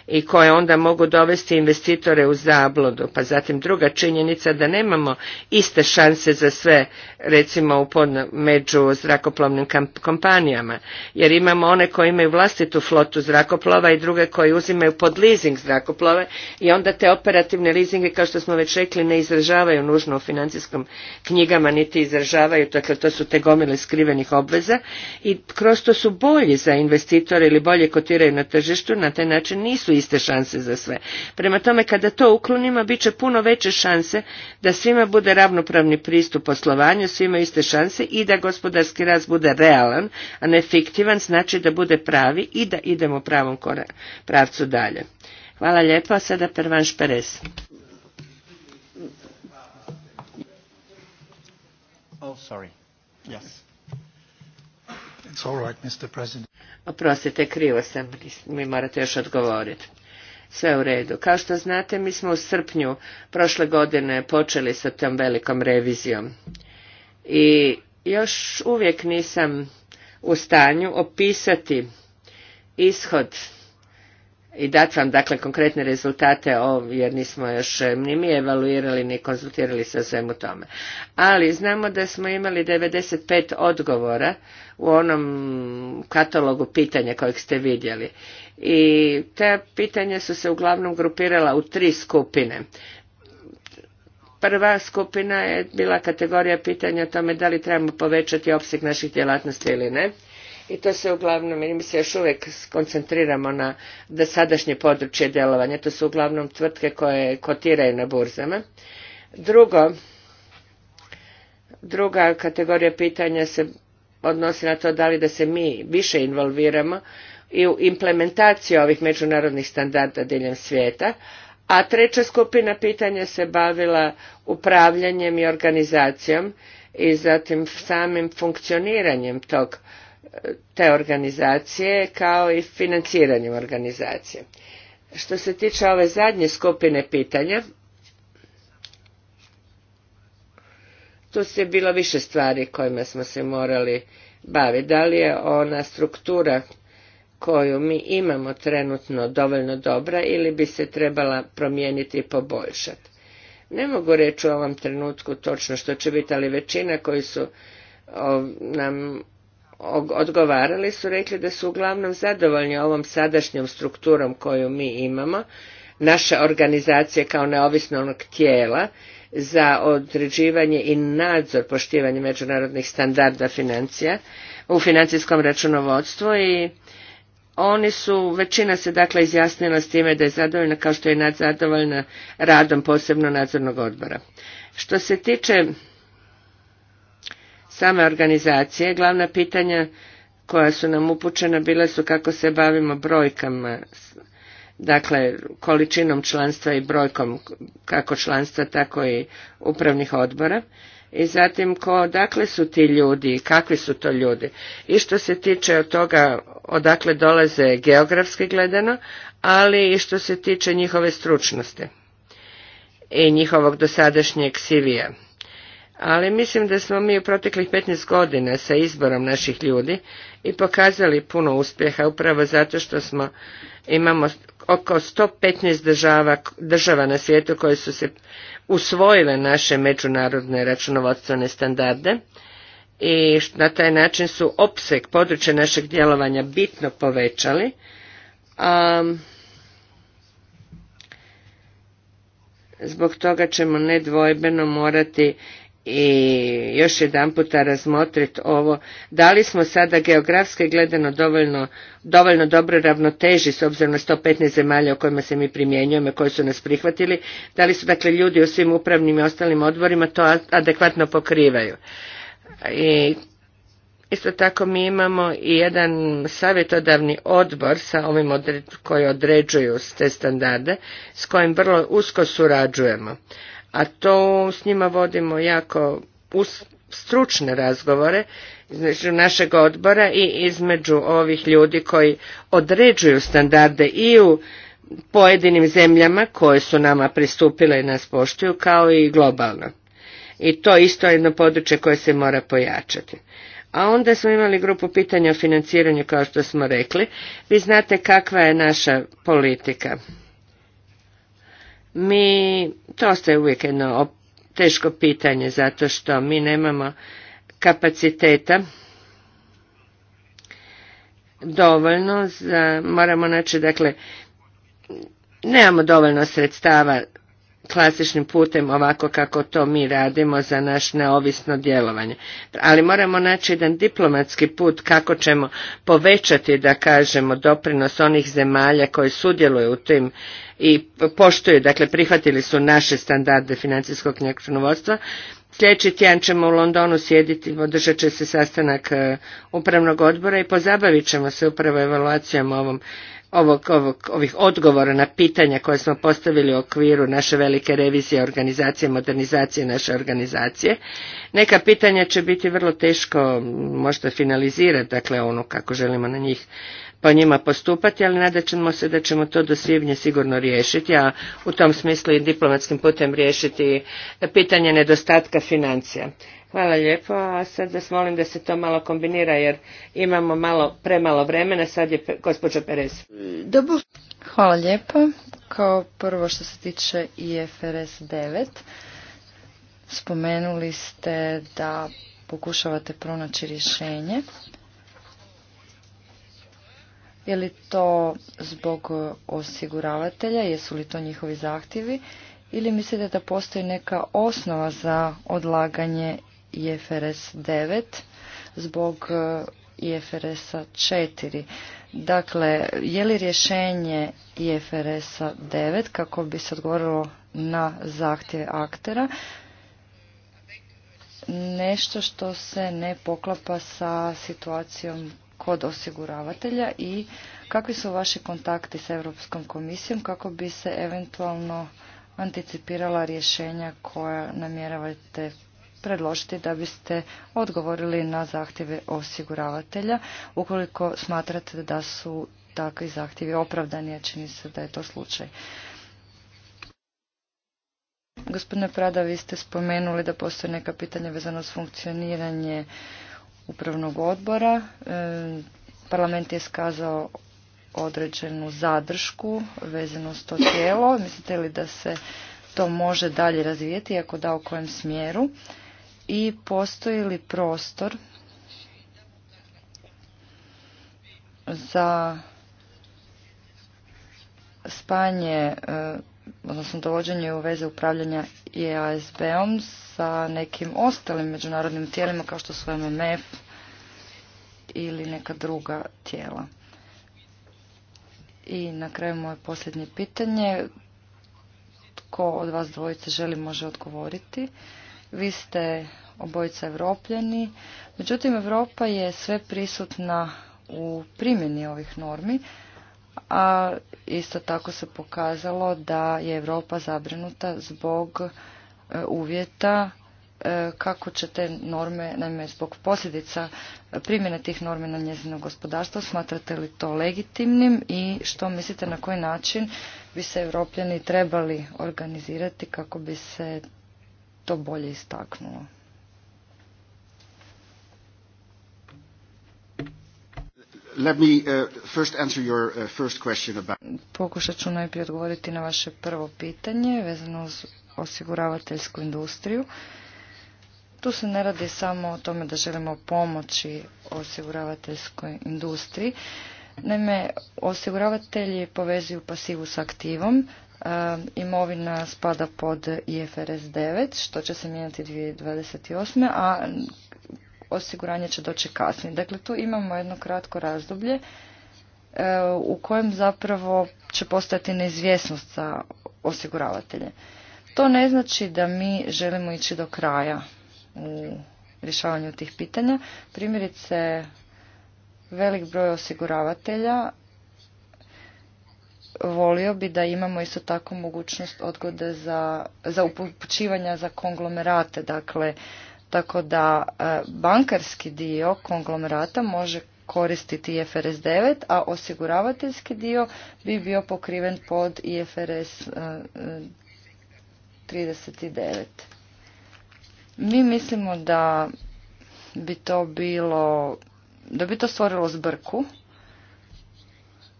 Speaker 3: i koje onda mogu dovesti investitore u zablodu. Pa zatim druga činjenica da nemamo iste šanse za sve, recimo u pod među zrakoplovnim kompanijama, jer imamo one koji imaju vlastitu flotu zrakoplova i druge koji uzimaju pod leasing zrakoplove i onda te operativne leasinge, kao što smo već rekli, ne izražavaju nužno u financijskom knjigama, niti izražavaju, dakle to su te gomile skrivenih obveza i kroz to su bolji za investitore ili bolje kotiraju na tržištu, na taj način nisu iste šanse za sve. Prema tome, kada to uklonimo, bit će puno veće šanse da svima bude ravnopravni pristup poslovanju, svima iste šanse i da gospodarski rast bude realan, a ne fiktivan, znači da bude pravi i da idemo pravom pravcu dalje. Hvala lijepo, a sada Šperes.
Speaker 2: Oh, sorry.
Speaker 1: It's all right,
Speaker 3: Oprostite, krivo sam, mi morate još odgovoriti. Sve u redu. Kao što znate, mi smo u srpnju prošle godine počeli sa tom velikom revizijom. I još uvijek nisam u stanju opisati ishod i dat vam dakle konkretne rezultate jer nismo još e, ni mi evaluirali ni konzultirali se o svemu tome. Ali znamo da smo imali 95 odgovora u onom katalogu pitanja kojeg ste vidjeli. I ta pitanja su se uglavnom grupirala u tri skupine. Prva skupina je bila kategorija pitanja o tome da li trebamo povećati opseg naših djelatnosti ili ne i to se uglavnom, mi se još uvijek skoncentriramo na da sadašnje područje djelovanja, to su uglavnom tvrtke koje kotiraju na burzama. Drugo, druga kategorija pitanja se odnosi na to da li da se mi više involviramo i u implementaciju ovih međunarodnih standarda diljem svijeta, a treća skupina pitanja se bavila upravljanjem i organizacijom i zatim samim funkcioniranjem tog te organizacije kao i financiranjem organizacije. Što se tiče ove zadnje skupine pitanja, tu je bilo više stvari kojima smo se morali baviti. Da li je ona struktura koju mi imamo trenutno dovoljno dobra ili bi se trebala promijeniti i poboljšati. Ne mogu reći u ovom trenutku točno što će biti, ali većina koji su nam odgovarali su rekli da su uglavnom zadovoljni ovom sadašnjom strukturom koju mi imamo, naše organizacije kao neovisnog tijela za određivanje i nadzor poštivanja međunarodnih standarda financija u financijskom računovodstvu i oni su, većina se dakle izjasnila s time da je zadovoljna kao što je nadzadovoljna radom posebno nadzornog odbora. Što se tiče same organizacije, glavna pitanja koja su nam upućena bile su kako se bavimo brojkama, dakle količinom članstva i brojkom kako članstva tako i upravnih odbora i zatim ko, dakle su ti ljudi i kakvi su to ljudi. I što se tiče od toga odakle dolaze geografski gledano, ali i što se tiče njihove stručnosti i njihovog dosadašnjeg CV-a ali mislim da smo mi u proteklih 15 godina sa izborom naših ljudi i pokazali puno uspjeha upravo zato što smo imamo oko 115 država, država na svijetu koje su se usvojile naše međunarodne računovodstvene standarde i na taj način su opseg područja našeg djelovanja bitno povećali. Um, zbog toga ćemo nedvojbeno morati i još jedan puta razmotriti ovo, da li smo sada geografski gledano dovoljno, dovoljno dobro ravnoteži s obzirom na 115 zemalja o kojima se mi primjenjujemo, koji su nas prihvatili, da li su dakle ljudi u svim upravnim i ostalim odborima to adekvatno pokrivaju. I Isto tako mi imamo i jedan savjetodavni odbor sa ovim koji određuju te standarde s kojim vrlo usko surađujemo a to s njima vodimo jako stručne razgovore između našeg odbora i između ovih ljudi koji određuju standarde i u pojedinim zemljama koje su nama pristupile i nas poštuju kao i globalno. I to isto je jedno područje koje se mora pojačati. A onda smo imali grupu pitanja o financiranju kao što smo rekli. Vi znate kakva je naša politika. Mi, to ostaje uvijek jedno teško pitanje zato što mi nemamo kapaciteta dovoljno za, moramo naći dakle nemamo dovoljno sredstava klasičnim putem ovako kako to mi radimo za naš neovisno djelovanje. Ali moramo naći jedan diplomatski put kako ćemo povećati, da kažemo, doprinos onih zemalja koji sudjeluju u tim i poštuju, dakle prihvatili su naše standarde financijskog knjegovodstva. Sljedeći tjedan ćemo u Londonu sjediti, održat će se sastanak e, upravnog odbora i pozabavit ćemo se upravo evaluacijom ovom ovih odgovora na pitanja koje smo postavili u okviru naše velike revizije organizacije, modernizacije naše organizacije. Neka pitanja će biti vrlo teško možda finalizirati, dakle ono kako želimo na njih po njima postupati, ali nadat ćemo se da ćemo to do svibnja sigurno riješiti, a u tom smislu i diplomatskim putem riješiti pitanje nedostatka financija. Hvala lijepo, a sad vas molim da se to malo kombinira jer imamo malo premalo vremena, sad je gospođa Perez.
Speaker 1: Dobro. Hvala lijepo. Kao prvo što se tiče IFRS 9, spomenuli ste da pokušavate pronaći rješenje. Je li to zbog osiguravatelja, jesu li to njihovi zahtjevi ili mislite da postoji neka osnova za odlaganje IFRS 9 zbog e, ifrs 4. Dakle, je li rješenje ifrs 9 kako bi se odgovorilo na zahtjeve aktera nešto što se ne poklapa sa situacijom kod osiguravatelja i kakvi su vaši kontakti s Europskom komisijom kako bi se eventualno anticipirala rješenja koja namjeravate predložiti da biste odgovorili na zahtjeve osiguravatelja ukoliko smatrate da su takvi zahtjevi opravdani, a čini se da je to slučaj. Gospodine Prada, vi ste spomenuli da postoje neka pitanja vezano s funkcioniranje upravnog odbora. E, parlament je skazao određenu zadršku vezano s to tijelo. Mislite li da se to može dalje razvijeti, ako da u kojem smjeru? i postoji li prostor za spanje, e, odnosno dovođenje u veze upravljanja EASB-om sa nekim ostalim međunarodnim tijelima kao što su MMF ili neka druga tijela. I na kraju moje posljednje pitanje. Tko od vas dvojice želi može odgovoriti. Vi ste obojica evropljeni, međutim Europa je sve prisutna u primjeni ovih normi, a isto tako se pokazalo da je Europa zabrinuta zbog e, uvjeta e, kako će te norme, naime zbog posljedica primjene tih norme na njezino gospodarstvo, smatrate li to legitimnim i što mislite na koji način bi se europljani trebali organizirati kako bi se to bolje istaknulo. Let me uh, uh, Pokušat ću najprije odgovoriti na vaše prvo pitanje vezano uz osiguravateljsku industriju. Tu se ne radi samo o tome da želimo pomoći osiguravateljskoj industriji. Naime, osiguravatelji povezuju pasivu s aktivom, E, imovina spada pod IFRS 9, što će se mijenjati 2028. a osiguranje će doći kasnije. Dakle, tu imamo jedno kratko razdoblje e, u kojem zapravo će postati neizvjesnost za osiguravatelje. To ne znači da mi želimo ići do kraja u rješavanju tih pitanja. Primjerice, velik broj osiguravatelja volio bi da imamo isto tako mogućnost odgode za, za upućivanja za konglomerate, dakle tako da e, bankarski dio konglomerata može koristiti IFRS 9, a osiguravateljski dio bi bio pokriven pod IFRS 39. E, e, Mi mislimo da bi to bilo, da bi to stvorilo zbrku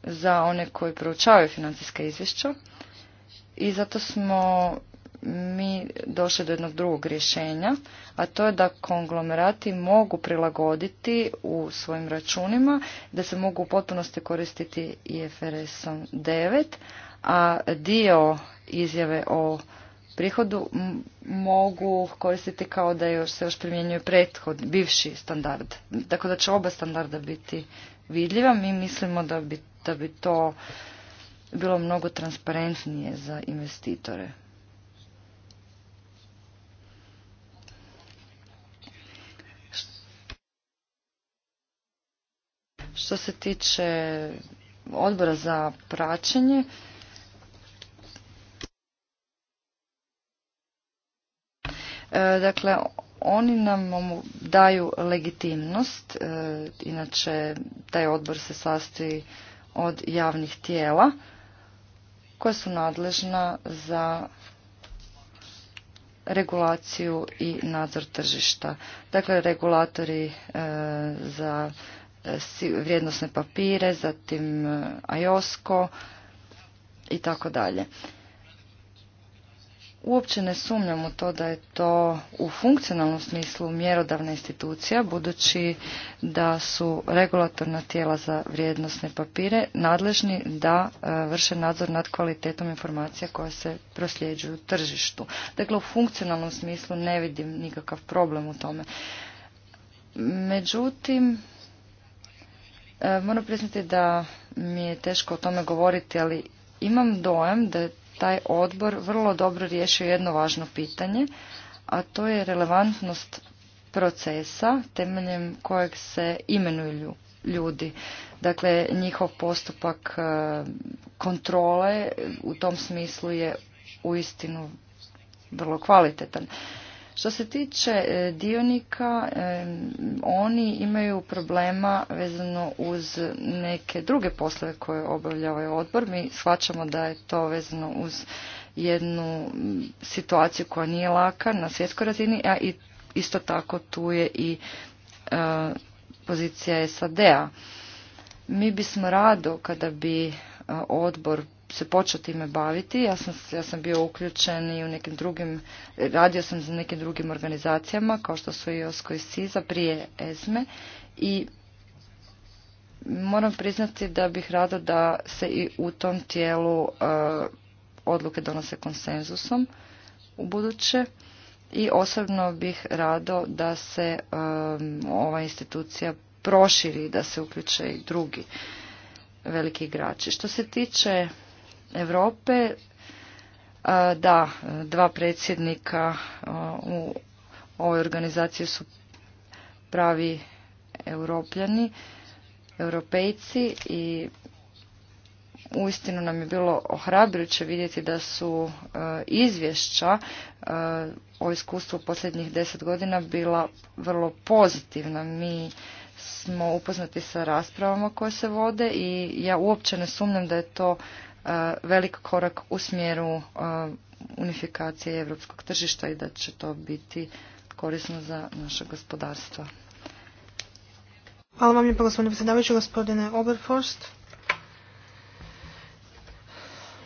Speaker 1: za one koji proučavaju financijska izvješća i zato smo mi došli do jednog drugog rješenja, a to je da konglomerati mogu prilagoditi u svojim računima, da se mogu u potpunosti koristiti IFRS-om 9, a dio izjave o prihodu mogu koristiti kao da još se još primjenjuje prethod, bivši standard. Tako da će oba standarda biti vidljiva. Mi mislimo da bi da bi to bilo mnogo transparentnije za investitore. Što se tiče odbora za praćenje, e, dakle, oni nam daju legitimnost, e, inače taj odbor se sastoji od javnih tijela koja su nadležna za regulaciju i nadzor tržišta. Dakle, regulatori e, za e, vrijednosne papire, zatim e, IOSCO i tako dalje. Uopće ne sumnjam u to da je to u funkcionalnom smislu mjerodavna institucija, budući da su regulatorna tijela za vrijednosne papire nadležni da e, vrše nadzor nad kvalitetom informacija koja se prosljeđuju tržištu. Dakle, u funkcionalnom smislu ne vidim nikakav problem u tome. Međutim, e, moram priznati da mi je teško o tome govoriti, ali imam dojam da je taj odbor vrlo dobro riješio jedno važno pitanje, a to je relevantnost procesa temeljem kojeg se imenuju ljudi. Dakle, njihov postupak e, kontrole u tom smislu je uistinu vrlo kvalitetan. Što se tiče e, dionika, e, oni imaju problema vezano uz neke druge poslove koje obavlja ovaj odbor. Mi shvaćamo da je to vezano uz jednu situaciju koja nije laka na svjetskoj razini, a i isto tako tu je i e, pozicija SAD-a. Mi bismo rado kada bi odbor se počeo time baviti. Ja sam, ja sam bio uključen i u nekim drugim, radio sam za nekim drugim organizacijama kao što su OSKO i SIZA prije ESME i moram priznati da bih rado da se i u tom tijelu uh, odluke donose konsenzusom u buduće i osobno bih rado da se um, ova institucija proširi da se uključe i drugi veliki igrači. Što se tiče Europe e, da dva predsjednika e, u ovoj organizaciji su pravi europljani, europejci i uistinu nam je bilo ohrabrujuće vidjeti da su e, izvješća o iskustvu posljednjih deset godina bila vrlo pozitivna. Mi smo upoznati sa raspravama koje se vode i ja uopće ne sumnjam da je to E, velik korak u smjeru e, unifikacije europskog tržišta i da će to biti korisno za naše gospodarstvo.
Speaker 2: Hvala vam lijepo gospodine predsjedavajući, gospodine Oberforst.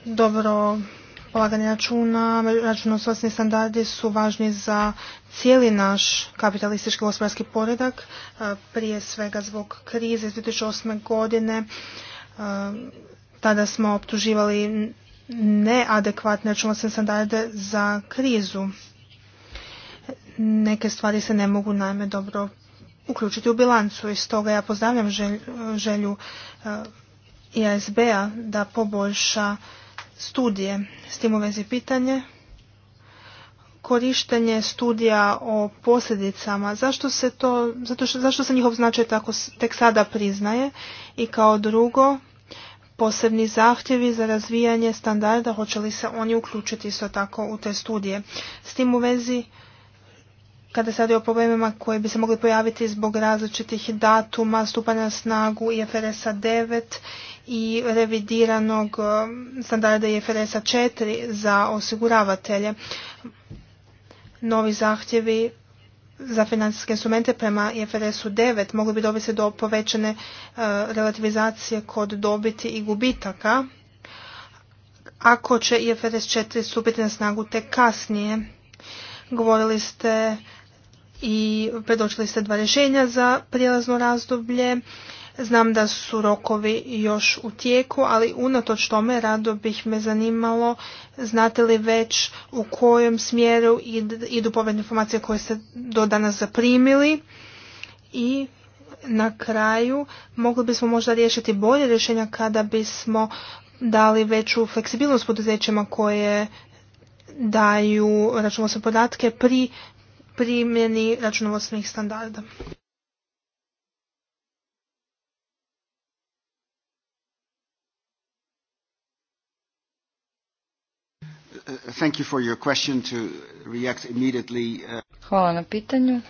Speaker 2: Dobro polaganje računa, standardi su važni za cijeli naš kapitalistički gospodarski poredak, e, prije svega zbog krize iz 2008. godine tada smo optuživali neadekvatne računovodstvene standarde za krizu. Neke stvari se ne mogu najme dobro uključiti u bilancu i stoga ja pozdravljam želju e, iasb a da poboljša studije. S tim u vezi pitanje korištenje studija o posljedicama. Zašto se to, zašto se njihov značaj tako tek sada priznaje? I kao drugo, posebni zahtjevi za razvijanje standarda, hoće li se oni uključiti isto tako u te studije. S tim u vezi, kada se radi o problemima koji bi se mogli pojaviti zbog različitih datuma, stupanja na snagu IFRS-a 9 i revidiranog um, standarda IFRS-a 4 za osiguravatelje. Novi zahtjevi za financijske instrumente prema IFRS-u 9 mogli bi dovesti do povećane e, relativizacije kod dobiti i gubitaka ako će IFRS 4 stupiti na snagu te kasnije. Govorili ste i predočili ste dva rješenja za prijelazno razdoblje Znam da su rokovi još u tijeku, ali unatoč tome rado bih me zanimalo znate li već u kojem smjeru idu povedne informacije koje ste do danas zaprimili i na kraju mogli bismo možda riješiti bolje rješenja kada bismo dali veću fleksibilnost poduzećima koje daju računovostne podatke pri primjeni računovodstvenih standarda.
Speaker 1: Hvala na pitanju.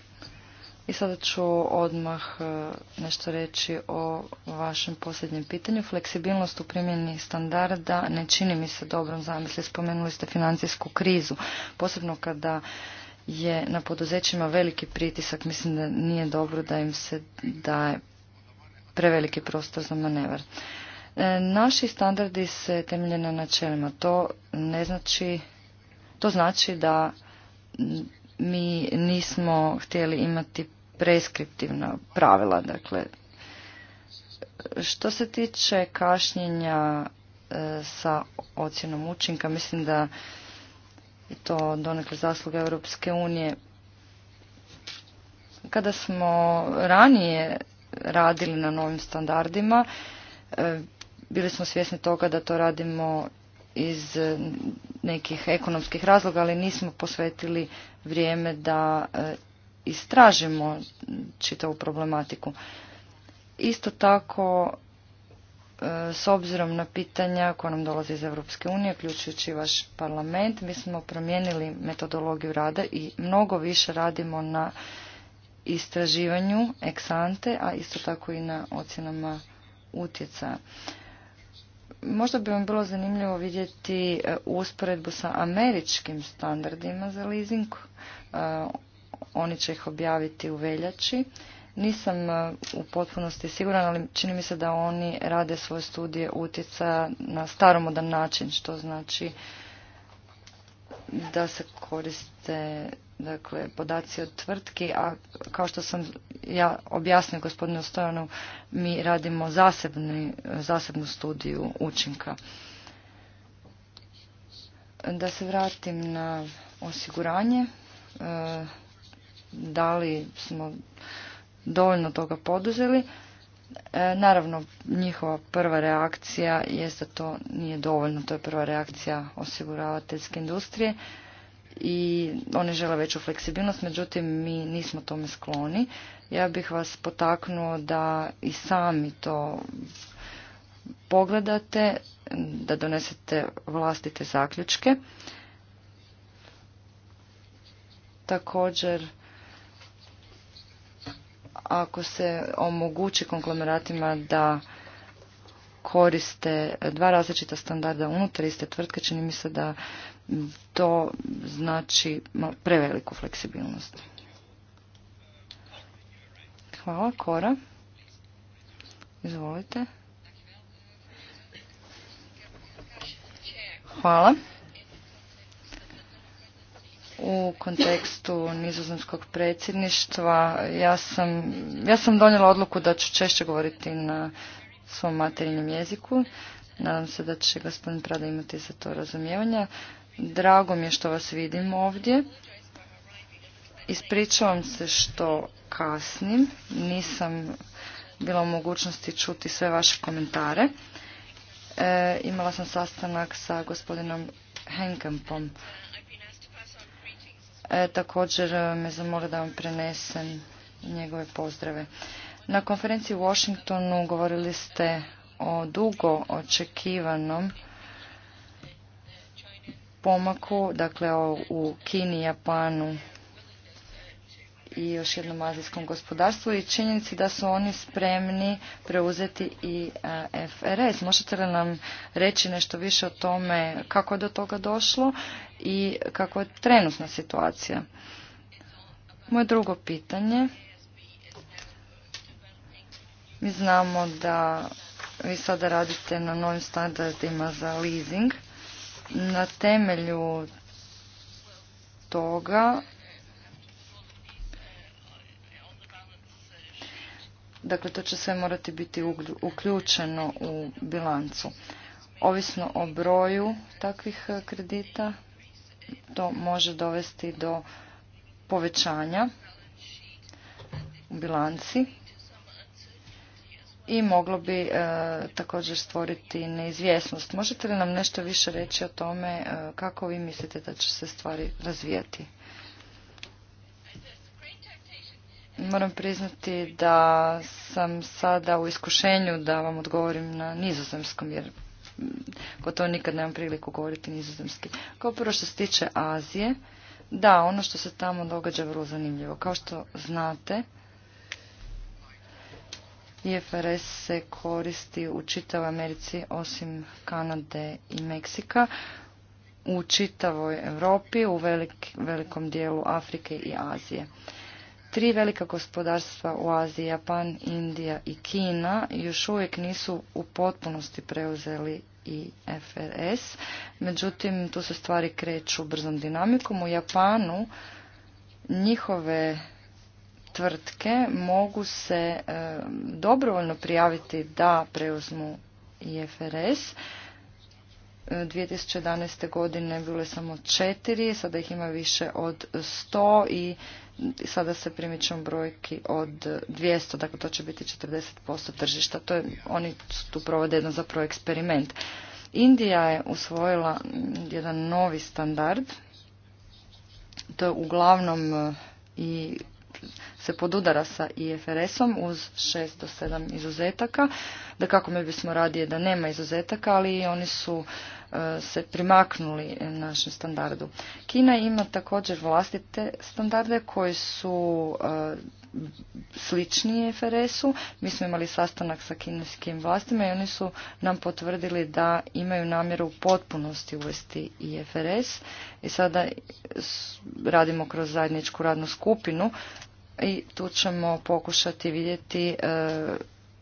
Speaker 1: I sada ću odmah uh, nešto reći o vašem posljednjem pitanju. Fleksibilnost u primjeni standarda ne čini mi se dobrom zamisli. Spomenuli ste financijsku krizu, posebno kada je na poduzećima veliki pritisak. Mislim da nije dobro da im se daje preveliki prostor za manevar. E, naši standardi se temelje na načelima. To ne znači, to znači da mi nismo htjeli imati preskriptivna pravila. Dakle, što se tiče kašnjenja e, sa ocjenom učinka, mislim da je to donekle zasluga Europske unije. Kada smo ranije radili na novim standardima, e, bili smo svjesni toga da to radimo iz nekih ekonomskih razloga, ali nismo posvetili vrijeme da e, istražimo čitavu problematiku. Isto tako, e, s obzirom na pitanja koja nam dolaze iz Europske unije, uključujući vaš parlament, mi smo promijenili metodologiju rada i mnogo više radimo na istraživanju eksante, a isto tako i na ocjenama utjecaja možda bi vam bilo zanimljivo vidjeti e, usporedbu sa američkim standardima za leasing. E, oni će ih objaviti u veljači. Nisam e, u potpunosti siguran, ali čini mi se da oni rade svoje studije utjecaja na staromodan način, što znači da se koriste dakle, podaci od tvrtki, a kao što sam ja objasnio gospodinu Stojanu, mi radimo zasebni, zasebnu studiju učinka. Da se vratim na osiguranje, e, da li smo dovoljno toga poduzeli. E, naravno, njihova prva reakcija je da to nije dovoljno, to je prva reakcija osiguravateljske industrije i oni žele veću fleksibilnost, međutim mi nismo tome skloni. Ja bih vas potaknuo da i sami to pogledate, da donesete vlastite zaključke. Također, ako se omogući konglomeratima da koriste dva različita standarda unutar iste tvrtke, čini mi se da to znači preveliku fleksibilnost. Hvala, Kora. Izvolite. Hvala. U kontekstu nizozemskog predsjedništva ja sam, ja sam donijela odluku da ću češće govoriti na svom materinjem jeziku. Nadam se da će gospodin Prada imati za to razumijevanja. Drago mi je što vas vidim ovdje. Ispričavam se što kasnim. Nisam bila u mogućnosti čuti sve vaše komentare. E, imala sam sastanak sa gospodinom Henkampom. E, također me zamolio da vam prenesem njegove pozdrave. Na konferenciji u Washingtonu govorili ste o dugo očekivanom pomaku, dakle u Kini, Japanu i još jednom azijskom gospodarstvu i činjenici da su oni spremni preuzeti i e, FRS. Možete li nam reći nešto više o tome kako je do toga došlo i kako je trenutna situacija? Moje drugo pitanje mi znamo da vi sada radite na novim standardima za leasing. Na temelju toga Dakle, to će sve morati biti uključeno u bilancu. Ovisno o broju takvih e, kredita, to može dovesti do povećanja u bilanci i moglo bi e, također stvoriti neizvjesnost. Možete li nam nešto više reći o tome e, kako vi mislite da će se stvari razvijati? Moram priznati da sam sada u iskušenju da vam odgovorim na nizozemskom jer gotovo nikad nemam priliku govoriti nizozemski. Kao prvo što se tiče Azije, da, ono što se tamo događa je vrlo zanimljivo. Kao što znate, IFRS se koristi u čitavoj Americi osim Kanade i Meksika, u čitavoj Europi, u velikom dijelu Afrike i Azije. Tri velika gospodarstva u Aziji, Japan, Indija i Kina, još uvijek nisu u potpunosti preuzeli i FRS. Međutim, tu se stvari kreću brzom dinamikom. U Japanu njihove tvrtke mogu se e, dobrovoljno prijaviti da preuzmu IFRS. 2011. E, godine bile samo četiri, sada ih ima više od 100 i sada se primičemo brojki od 200, dakle to će biti 40% tržišta. To je, oni tu provode jedan zapravo eksperiment. Indija je usvojila jedan novi standard, to je uglavnom e, i se podudara sa IFRS-om uz 6 do 7 izuzetaka. Da kako mi bismo radije da nema izuzetaka, ali oni su e, se primaknuli našem standardu. Kina ima također vlastite standarde koji su e, slični FRS-u. Mi smo imali sastanak sa kineskim vlastima i oni su nam potvrdili da imaju namjeru u potpunosti uvesti IFRS i sada radimo kroz zajedničku radnu skupinu i tu ćemo pokušati vidjeti e,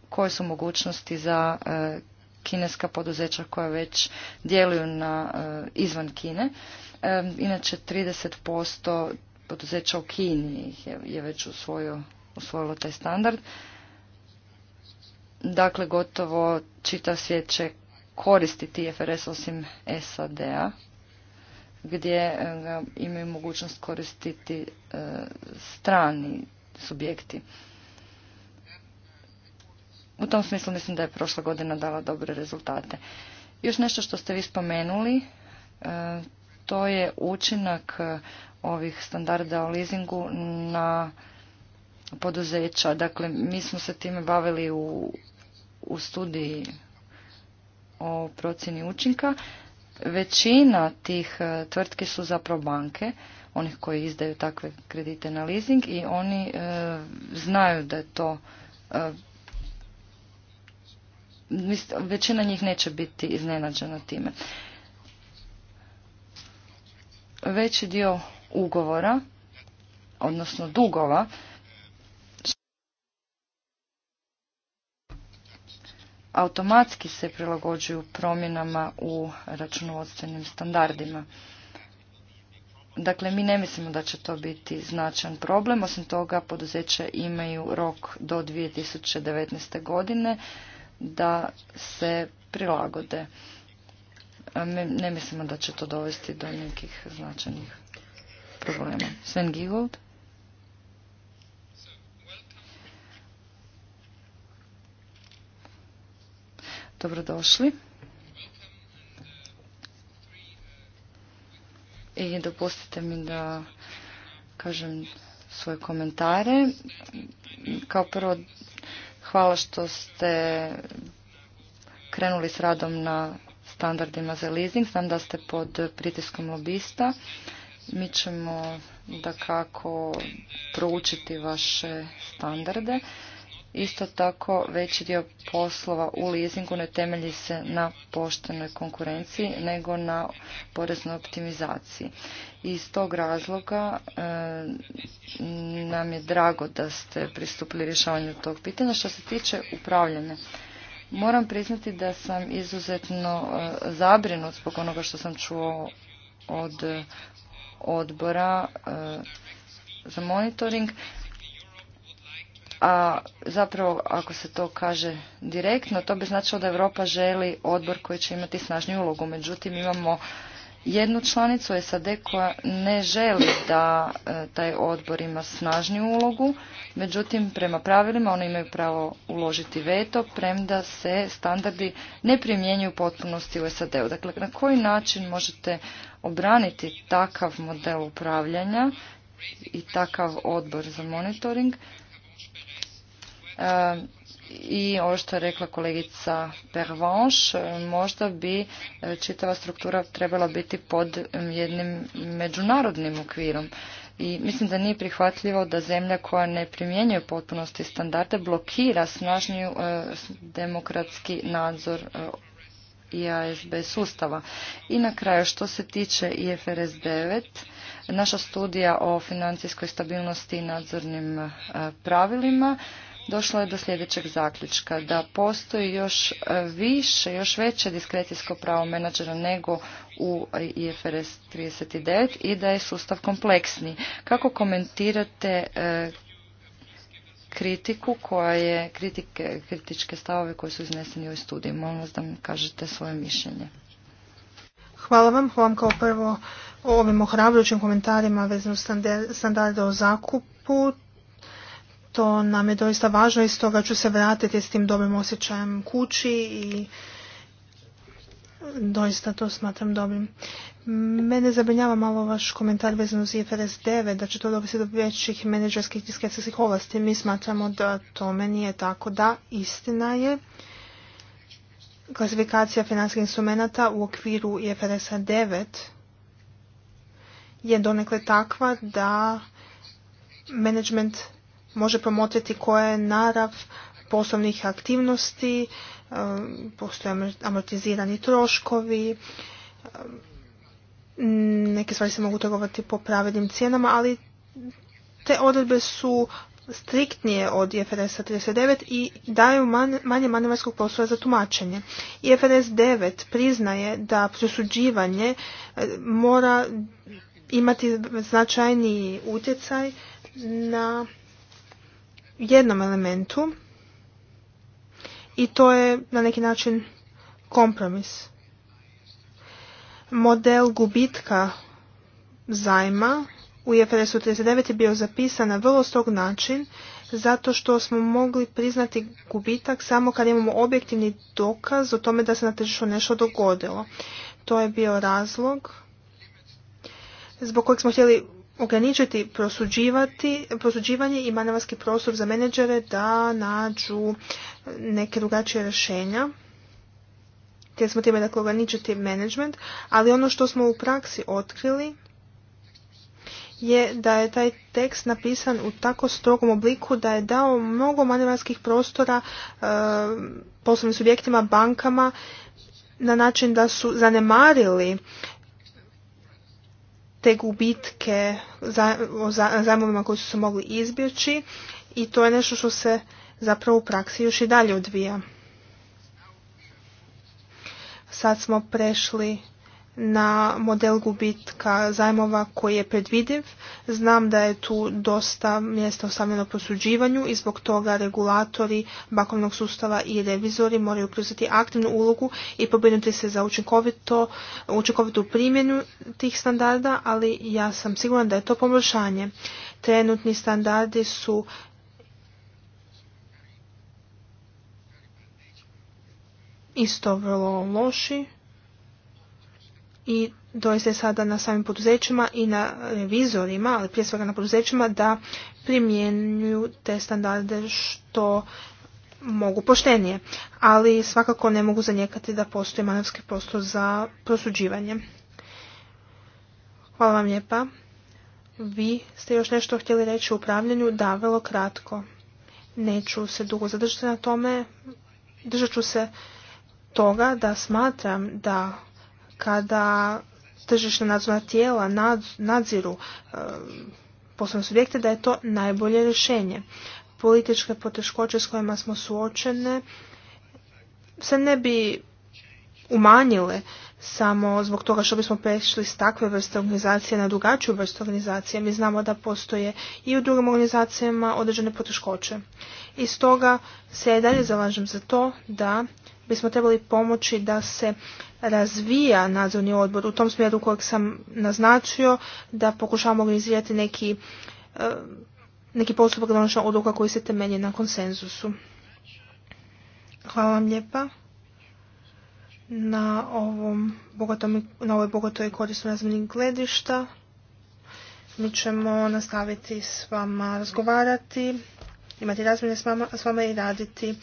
Speaker 1: koje su mogućnosti za e, kineska poduzeća koja već djeluju na e, izvan Kine. Inače 30% poduzeća u Kini je već usvojio, usvojilo taj standard. Dakle, gotovo čitav svijet će koristiti IFRS osim SAD-a gdje e, ga imaju mogućnost koristiti e, strani subjekti. U tom smislu mislim da je prošla godina dala dobre rezultate. Još nešto što ste vi spomenuli, e, to je učinak ovih standarda o leasingu na poduzeća. Dakle, mi smo se time bavili u, u studiji o procjeni učinka. Većina tih e, tvrtki su zapravo banke, onih koji izdaju takve kredite na leasing i oni e, znaju da je to e, većina njih neće biti iznenađena time. Veći dio ugovora, odnosno dugova, automatski se prilagođuju promjenama u računovodstvenim standardima. Dakle, mi ne mislimo da će to biti značan problem. Osim toga, poduzeća imaju rok do 2019. godine da se prilagode. Ne mislimo da će to dovesti do nekih značajnih problema. Sven Giegold? Dobrodošli. I dopustite mi da kažem svoje komentare. Kao prvo, hvala što ste krenuli s radom na standardima za leasing. Znam da ste pod pritiskom lobista. Mi ćemo da kako proučiti vaše standarde. Isto tako, veći dio poslova u leasingu ne temelji se na poštenoj konkurenciji, nego na poreznoj optimizaciji. Iz tog razloga e, nam je drago da ste pristupili rješavanju tog pitanja. Što se tiče upravljanja, moram priznati da sam izuzetno e, zabrinut zbog onoga što sam čuo od odbora e, za monitoring a zapravo ako se to kaže direktno, to bi značilo da Europa želi odbor koji će imati snažniju ulogu. Međutim, imamo jednu članicu SAD koja ne želi da e, taj odbor ima snažniju ulogu, međutim prema pravilima oni imaju pravo uložiti veto, premda se standardi ne primjenjuju u potpunosti u SAD-u. Dakle, na koji način možete obraniti takav model upravljanja i takav odbor za monitoring i ovo što je rekla kolegica Pervanš, možda bi e, čitava struktura trebala biti pod jednim međunarodnim okvirom. I mislim da nije prihvatljivo da zemlja koja ne primjenjuje potpunosti standarde blokira snažniju e, demokratski nadzor e, i sustava. I na kraju što se tiče IFRS 9, naša studija o financijskoj stabilnosti i nadzornim pravilima došlo je do sljedećeg zaključka, da postoji još e, više, još veće diskrecijsko pravo menadžera nego u IFRS 39 i da je sustav kompleksni. Kako komentirate e, kritiku koja je, kritike, kritičke stavove koje su izneseni u ovoj studiji? Molim vas da mi kažete svoje mišljenje.
Speaker 2: Hvala vam. Hvala vam kao prvo o ovim ohrabrujućim komentarima vezano standarde o zakupu to nam je doista važno i stoga ću se vratiti s tim dobrim osjećajem kući i doista to smatram dobrim. Mene zabrinjava malo vaš komentar vezano uz IFRS 9, da će to dovesti do većih menedžerskih diskrecijskih ovlasti. Mi smatramo da meni je tako da istina je klasifikacija financijskih instrumenta u okviru ifrs 9 je donekle takva da management može promotriti koja je narav poslovnih aktivnosti, um, postoje amortizirani troškovi, um, neke stvari se mogu trgovati po pravednim cijenama, ali te odredbe su striktnije od ifrs 39 i daju manje manevarskog prostora za tumačenje. IFRS 9 priznaje da prosuđivanje e, mora imati značajniji utjecaj na jednom elementu i to je na neki način kompromis. Model gubitka zajma u IFRS-u 39 je bio zapisan na vrlo strog način zato što smo mogli priznati gubitak samo kad imamo objektivni dokaz o tome da se na tržištu nešto dogodilo. To je bio razlog zbog kojeg smo htjeli ograničiti prosuđivanje i manevarski prostor za menadžere da nađu e, neke drugačije rješenja. Jer smo time dakle ograničiti management, ali ono što smo u praksi otkrili je da je taj tekst napisan u tako strogom obliku da je dao mnogo manevarskih prostora e, poslovnim subjektima, bankama na način da su zanemarili te gubitke o zajmovima koji su se mogli izbjeći i to je nešto što se zapravo u praksi još i dalje odvija. Sad smo prešli na model gubitka zajmova koji je predvidiv. Znam da je tu dosta mjesta ostavljeno posuđivanju i zbog toga regulatori bankovnog sustava i revizori moraju preuzeti aktivnu ulogu i pobrinuti se za učinkovitu primjenu tih standarda, ali ja sam siguran da je to poboljšanje. Trenutni standardi su isto vrlo loši i doista sada na samim poduzećima i na revizorima, ali prije svega na poduzećima da primjenjuju te standarde što mogu poštenije. Ali svakako ne mogu zanijekati da postoji manevski prostor za prosuđivanje. Hvala vam lijepa. Vi ste još nešto htjeli reći o upravljanju? Da, vrlo kratko. Neću se dugo zadržati na tome. Držat ću se toga da smatram da kada tržišna nadzorna tijela nadziru eh, poslovne subjekte da je to najbolje rješenje. Političke poteškoće s kojima smo suočene se ne bi umanjile samo zbog toga što bismo prešli s takve vrste organizacije na drugačiju vrstu organizacije. Mi znamo da postoje i u drugim organizacijama određene poteškoće. I stoga se i dalje zalažem za to da bismo trebali pomoći da se razvija nadzorni odbor u tom smjeru kojeg sam naznačio da pokušavamo organizirati neki, e, neki postupak donošenja odluka koji se temelji na konsenzusu. Hvala vam lijepa na, ovom bogatom, na ovoj bogatoj korisnoj razmjeni gledišta. Mi ćemo nastaviti s vama razgovarati, imati razmjene s vama, s vama i raditi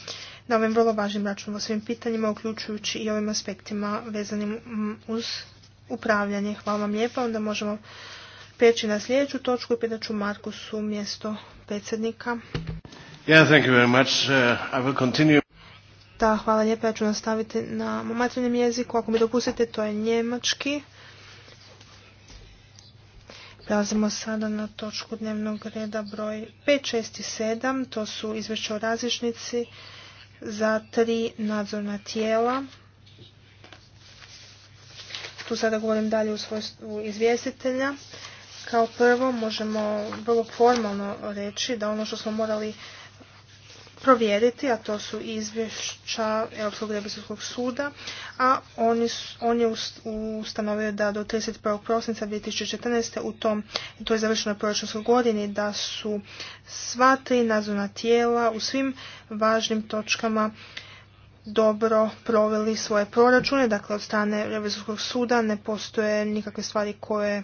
Speaker 2: na ovim vrlo važnim svim pitanjima, uključujući i ovim aspektima vezanim uz upravljanje. Hvala vam lijepa. Onda možemo preći na sljedeću točku i pitaću Markusu mjesto predsjednika. Uh, da, hvala lijepa. Ja ću nastaviti na materinjem jeziku. Ako mi dopustite, to je njemački. Prelazimo sada na točku dnevnog reda broj 5, 6 i 7. To su izvješće o različnici za tri nadzorna tijela. Tu sada govorim dalje u svojstvu izvjestitelja. Kao prvo možemo vrlo formalno reći da ono što smo morali provjeriti, a to su izvješća Europskog revizorskog suda, a on, on je ustanovio da do 31. prosinca 2014. u tom, to je završeno proračunskoj godini, da su sva tri nadzorna tijela u svim važnim točkama dobro proveli svoje proračune, dakle od strane revizorskog suda ne postoje nikakve stvari koje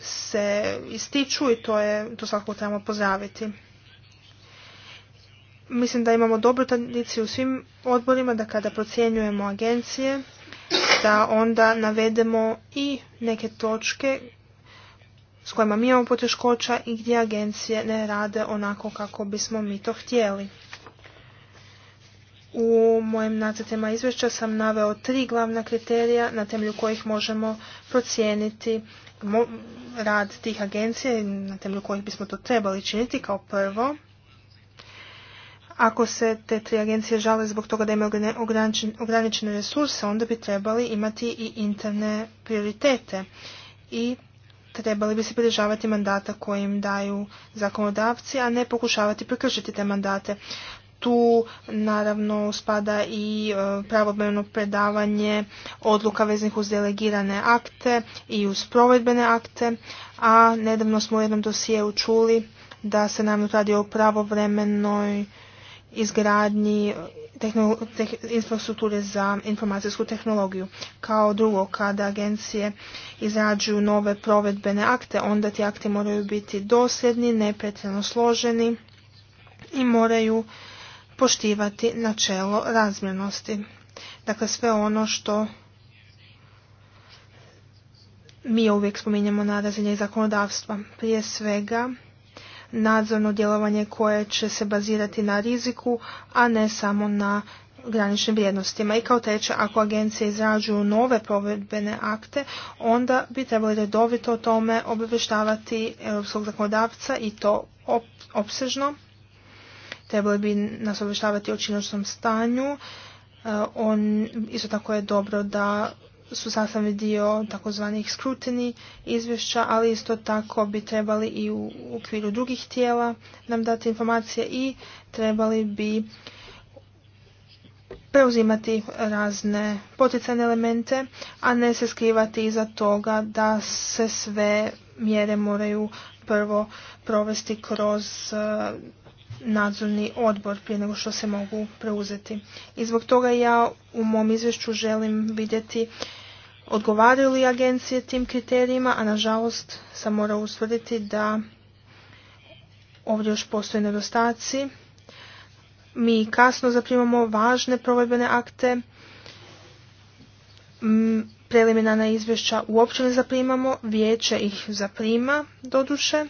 Speaker 2: se ističu i to, je, to svakako trebamo pozdraviti. Mislim da imamo dobru tradiciju u svim odborima da kada procjenjujemo agencije, da onda navedemo i neke točke s kojima mi imamo poteškoća i gdje agencije ne rade onako kako bismo mi to htjeli. U mojim nacrtima izvješća sam naveo tri glavna kriterija na temelju kojih možemo procijeniti rad tih agencija i na temelju kojih bismo to trebali činiti kao prvo. Ako se te tri agencije žale zbog toga da imaju ograničene resurse, onda bi trebali imati i interne prioritete i trebali bi se pridržavati mandata kojim daju zakonodavci, a ne pokušavati prekršiti te mandate. Tu naravno spada i e, pravovremeno predavanje odluka veznih uz delegirane akte i uz provedbene akte, a nedavno smo u jednom dosijeu čuli da se naravno radi o pravovremenoj izgradnji infrastrukture za informacijsku tehnologiju. Kao drugo, kada agencije izrađuju nove provedbene akte, onda ti akti moraju biti dosljedni, nepretjerano složeni i moraju poštivati načelo razmjernosti. Dakle, sve ono što mi uvijek spominjemo na razini zakonodavstva. Prije svega, nadzorno djelovanje koje će se bazirati na riziku, a ne samo na graničnim vrijednostima. I kao treće, ako agencije izrađuju nove provedbene akte, onda bi trebali redovito o tome obavještavati europskog zakonodavca i to opsežno. Trebali bi nas obavještavati o činočnom stanju. E, on, isto tako je dobro da su sastavni dio takozvanih skrutini izvješća, ali isto tako bi trebali i u okviru drugih tijela nam dati informacije i trebali bi preuzimati razne poticajne elemente, a ne se skrivati iza toga da se sve mjere moraju prvo provesti kroz nadzorni odbor prije nego što se mogu preuzeti. I zbog toga ja u mom izvješću želim vidjeti odgovaraju li agencije tim kriterijima, a nažalost sam morao ustvrditi da ovdje još postoje nedostaci. Mi kasno zaprimamo važne provedbene akte, preliminarna izvješća uopće ne zaprimamo, vijeće ih zaprima doduše,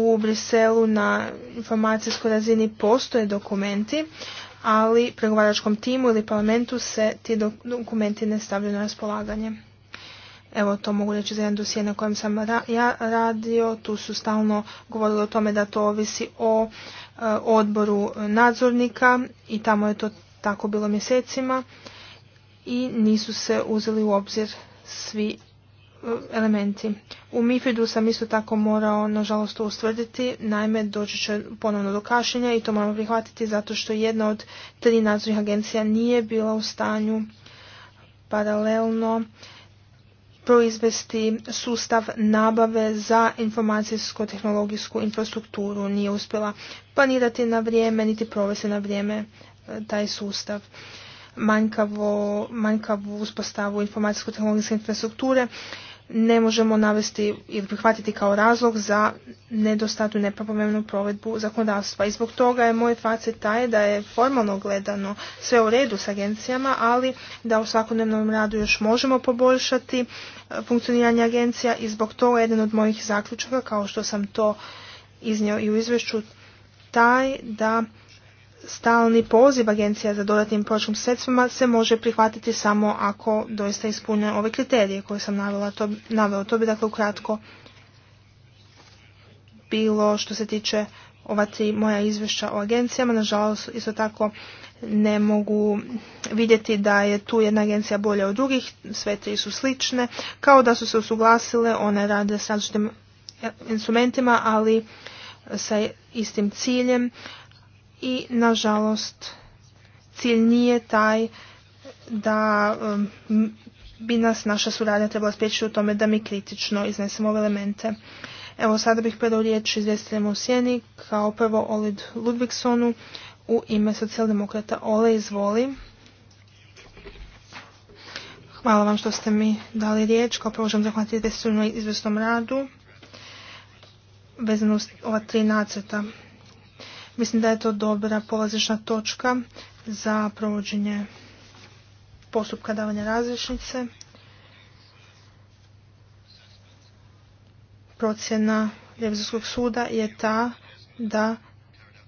Speaker 2: u Briselu na informacijskoj razini postoje dokumenti, ali pregovaračkom timu ili parlamentu se ti dokumenti ne stavljaju na raspolaganje. Evo to mogu reći za jedan dosije na kojem sam ja radio, tu su stalno govorili o tome da to ovisi o e, odboru nadzornika i tamo je to tako bilo mjesecima i nisu se uzeli u obzir svi elementi. U Mifidu sam isto tako morao, nažalost, to ustvrditi. Naime, doći će ponovno do kašenja i to moramo prihvatiti zato što jedna od tri nadzornih agencija nije bila u stanju paralelno proizvesti sustav nabave za informacijsko-tehnologijsku infrastrukturu. Nije uspjela planirati na vrijeme, niti provesti na vrijeme e, taj sustav manjkavu uspostavu informacijsko-tehnologijske infrastrukture ne možemo navesti ili prihvatiti kao razlog za nedostatnu nepravomjernu provedbu zakonodavstva. I zbog toga je moj facet taj da je formalno gledano sve u redu s agencijama, ali da u svakodnevnom radu još možemo poboljšati e, funkcioniranje agencija i zbog toga jedan od mojih zaključaka, kao što sam to iznio i u izvješću, taj da stalni poziv agencija za dodatnim proračunskim sredstvima se može prihvatiti samo ako doista ispune ove kriterije koje sam navela, to, naveo. To bi dakle ukratko bilo što se tiče ova tri moja izvješća o agencijama. Nažalost, isto tako ne mogu vidjeti da je tu jedna agencija bolja od drugih, sve tri su slične, kao da su se usuglasile, one rade s različitim instrumentima, ali sa istim ciljem, i nažalost cilj nije taj da um, bi nas naša suradnja trebala spriječiti u tome da mi kritično iznesemo ove elemente. Evo sada bih predao riječ izvjestiteljem u Sjeni, kao prvo Olid Ludvigsonu u ime socijaldemokrata. Ole, izvoli. Hvala vam što ste mi dali riječ. Kao prvo želim zahvatiti na radu vezano uz ova tri nacrta. Mislim da je to dobra polazišna točka za provođenje postupka davanja različnice. Procjena Revizorskog suda je ta da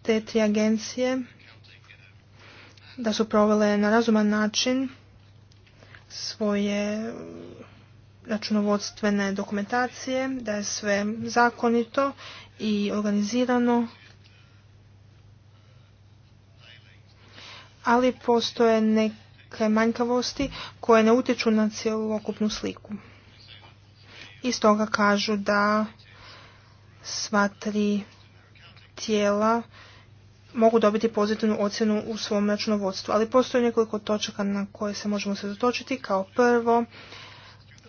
Speaker 2: te tri agencije da su provele na razuman način svoje računovodstvene dokumentacije, da je sve zakonito i organizirano ali postoje neke manjkavosti koje ne utječu na okupnu sliku. I stoga kažu da sva tri tijela mogu dobiti pozitivnu ocjenu u svom računovodstvu. Ali postoje nekoliko točaka na koje se možemo se dotočiti. Kao prvo,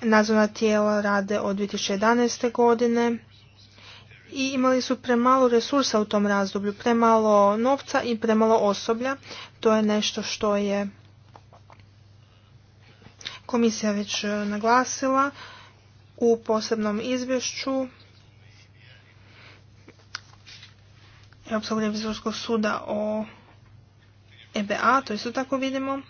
Speaker 2: nadzorna tijela rade od 2011. godine i imali su premalo resursa u tom razdoblju, premalo novca i premalo osoblja. To je nešto što je komisija već e, naglasila u posebnom izvješću Europskog revizorskog suda o EBA, to isto tako vidimo.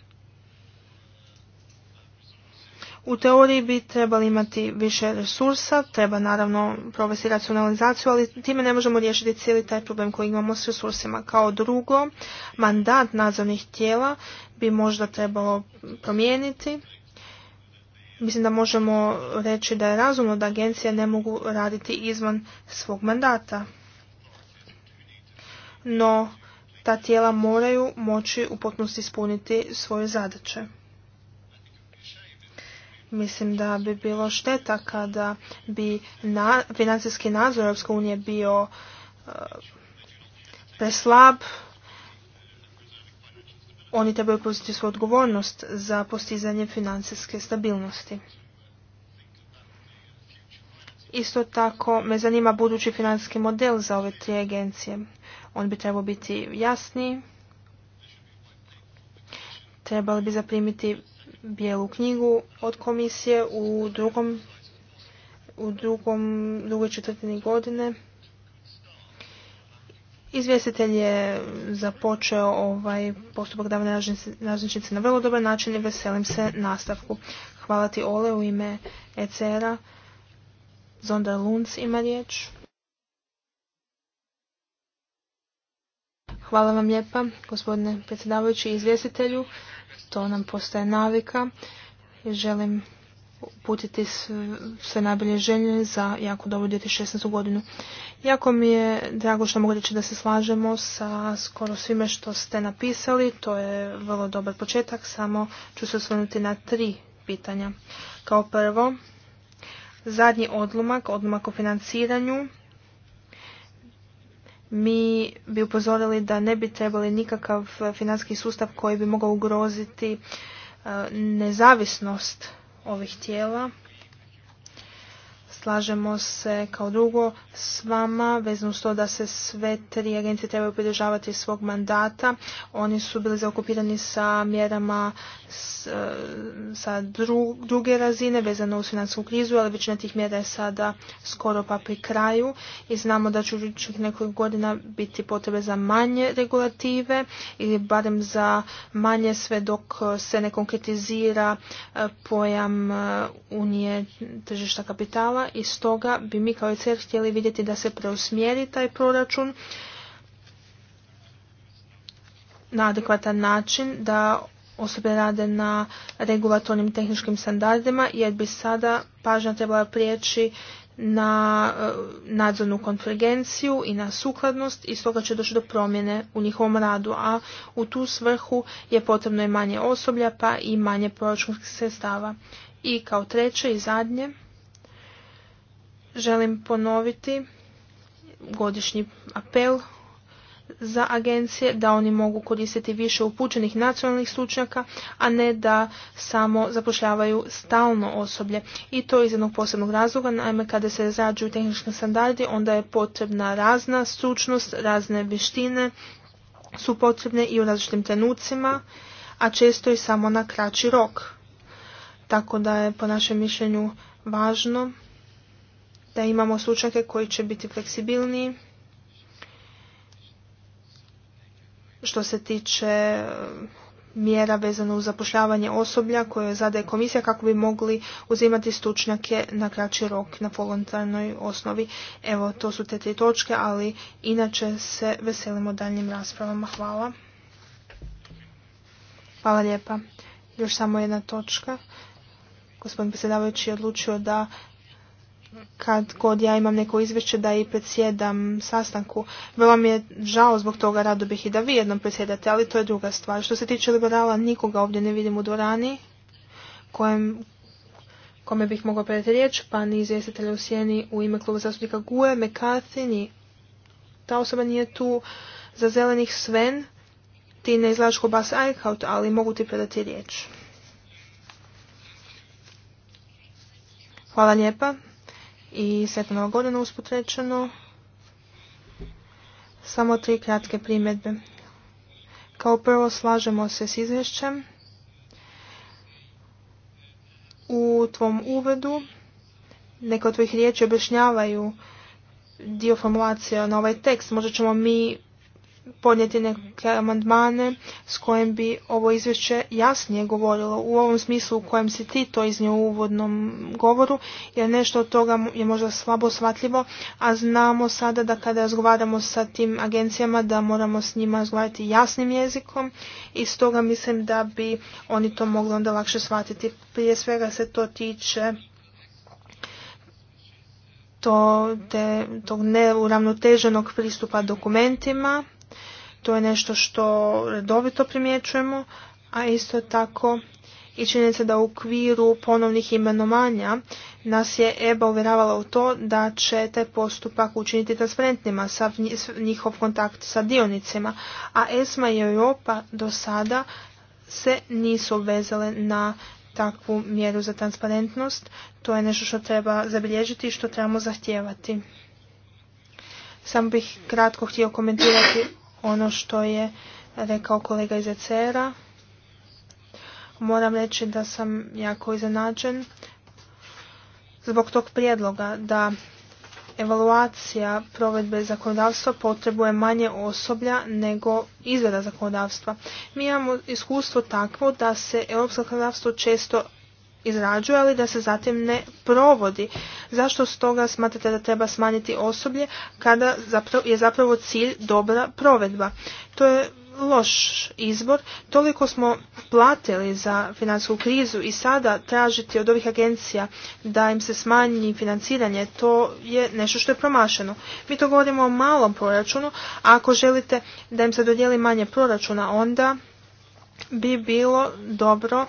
Speaker 2: U teoriji bi trebali imati više resursa, treba naravno provesti racionalizaciju, ali time ne možemo riješiti cijeli taj problem koji imamo s resursima. Kao drugo, mandat nadzornih tijela bi možda trebalo promijeniti. Mislim da možemo reći da je razumno da agencije ne mogu raditi izvan svog mandata. No, ta tijela moraju moći u potpunosti ispuniti svoje zadaće. Mislim da bi bilo šteta kada bi na, financijski nadzor Europske unije bio uh, preslab. Oni trebaju preuzeti svoju odgovornost za postizanje financijske stabilnosti. Isto tako me zanima budući financijski model za ove tri agencije. On bi trebao biti jasniji. Trebali bi zaprimiti bijelu knjigu od komisije u drugom u drugom, drugoj četvrtini godine. Izvjestitelj je započeo ovaj postupak davne naznačnice na vrlo dobar način i veselim se nastavku. Hvala ti Ole u ime ECR-a. Zonda Lunc ima riječ. Hvala vam lijepa, gospodine predsjedavajući izvjestitelju to nam postaje navika. Želim uputiti sve najbolje želje za jako dobru 2016. godinu. Jako mi je drago što mogu reći da se slažemo sa skoro svime što ste napisali. To je vrlo dobar početak, samo ću se osvrnuti na tri pitanja. Kao prvo, zadnji odlomak, odlomak o financiranju mi bi upozorili da ne bi trebali nikakav financijski sustav koji bi mogao ugroziti e, nezavisnost ovih tijela Slažemo se kao drugo s vama vezno s to da se sve tri agencije trebaju pridržavati svog mandata. Oni su bili zaokupirani sa mjerama e, sa druge razine vezano uz financijsku krizu, ali većina tih mjera je sada skoro pa pri kraju i znamo da će u nekoliko godina biti potrebe za manje regulative ili barem za manje sve dok se ne konkretizira e, pojam e, unije tržišta kapitala i stoga bi mi kao ECR htjeli vidjeti da se preusmjeri taj proračun na adekvatan način, da osobe rade na regulatornim tehničkim standardima jer bi sada pažnja trebala prijeći na e, nadzornu konfligenciju i na sukladnost i stoga će doći do promjene u njihovom radu, a u tu svrhu je potrebno i manje osoblja pa i manje proračunskih sredstava. I kao treće i zadnje, želim ponoviti godišnji apel za agencije da oni mogu koristiti više upućenih nacionalnih stručnjaka, a ne da samo zapošljavaju stalno osoblje. I to iz jednog posebnog razloga, naime kada se razrađuju tehnički standardi, onda je potrebna razna stručnost, razne vještine su potrebne i u različitim trenucima, a često i samo na kraći rok. Tako da je po našem mišljenju važno da imamo slučake koji će biti fleksibilniji što se tiče e, mjera vezano uz zapošljavanje osoblja koje zadaje komisija kako bi mogli uzimati stručnjake na kraći rok na volontarnoj osnovi. Evo, to su te tri točke, ali inače se veselimo daljnjim raspravama. Hvala. Hvala lijepa. Još samo jedna točka. Gospodin predsjedavajući je odlučio da kad god ja imam neko izvješće da i predsjedam sastanku. Vrlo mi je žao zbog toga, rado bih i da vi jednom predsjedate, ali to je druga stvar. Što se tiče liberala, nikoga ovdje ne vidim u dvorani kojem, kome bih mogao predati riječ, pa ni izvjestitelja u sjeni u ime kluba zastupnika Gue, McCarthy, ni. Ta osoba nije tu za zelenih Sven, ti ne izgledaš ko Bas ali mogu ti predati riječ. Hvala lijepa i sretna nova godina usput rečeno. Samo tri kratke primjedbe. Kao prvo slažemo se s izvješćem. U tvom uvedu neka od tvojih riječi objašnjavaju dio formulacija na ovaj tekst. Možda ćemo mi podnijeti neke amandmane s kojim bi ovo izvješće jasnije govorilo u ovom smislu u kojem si ti to iznio u uvodnom govoru, jer nešto od toga je možda slabo shvatljivo, a znamo sada da kada razgovaramo sa tim agencijama da moramo s njima razgovarati jasnim jezikom i stoga mislim da bi oni to mogli onda lakše shvatiti. Prije svega se to tiče to, te, tog neuravnoteženog pristupa dokumentima to je nešto što redovito primjećujemo, a isto tako i činjenica da u okviru ponovnih imenovanja nas je EBA uvjeravala u to da će taj postupak učiniti transparentnima sa njihov kontakt sa dionicima, a ESMA i Europa do sada se nisu obvezale na takvu mjeru za transparentnost. To je nešto što treba zabilježiti i što trebamo zahtijevati. Samo bih kratko htio komentirati ono što je rekao kolega iz ECR-a. Moram reći da sam jako iznenađen zbog tog prijedloga da evaluacija provedbe zakonodavstva potrebuje manje osoblja nego izrada zakonodavstva. Mi imamo iskustvo takvo da se europsko zakonodavstvo često izrađuje, ali da se zatim ne provodi. Zašto stoga smatrate da treba smanjiti osoblje kada je zapravo cilj dobra provedba? To je loš izbor. Toliko smo platili za financijsku krizu i sada tražiti od ovih agencija da im se smanji financiranje, to je nešto što je promašeno. Mi to govorimo o malom proračunu, a ako želite da im se dodijeli manje proračuna, onda bi bilo dobro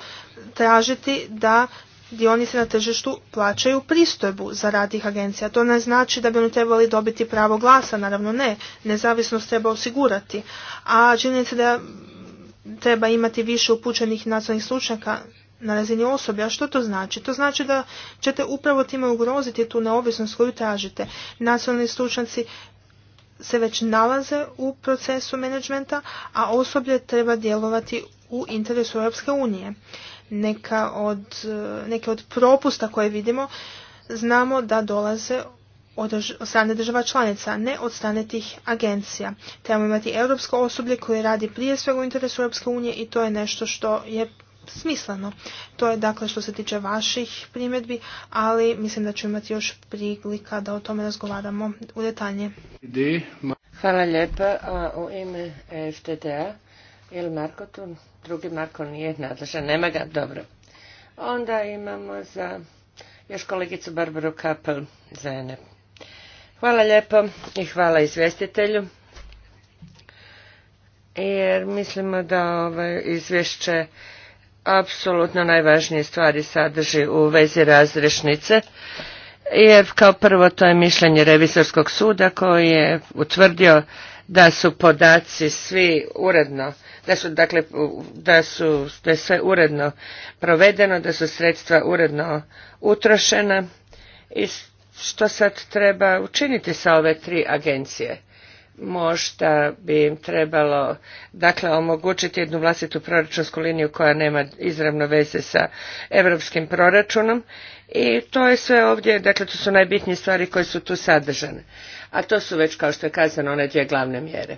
Speaker 2: tražiti da dionice na tržištu plaćaju pristojbu za rad tih agencija. To ne znači da bi oni trebali dobiti pravo glasa, naravno ne. Nezavisnost treba osigurati. A činjenica da treba imati više upućenih nacionalnih stručnjaka na razini A Što to znači? To znači da ćete upravo time ugroziti tu neovisnost koju tražite. Nacionalni slučnjaci se već nalaze u procesu menadžmenta, a osoblje treba djelovati u interesu Europske unije. Neka od, neke od propusta koje vidimo znamo da dolaze od, strane država članica, ne od strane tih agencija. Trebamo imati europsko osoblje koje radi prije svega u interesu Europske unije i to je nešto što je smisleno. To je dakle što se tiče vaših primjedbi, ali mislim da ću imati još priglika da o tome razgovaramo u detalje.
Speaker 3: Hvala lijepa. A u ime e FTDA, ili Marko drugi Marko nije nadležan, nema ga, dobro. Onda imamo za još kolegicu Barbaru Kapel za ENEP. Hvala lijepo i hvala izvjestitelju. Jer mislimo da izvješće apsolutno najvažnije stvari sadrži u vezi razrešnice jer kao prvo to je mišljenje revizorskog suda koji je utvrdio da su podaci svi uredno, da su dakle, da su da je sve uredno provedeno, da su sredstva uredno utrošena i što sad treba učiniti sa ove tri agencije možda bi im trebalo dakle omogućiti jednu vlastitu proračunsku liniju koja nema izravno veze sa europskim proračunom i to je sve ovdje, dakle to su najbitnije stvari koje su tu sadržane. A to su već kao što je kazano one dvije glavne mjere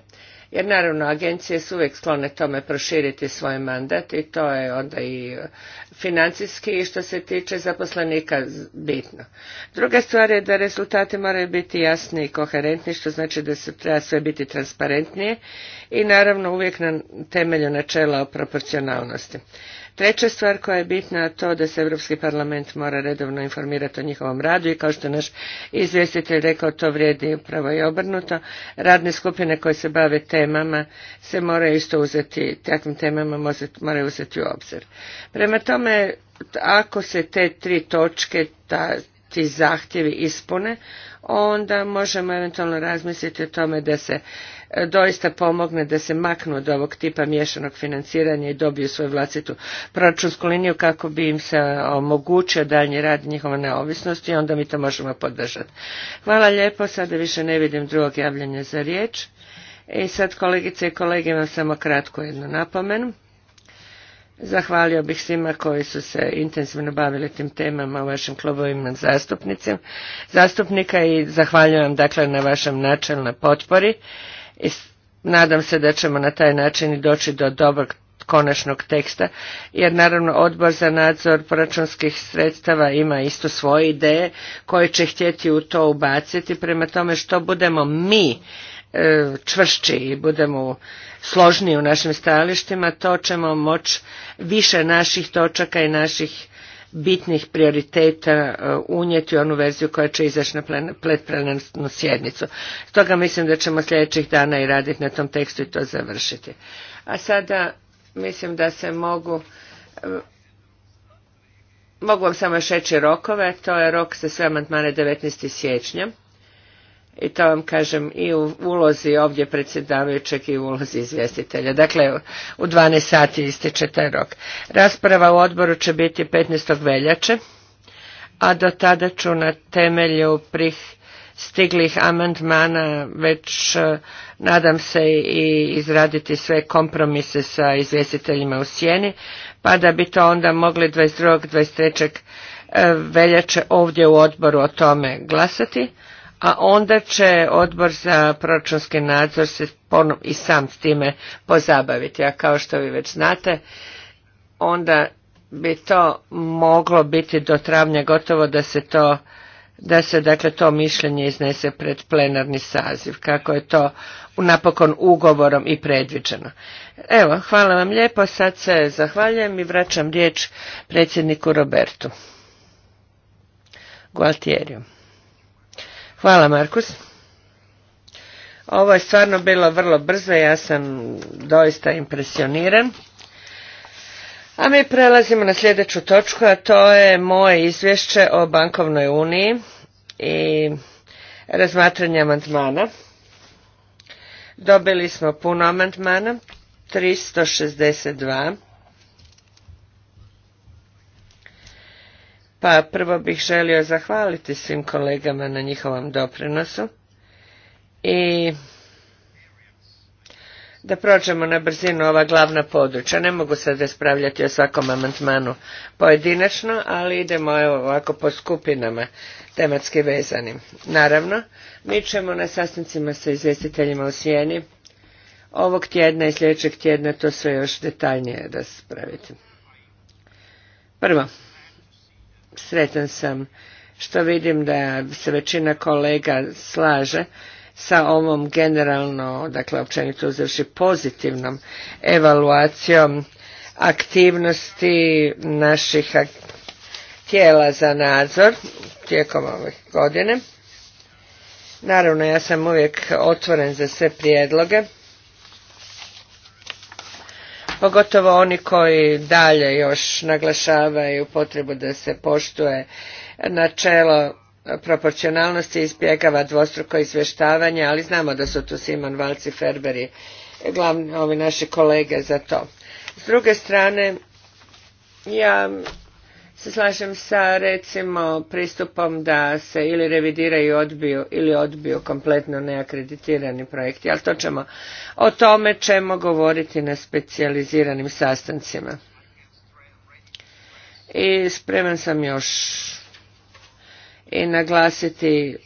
Speaker 3: jer naravno agencije su uvijek sklone tome proširiti svoj mandat i to je onda i financijski i što se tiče zaposlenika bitno. Druga stvar je da rezultati moraju biti jasni i koherentni, što znači da se treba sve biti transparentnije i naravno uvijek na temelju načela o proporcionalnosti. Treća stvar koja je bitna je to da se Europski parlament mora redovno informirati o njihovom radu i kao što naš izvjestitelj rekao to vrijedi upravo i obrnuto. Radne skupine koje se bave temama se moraju isto uzeti, takvim temama moraju uzeti u obzir. Prema tome, ako se te tri točke, ta, ti zahtjevi ispune, onda možemo eventualno razmisliti o tome da se E, doista pomogne da se maknu od ovog tipa miješanog financiranja i dobiju svoju vlastitu proračunsku liniju kako bi im se omogućio daljnji rad njihova neovisnosti i onda mi to možemo podržati. Hvala lijepo, sada više ne vidim drugog javljanja za riječ. I sad kolegice i kolege imam samo kratko jednu napomenu. Zahvalio bih svima koji su se intenzivno bavili tim temama u vašim klubovima zastupnicima, zastupnika i zahvaljujem dakle na vašem načelnoj potpori i nadam se da ćemo na taj način i doći do dobrog konačnog teksta, jer naravno odbor za nadzor proračunskih sredstava ima isto svoje ideje koje će htjeti u to ubaciti, prema tome što budemo mi e, čvršći i budemo složniji u našim stajalištima, to ćemo moći više naših točaka i naših bitnih prioriteta e, unijeti u onu verziju koja će izaći na plenarnu sjednicu. Stoga mislim da ćemo sljedećih dana i raditi na tom tekstu i to završiti. A sada mislim da se mogu e, mogu vam samo još reći rokove, to je rok za sve amandmane 19. siječnja i to vam kažem i u ulozi ovdje predsjedavajućeg i u ulozi izvjestitelja. Dakle, u 12 sati ističe taj rok. Rasprava u odboru će biti 15. veljače, a do tada ću na temelju prih stiglih amandmana već e, nadam se i izraditi sve kompromise sa izvjestiteljima u sjeni, pa da bi to onda mogli 22. 23. E, veljače ovdje u odboru o tome glasati a onda će odbor za proračunski nadzor se ponov i sam s time pozabaviti. A kao što vi već znate, onda bi to moglo biti do travnja gotovo da se to da se dakle to mišljenje iznese pred plenarni saziv, kako je to napokon ugovorom i predviđeno. Evo, hvala vam lijepo, sad se zahvaljujem i vraćam riječ predsjedniku Robertu Gualtieriju. Hvala Markus. Ovo je stvarno bilo vrlo brzo, ja sam doista impresioniran. A mi prelazimo na sljedeću točku, a to je moje izvješće o bankovnoj uniji i razmatranje amandmana. Dobili smo puno amandmana, 362 Pa prvo bih želio zahvaliti svim kolegama na njihovom doprinosu i da prođemo na brzinu ova glavna područja. Ne mogu sad raspravljati o svakom amantmanu pojedinačno, ali idemo evo ovako po skupinama tematski vezanim. Naravno, mi ćemo na sastancima sa izvjestiteljima u Sijeni ovog tjedna i sljedećeg tjedna to sve još detaljnije raspraviti. Prvo, sretan sam što vidim da se većina kolega slaže sa ovom generalno, dakle općenito uzvrši pozitivnom evaluacijom aktivnosti naših tijela za nadzor tijekom ove godine. Naravno, ja sam uvijek otvoren za sve prijedloge pogotovo oni koji dalje još naglašavaju potrebu da se poštuje načelo proporcionalnosti izbjegava dvostruko izvještavanje, ali znamo da su tu Simon Valci Ferberi glavni ovi naši kolege za to. S druge strane, ja se slažem sa recimo pristupom da se ili revidiraju odbiju ili odbiju kompletno neakreditirani projekti, ali to ćemo, o tome ćemo govoriti na specijaliziranim sastancima. I spreman sam još i naglasiti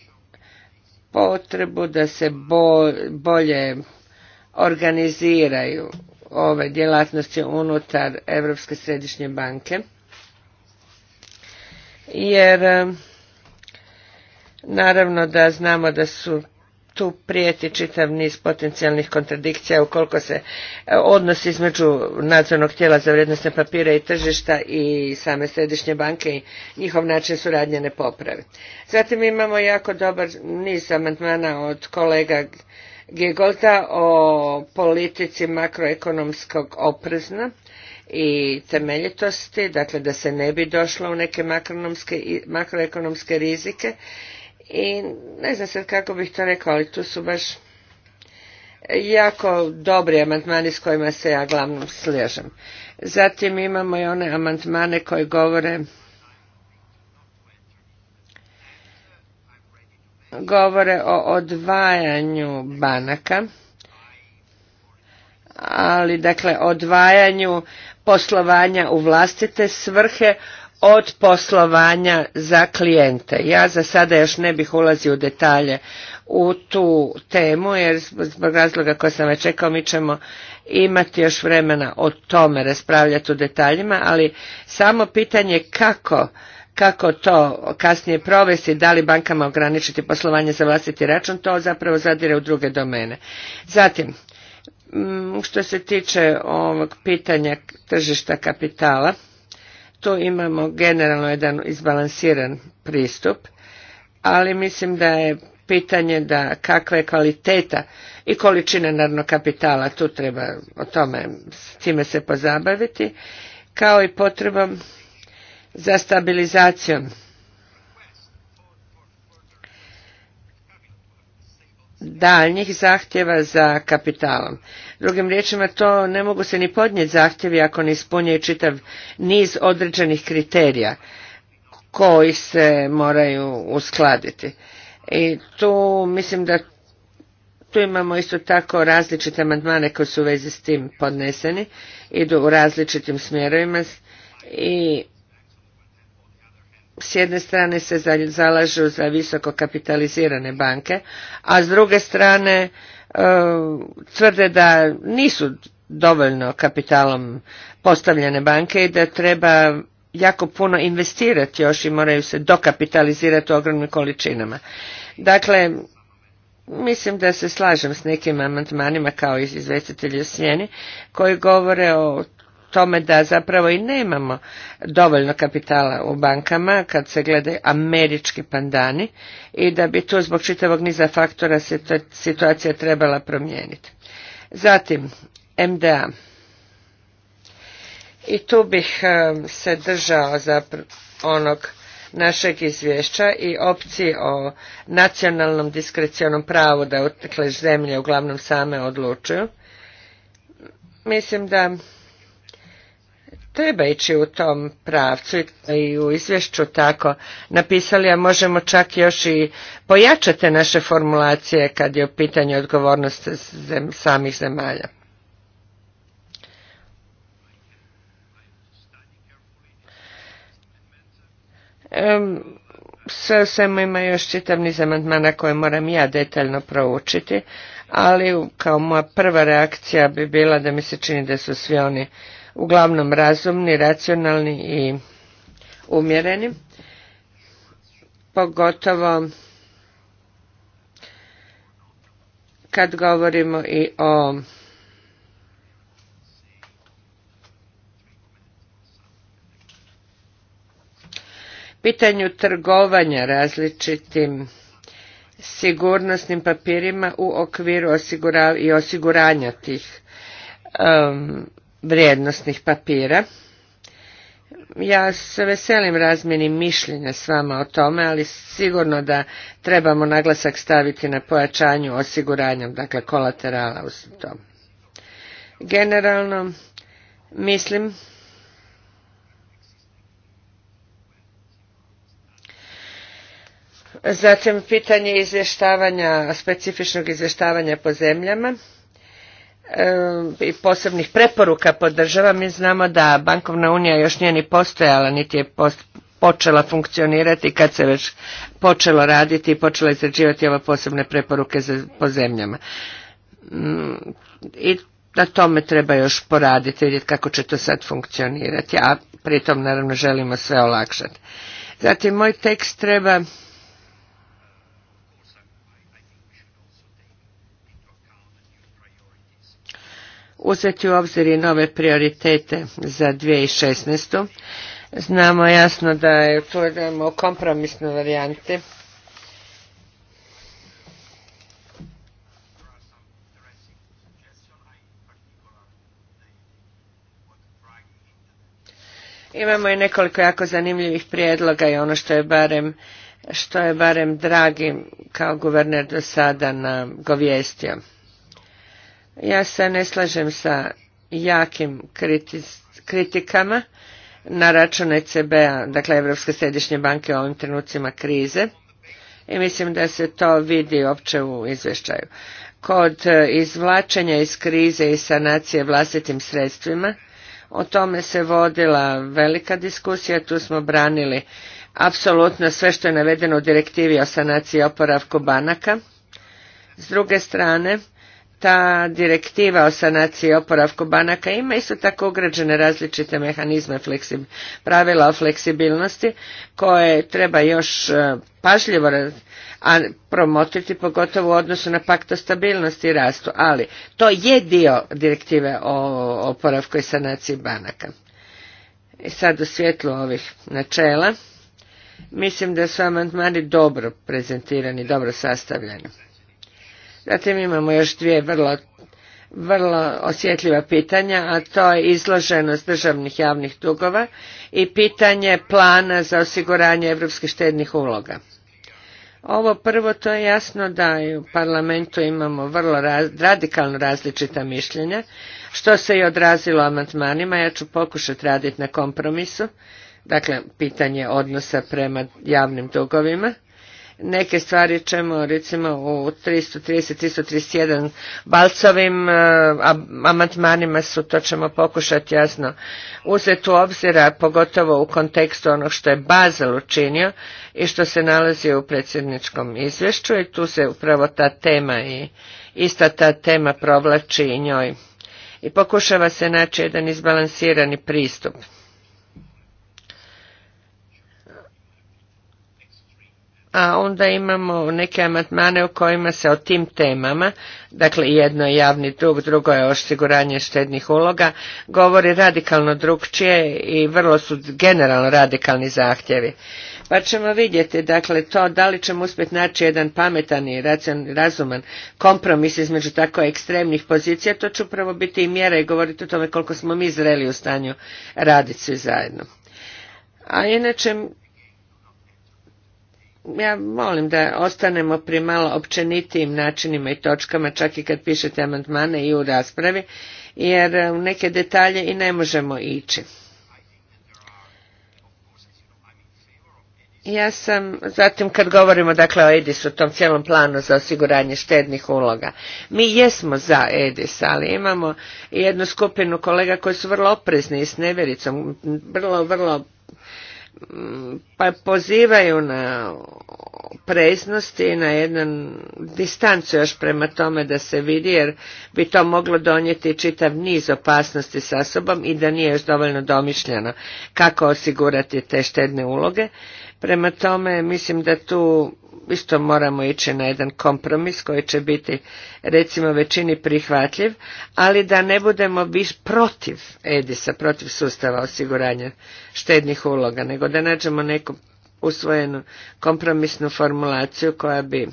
Speaker 3: potrebu da se bolje organiziraju ove djelatnosti unutar Europske središnje banke jer naravno da znamo da su tu prijeti čitav niz potencijalnih kontradikcija ukoliko se odnosi između nadzornog tijela za vrijednostne papire i tržišta i same središnje banke i njihov način suradnje ne popravi. Zatim imamo jako dobar niz amandmana od kolega Gigolta o politici makroekonomskog oprezna i temeljitosti, dakle da se ne bi došlo u neke makroekonomske rizike i ne znam sad kako bih to rekao, ali tu su baš jako dobri amandmani s kojima se ja glavnom slježem. Zatim imamo i one amandmane koje govore govore o odvajanju banaka ali dakle odvajanju poslovanja u vlastite svrhe od poslovanja za klijente. Ja za sada još ne bih ulazio u detalje u tu temu jer zbog razloga koje sam već čekao mi ćemo imati još vremena o tome raspravljati u detaljima, ali samo pitanje kako kako to kasnije provesti, da li bankama ograničiti poslovanje za vlastiti račun, to zapravo zadire u druge domene. Zatim, Mm, što se tiče ovog pitanja tržišta kapitala, tu imamo generalno jedan izbalansiran pristup, ali mislim da je pitanje da kakva je kvaliteta i količina naravno kapitala, tu treba o tome, s time se pozabaviti, kao i potrebom za stabilizacijom daljnjih zahtjeva za kapitalom. Drugim riječima, to ne mogu se ni podnijeti zahtjevi ako ne ispunjaju čitav niz određenih kriterija koji se moraju uskladiti. I tu mislim da tu imamo isto tako različite amandmane koji su u vezi s tim podneseni, idu u različitim smjerovima i s jedne strane se zalažu za visoko kapitalizirane banke, a s druge strane e, tvrde da nisu dovoljno kapitalom postavljene banke i da treba jako puno investirati još i moraju se dokapitalizirati u ogromnim količinama. Dakle, mislim da se slažem s nekim amandmanima kao izvjestitelji u sjeni koji govore o tome da zapravo i nemamo dovoljno kapitala u bankama kad se gledaju američki pandani i da bi tu zbog čitavog niza faktora situacija trebala promijeniti. Zatim, MDA. I tu bih eh, se držao za onog našeg izvješća i opciji o nacionalnom diskrecionom pravu da utekle zemlje uglavnom same odlučuju. Mislim da treba ići u tom pravcu i u izvješću tako napisali, a možemo čak još i pojačati naše formulacije kad je u pitanju odgovornost samih zemalja. sve u svemu ima još čitav niz amandmana koje moram ja detaljno proučiti, ali kao moja prva reakcija bi bila da mi se čini da su svi oni uglavnom razumni, racionalni i umjereni. Pogotovo kad govorimo i o pitanju trgovanja različitim sigurnosnim papirima u okviru i osiguranja tih um, vrijednostnih papira. Ja se veselim razmjenim mišljenja s vama o tome, ali sigurno da trebamo naglasak staviti na pojačanju osiguranja, dakle kolaterala u tom. Generalno, mislim Zatim pitanje izvještavanja, specifičnog izvještavanja po zemljama. E, i posebnih preporuka podržava, mi znamo da bankovna unija još nije ni postojala, niti je počela funkcionirati kad se već počelo raditi i počela izrađivati ove posebne preporuke za, po zemljama. Mm, I na tome treba još poraditi, vidjeti kako će to sad funkcionirati, a pritom naravno želimo sve olakšati. Zatim, moj tekst treba uzeti u obzir i nove prioritete za 2016. Znamo jasno da je tu idemo kompromisne varijante. Imamo i nekoliko jako zanimljivih prijedloga i ono što je barem što je barem dragi kao guverner do sada na govijestio. Ja se ne slažem sa jakim kritikama na račun ECB-a, dakle Europske središnje banke u ovim trenucima krize i mislim da se to vidi uopće u izvješćaju. Kod e, izvlačenja iz krize i sanacije vlastitim sredstvima, o tome se vodila velika diskusija, tu smo branili apsolutno sve što je navedeno u direktivi o sanaciji i oporavku banaka. S druge strane, ta direktiva o sanaciji i oporavku banaka ima isto tako ugrađene različite mehanizme pravila o fleksibilnosti koje treba još e, pažljivo promotiti pogotovo u odnosu na pakto stabilnosti i rastu, ali to je dio direktive o oporavku i sanaciji banaka. I sad u svjetlu ovih načela mislim da su amandmani dobro prezentirani, dobro sastavljeni. Zatim imamo još dvije vrlo vrlo osjetljiva pitanja, a to je izloženost državnih javnih dugova i pitanje plana za osiguranje europskih štednih uloga. Ovo prvo to je jasno da i u parlamentu imamo vrlo radikalno različita mišljenja, što se i odrazilo amandmanima. Ja ću pokušati raditi na kompromisu, dakle pitanje odnosa prema javnim dugovima Neke stvari ćemo recimo u 330-331 balcovim e, amantmanima su, to ćemo pokušati jasno uzeti u obzira, pogotovo u kontekstu onog što je Bazel učinio i što se nalazi u predsjedničkom izvješću i tu se upravo ta tema i ista ta tema provlači i njoj i pokušava se naći jedan izbalansirani pristup. a onda imamo neke amatmane u kojima se o tim temama, dakle jedno je javni dug, drugo je osiguranje štednih uloga, govori radikalno drugčije i vrlo su generalno radikalni zahtjevi. Pa ćemo vidjeti, dakle, to da li ćemo uspjeti naći jedan pametan i razuman kompromis između tako ekstremnih pozicija, to će upravo biti i mjera i govoriti o tome koliko smo mi zreli u stanju raditi svi zajedno. A inače, ja molim da ostanemo pri malo općenitijim načinima i točkama, čak i kad pišete amandmane i u raspravi, jer e, u neke detalje i ne možemo ići. Ja sam, zatim kad govorimo dakle o EDIS-u, tom cijelom planu za osiguranje štednih uloga, mi jesmo za Edis, ali imamo jednu skupinu kolega koji su vrlo oprezni i s nevjericom, vrlo, vrlo pa pozivaju na preznosti i na jedan distancu još prema tome da se vidi jer bi to moglo donijeti čitav niz opasnosti sa sobom i da nije još dovoljno domišljeno kako osigurati te štedne uloge. Prema tome mislim da tu isto moramo ići na jedan kompromis koji će biti recimo većini prihvatljiv, ali da ne budemo viš protiv Edisa, protiv sustava osiguranja štednih uloga, nego da nađemo neku usvojenu kompromisnu formulaciju koja bi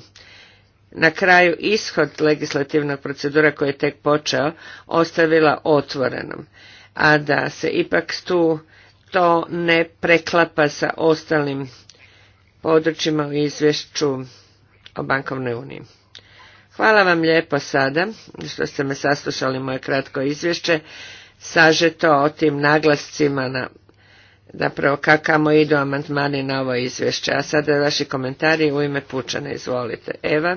Speaker 3: na kraju ishod legislativnog procedura koji je tek počeo ostavila otvorenom, a da se ipak tu to ne preklapa sa ostalim područjima u izvješću o bankovnoj uniji. Hvala vam lijepo sada što ste me saslušali moje kratko izvješće, sažeto o tim naglascima na zapravo kakamo idu amandmani na ovo izvješće. A sada vaši komentari u ime Pučana, izvolite. Eva.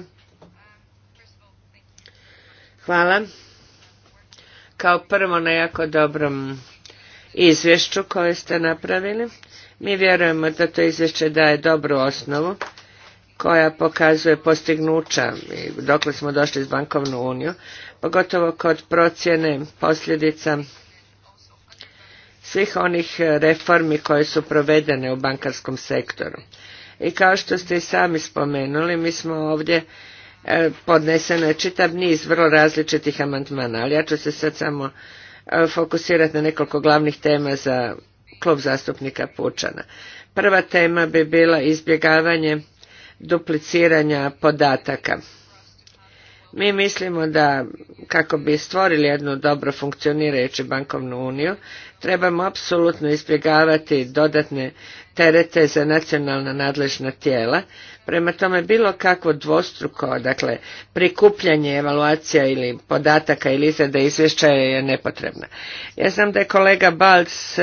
Speaker 3: Hvala. Kao prvo na jako dobrom izvješću koje ste napravili mi vjerujemo da to izvješće daje dobru osnovu koja pokazuje postignuća dok dokle smo došli iz bankovnu uniju, pogotovo kod procjene posljedica svih onih reformi koje su provedene u bankarskom sektoru. I kao što ste i sami spomenuli, mi smo ovdje e, podneseno je čitav niz vrlo različitih amandmana, ali ja ću se sad samo e, fokusirati na nekoliko glavnih tema za klub zastupnika Pučana. Prva tema bi bila izbjegavanje dupliciranja podataka. Mi mislimo da kako bi stvorili jednu dobro funkcionirajuću bankovnu uniju, trebamo apsolutno izbjegavati dodatne terete za nacionalna nadležna tijela. Prema tome bilo kakvo dvostruko, dakle prikupljanje evaluacija ili podataka ili izrada izvješća je nepotrebna. Ja znam da je kolega Balc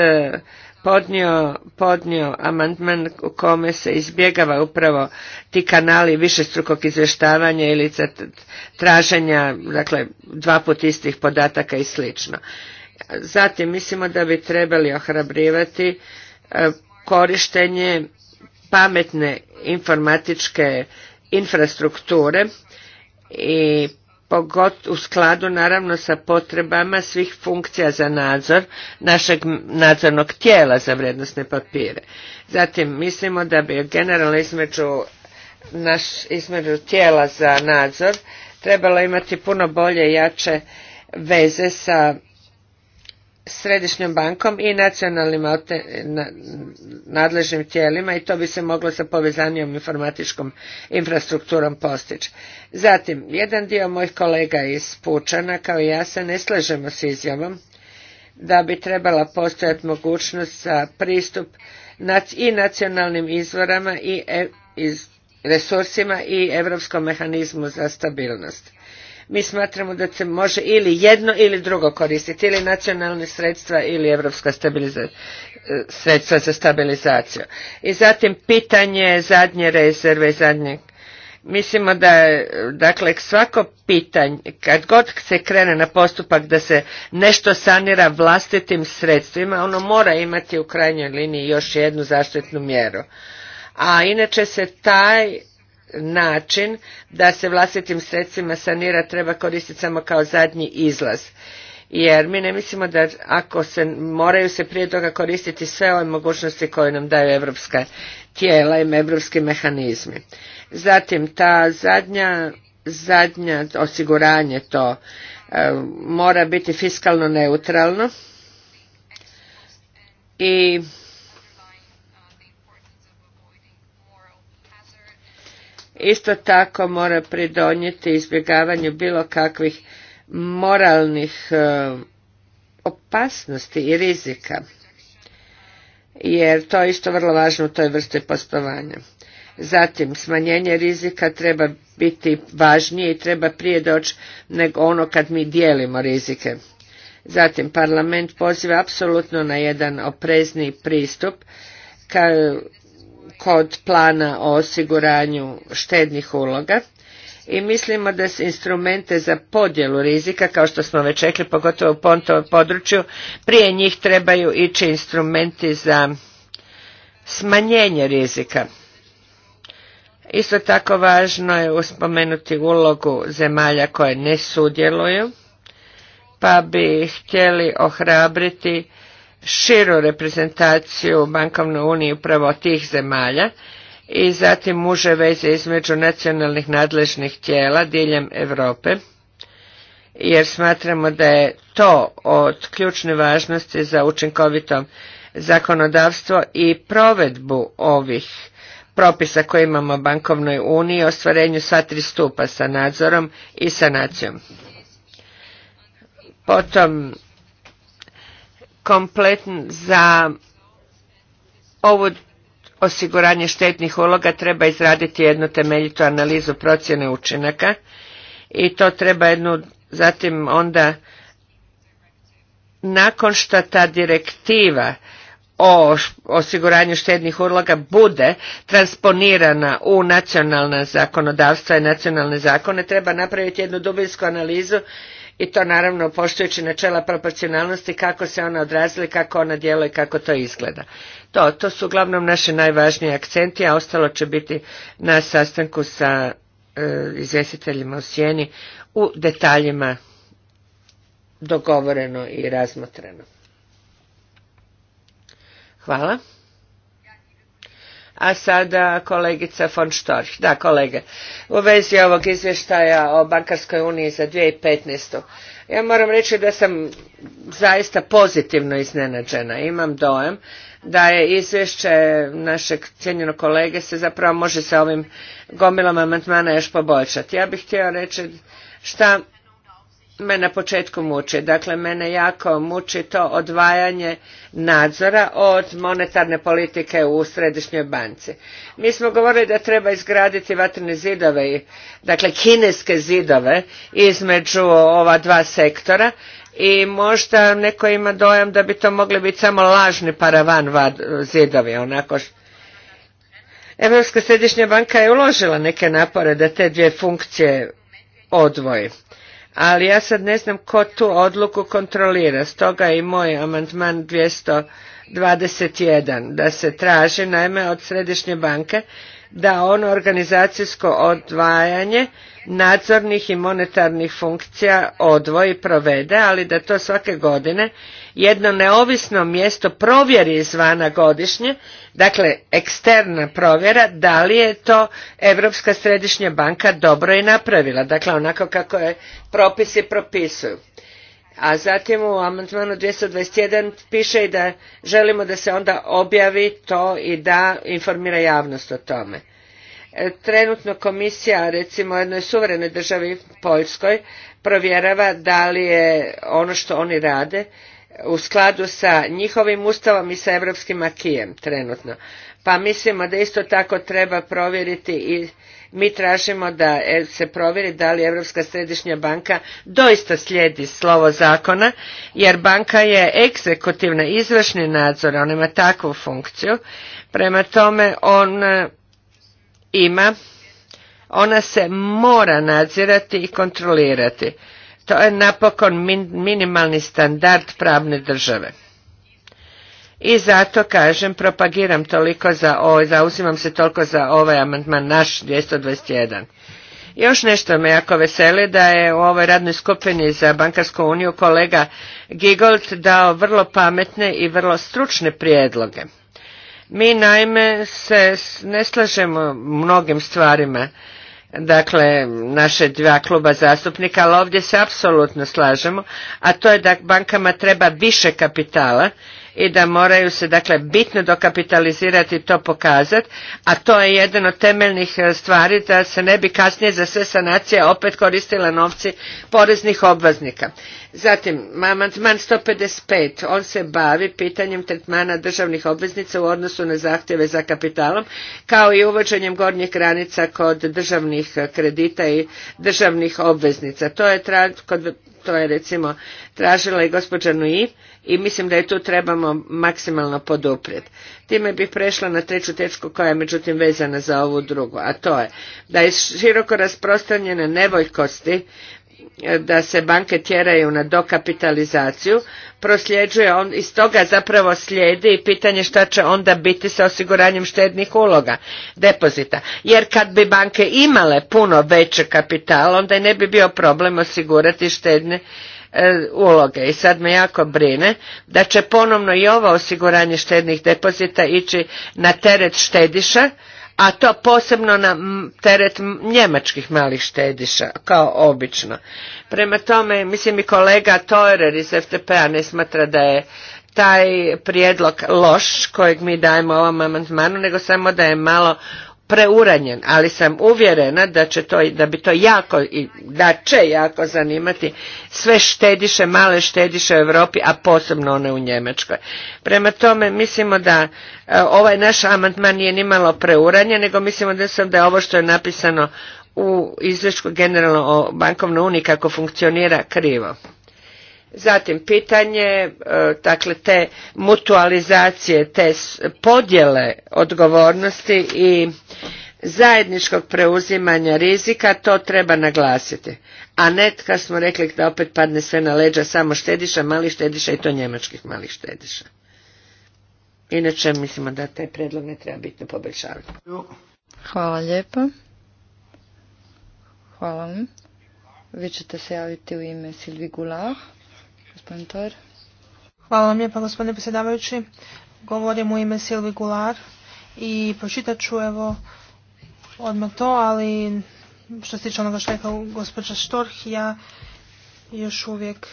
Speaker 3: podnio, amandman u kome se izbjegava upravo ti kanali višestrukog izvještavanja ili traženja, dakle, dva put istih podataka i sl. Zatim, mislimo da bi trebali ohrabrivati e, korištenje pametne informatičke infrastrukture i pogod u skladu naravno sa potrebama svih funkcija za nadzor našeg nadzornog tijela za vrijednosne papire. Zatim mislimo da bi generalno između naš između tijela za nadzor trebalo imati puno bolje i jače veze sa središnjom bankom i nacionalnim nadležnim tijelima i to bi se moglo sa povezanijom informatičkom infrastrukturom postići. Zatim, jedan dio mojih kolega iz Pučana kao i ja se ne slažemo s izjavom da bi trebala postojati mogućnost za pristup i nacionalnim izvorama i e, resursima i europskom mehanizmu za stabilnost mi smatramo da se može ili jedno ili drugo koristiti, ili nacionalne sredstva ili evropska sredstva za stabilizaciju. I zatim pitanje zadnje rezerve, zadnje Mislimo da, dakle, svako pitanje, kad god se krene na postupak da se nešto sanira vlastitim sredstvima, ono mora imati u krajnjoj liniji još jednu zaštitnu mjeru. A inače se taj način da se vlastitim sredstvima sanira treba koristiti samo kao zadnji izlaz. Jer mi ne mislimo da ako se moraju se prije toga koristiti sve ove mogućnosti koje nam daju europska tijela i evropski mehanizmi. Zatim ta zadnja, zadnja osiguranje to e, mora biti fiskalno neutralno i isto tako mora pridonijeti izbjegavanju bilo kakvih moralnih e, opasnosti i rizika, jer to je isto vrlo važno u toj vrsti postovanja. Zatim, smanjenje rizika treba biti važnije i treba prije doći nego ono kad mi dijelimo rizike. Zatim, parlament poziva apsolutno na jedan oprezni pristup, kao kod plana o osiguranju štednih uloga i mislimo da se instrumente za podjelu rizika, kao što smo već rekli, pogotovo u pontovom području, prije njih trebaju ići instrumenti za smanjenje rizika. Isto tako važno je uspomenuti ulogu zemalja koje ne sudjeluju, pa bi htjeli ohrabriti širu reprezentaciju bankovne unije upravo tih zemalja i zatim muže veze između nacionalnih nadležnih tijela diljem Europe jer smatramo da je to od ključne važnosti za učinkovito zakonodavstvo i provedbu ovih propisa koje imamo u bankovnoj uniji, ostvarenju sva tri stupa sa nadzorom i sanacijom. Potom kompletn za ovo osiguranje štetnih uloga treba izraditi jednu temeljitu analizu procjene učinaka i to treba jednu zatim onda nakon što ta direktiva o osiguranju štednih uloga bude transponirana u nacionalna zakonodavstva i nacionalne zakone, treba napraviti jednu dubinsku analizu i to naravno poštujući načela proporcionalnosti kako se ona odrazila, kako ona djeluje, kako to izgleda. To, to su uglavnom naše najvažniji akcenti, a ostalo će biti na sastanku sa e, izvjestiteljima u sjeni u detaljima dogovoreno i razmotreno. Hvala. A sada kolegica von Storch. Da, kolege, u vezi ovog izvještaja o Bankarskoj uniji za 2015. Ja moram reći da sam zaista pozitivno iznenađena. Imam dojem da je izvješće našeg cijenjenog kolege se zapravo može sa ovim gomilom amandmana još poboljšati. Ja bih htjela reći šta me na početku muči. Dakle, mene jako muči to odvajanje nadzora od monetarne politike u središnjoj banci. Mi smo govorili da treba izgraditi vatrne zidove, dakle kineske zidove između ova dva sektora i možda neko ima dojam da bi to mogli biti samo lažni paravan zidovi, onako Europska središnja banka je uložila neke napore da te dvije funkcije odvoji ali ja sad ne znam ko tu odluku kontrolira, stoga i moj amandman 221, da se traži naime od Središnje banke da on organizacijsko odvajanje nadzornih i monetarnih funkcija odvoji provede, ali da to svake godine jedno neovisno mjesto provjeri izvana godišnje, dakle eksterna provjera, da li je to Europska središnja banka dobro i napravila, dakle onako kako je propisi propisuju. A zatim u amandmanu 221 piše i da želimo da se onda objavi to i da informira javnost o tome e, trenutno komisija recimo jednoj suverenoj državi Poljskoj provjerava da li je ono što oni rade u skladu sa njihovim ustavom i sa europskim akijem trenutno. Pa mislimo da isto tako treba provjeriti i mi tražimo da e, se provjeri da li Europska središnja banka doista slijedi slovo zakona, jer banka je egzekutivna, izvršni nadzor, ona ima takvu funkciju, prema tome on e, ima, ona se mora nadzirati i kontrolirati. To je napokon minimalni standard pravne države. I zato kažem, propagiram toliko za ovaj, zauzimam se toliko za ovaj amandman naš 221. Još nešto me jako veseli da je u ovoj radnoj skupini za bankarsku uniju kolega Gigold dao vrlo pametne i vrlo stručne prijedloge. Mi naime se ne slažemo mnogim stvarima dakle naše dva kluba zastupnika, ali ovdje se apsolutno slažemo, a to je da bankama treba više kapitala i da moraju se dakle bitno dokapitalizirati to pokazati, a to je jedan od temeljnih e, stvari da se ne bi kasnije za sve sanacije opet koristila novci poreznih obveznika. Zatim, amandman 155, on se bavi pitanjem tretmana državnih obveznica u odnosu na zahtjeve za kapitalom, kao i uvođenjem gornjih granica kod državnih e, kredita i državnih obveznica. To je, kod, to je recimo tražila i gospođa Nui i mislim da je tu trebamo maksimalno poduprijeti. Time bih prešla na treću tečku koja je međutim vezana za ovu drugu, a to je da je široko rasprostranjene nevoljkosti e, da se banke tjeraju na dokapitalizaciju, prosljeđuje on, iz toga zapravo slijedi i pitanje šta će onda biti sa osiguranjem štednih uloga, depozita. Jer kad bi banke imale puno veće kapital, onda ne bi bio problem osigurati štedne E, uloge i sad me jako brine da će ponovno i ovo osiguranje štednih depozita ići na teret štediša, a to posebno na teret njemačkih malih štediša, kao obično. Prema tome, mislim i kolega Toerer iz FTP-a ne smatra da je taj prijedlog loš kojeg mi dajemo ovom amandmanu, nego samo da je malo preuranjen, ali sam uvjerena da, će to, da bi to jako i da će jako zanimati sve štediše, male štediše u Europi, a posebno one u Njemačkoj. Prema tome mislimo da e, ovaj naš amandman nije nimalo preuranjen, nego mislimo da sam da je ovo što je napisano u izvješću generalno o bankovnoj uniji kako funkcionira krivo. Zatim pitanje e, dakle te mutualizacije, te podjele odgovornosti i zajedničkog preuzimanja rizika, to treba naglasiti. A ne, kad smo rekli da opet padne sve na leđa samo štediša, malih štediša i to njemačkih malih štediša. Inače, mislimo da taj predlog ne treba bitno poboljšavati.
Speaker 1: Hvala lijepo. Hvala vam. Vi ćete se javiti u ime Silvi Gulah. Hvala vam lijepa gospodine predsjedavajući. Govorim u ime Silvi
Speaker 2: Gular i pročitat ću evo odmah to, ali što se tiče onoga što je rekao gospođa Štorh, ja još uvijek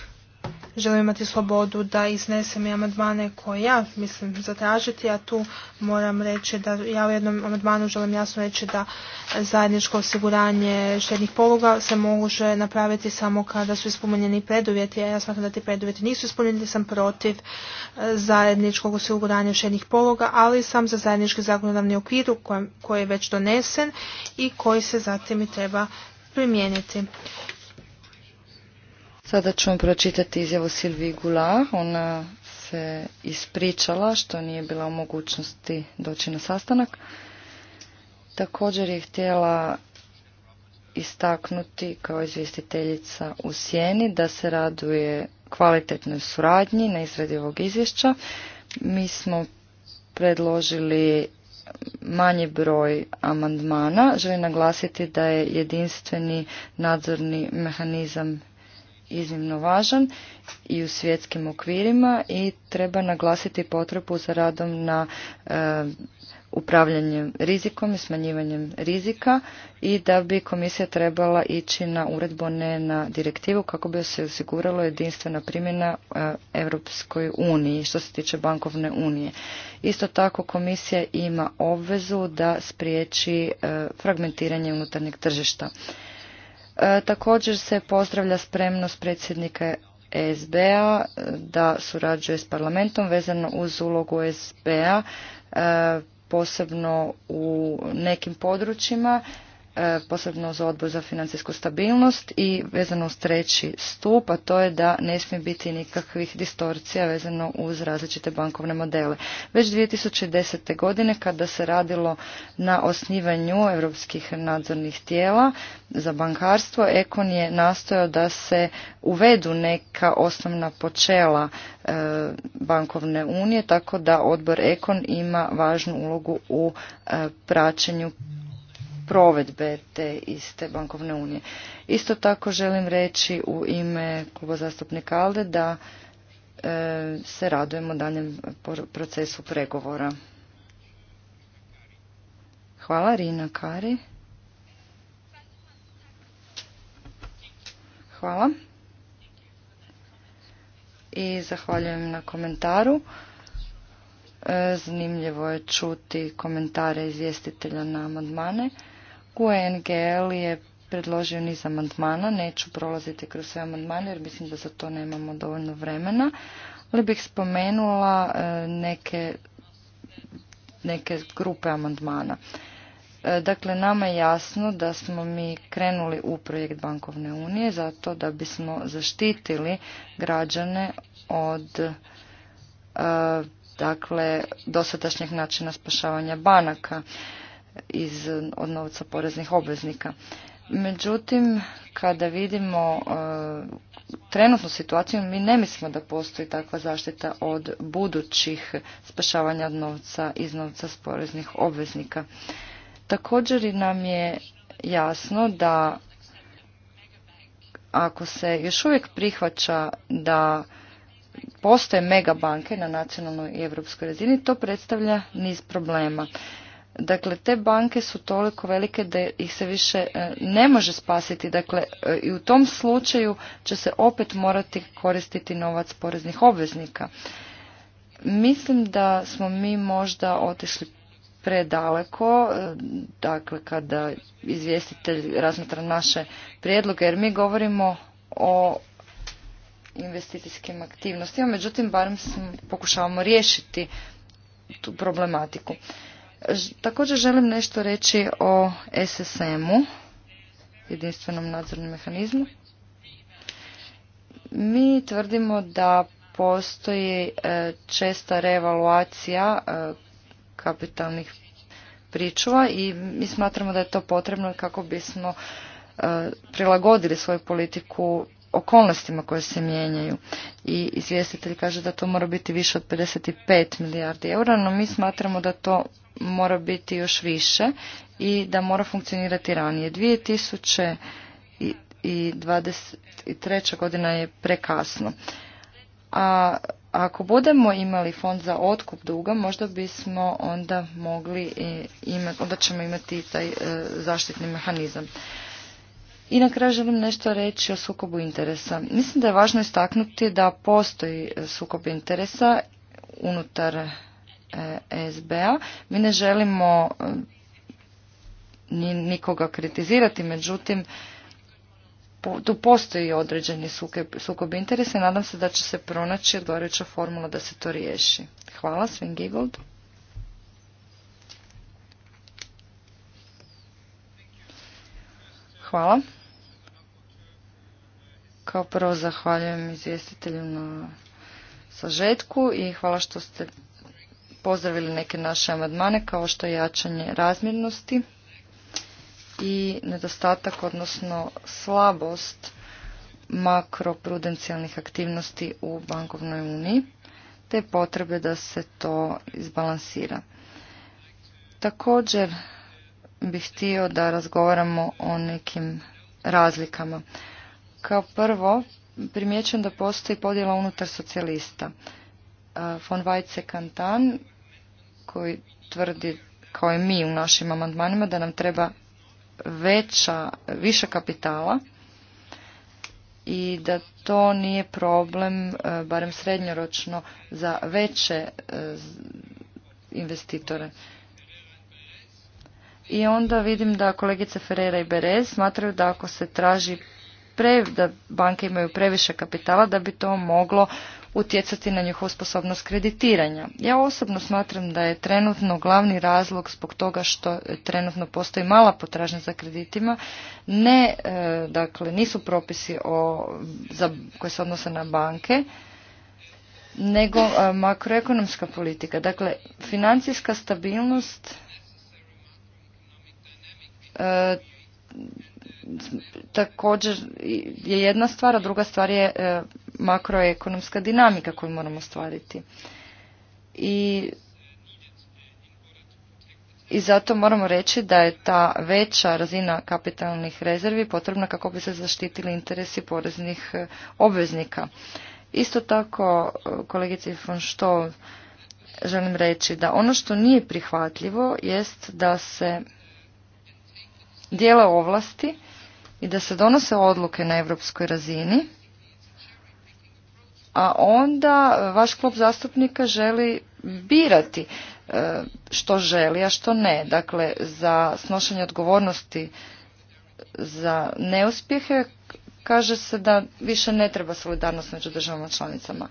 Speaker 2: želim imati slobodu da iznesem i amadmane koje ja mislim zatražiti, a tu moram reći da ja u jednom amandmanu želim jasno reći da zajedničko osiguranje štednih pologa se može napraviti samo kada su ispunjeni preduvjeti, a ja smatram da ti preduvjeti nisu ispunjeni, sam protiv e, zajedničkog osiguranja štednih pologa, ali sam za zajednički zakonodavni okvir koji je već donesen i koji se zatim i treba
Speaker 1: primijeniti. Sada ću pročitati izjavu Silvi Gula. Ona se ispričala što nije bila u mogućnosti doći na sastanak. Također je htjela istaknuti kao izvjestiteljica u Sjeni da se raduje kvalitetnoj suradnji na izradi ovog izvješća. Mi smo predložili manji broj amandmana. Želim naglasiti da je jedinstveni nadzorni mehanizam iznimno važan i u svjetskim okvirima i treba naglasiti potrebu za radom na e, upravljanjem rizikom i smanjivanjem rizika i da bi komisija trebala ići na uredbu, ne na direktivu kako bi se osiguralo jedinstvena primjena e, Europskoj uniji što se tiče bankovne unije. Isto tako komisija ima obvezu da spriječi e, fragmentiranje unutarnjeg tržišta. E, također se pozdravlja spremnost predsjednika SBA e, da surađuje s parlamentom vezano uz ulogu SBA e, posebno u nekim područjima E, posebno za odbor za financijsku stabilnost i vezano uz treći stup, a to je da ne smije biti nikakvih distorcija vezano uz različite bankovne modele. Već 2010. godine kada se radilo na osnivanju europskih nadzornih tijela za bankarstvo, Ekon je nastojao da se uvedu neka osnovna počela e, bankovne unije, tako da odbor Ekon ima važnu ulogu u e, praćenju provedbe te iste bankovne unije. Isto tako želim reći u ime kluba zastupnika Alde da e, se radujemo danjem procesu pregovora. Hvala Rina Kari. Hvala. I zahvaljujem na komentaru. E, zanimljivo je čuti komentare izvjestitelja na amandmane. UNGL je predložio niz amandmana, neću prolaziti kroz sve amandmane jer mislim da za to nemamo dovoljno vremena, ali bih spomenula e, neke, neke grupe amandmana. E, dakle, nama je jasno da smo mi krenuli u projekt Bankovne unije zato da bismo zaštitili građane od e, dakle, dosadašnjeg načina spašavanja banaka iz, od novca poreznih obveznika. Međutim, kada vidimo e, trenutnu situaciju, mi ne mislimo da postoji takva zaštita od budućih spašavanja od novca iz novca s poreznih obveznika. Također nam je jasno da ako se još uvijek prihvaća da postoje megabanke na nacionalnoj i europskoj razini, to predstavlja niz problema. Dakle, te banke su toliko velike da ih se više e, ne može spasiti. Dakle, e, i u tom slučaju će se opet morati koristiti novac poreznih obveznika. Mislim da smo mi možda otišli predaleko, e, dakle, kada izvjestitelj razmatra naše prijedloge, jer mi govorimo o investicijskim aktivnostima, međutim, barem pokušavamo riješiti tu problematiku. Također želim nešto reći o SSM-u, jedinstvenom nadzornom mehanizmu. Mi tvrdimo da postoji e, česta revaluacija e, kapitalnih pričuva i mi smatramo da je to potrebno kako bismo e, prilagodili svoju politiku okolnostima koje se mijenjaju i izvjestitelj kaže da to mora biti više od 55 milijardi eura, no mi smatramo da to mora biti još više i da mora funkcionirati ranije. 2023. godina je prekasno. A ako budemo imali fond za otkup duga, možda bismo onda mogli imati, onda ćemo imati taj e, zaštitni mehanizam. I na kraju želim nešto reći o sukobu interesa. Mislim da je važno istaknuti da postoji sukob interesa unutar e, SBA. Mi ne želimo e, nikoga kritizirati, međutim, tu postoji određeni sukob interesa i nadam se da će se pronaći odgovarajuća formula da se to riješi. Hvala, Sven Giggold. Hvala. Kao prvo zahvaljujem izvjestitelju na sažetku i hvala što ste pozdravili neke naše amandmane kao što je jačanje razmjernosti i nedostatak, odnosno slabost makroprudencijalnih aktivnosti u bankovnoj uniji, te potrebe da se to izbalansira. Također bih htio da razgovaramo o nekim razlikama. Kao prvo, primjećam da postoji podjela unutar socijalista. E, von Weizse Kantan, koji tvrdi kao i mi u našim amandmanima da nam treba veća, više kapitala i da to nije problem, e, barem srednjoročno, za veće e, investitore. I onda vidim da kolegice Ferreira i Berez smatraju da ako se traži da banke imaju previše kapitala, da bi to moglo utjecati na njihovu sposobnost kreditiranja. Ja osobno smatram da je trenutno glavni razlog zbog toga što trenutno postoji mala potražnja za kreditima, ne, e, dakle, nisu propisi o, za, koje se odnose na banke, nego e, makroekonomska politika. Dakle, financijska stabilnost E, također je jedna stvar, a druga stvar je e, makroekonomska dinamika koju moramo stvariti. I, I zato moramo reći da je ta veća razina kapitalnih rezervi potrebna kako bi se zaštitili interesi poreznih e, obveznika. Isto tako, kolegice von Stoll, želim reći da ono što nije prihvatljivo jest da se dijele ovlasti i da se donose odluke na europskoj razini, a onda vaš klub zastupnika želi birati e, što želi, a što ne. Dakle, za snošenje odgovornosti za neuspjehe kaže se da više ne treba solidarnost među državama članicama.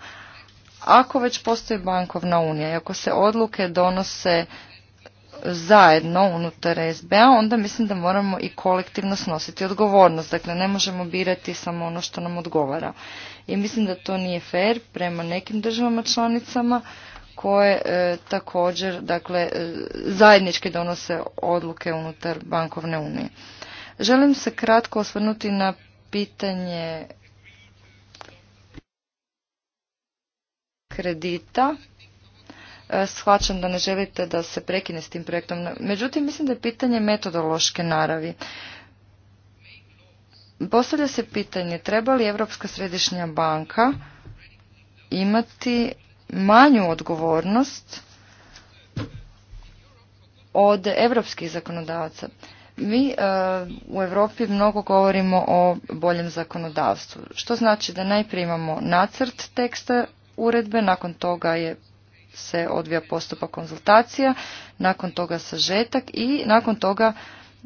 Speaker 1: Ako već postoji bankovna unija i ako se odluke donose zajedno unutar SBA, onda mislim da moramo i kolektivno snositi odgovornost. Dakle, ne možemo birati samo ono što nam odgovara. I mislim da to nije fair prema nekim državama članicama koje e, također dakle, e, zajednički donose odluke unutar bankovne unije. Želim se kratko osvrnuti na pitanje kredita E, shvaćam da ne želite da se prekine s tim projektom. Međutim, mislim da je pitanje metodološke naravi. Postavlja se pitanje, treba li Europska središnja banka imati manju odgovornost od europskih zakonodavaca? Mi e, u Europi mnogo govorimo o boljem zakonodavstvu, što znači da najprije imamo nacrt teksta uredbe, nakon toga je se odvija postupak konzultacija, nakon toga sažetak i nakon toga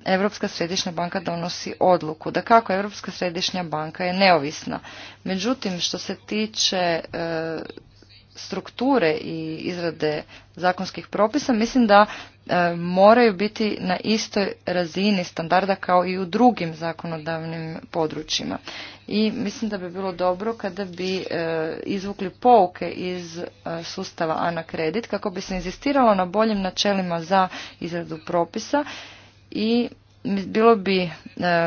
Speaker 1: Europska središnja banka donosi odluku. Da kako Europska središnja banka je neovisna. Međutim, što se tiče e, strukture i izrade zakonskih propisa mislim da e, moraju biti na istoj razini standarda kao i u drugim zakonodavnim područjima i mislim da bi bilo dobro kada bi e, izvukli pouke iz e, sustava ana kredit kako bi se inzistiralo na boljim načelima za izradu propisa i bilo bi e,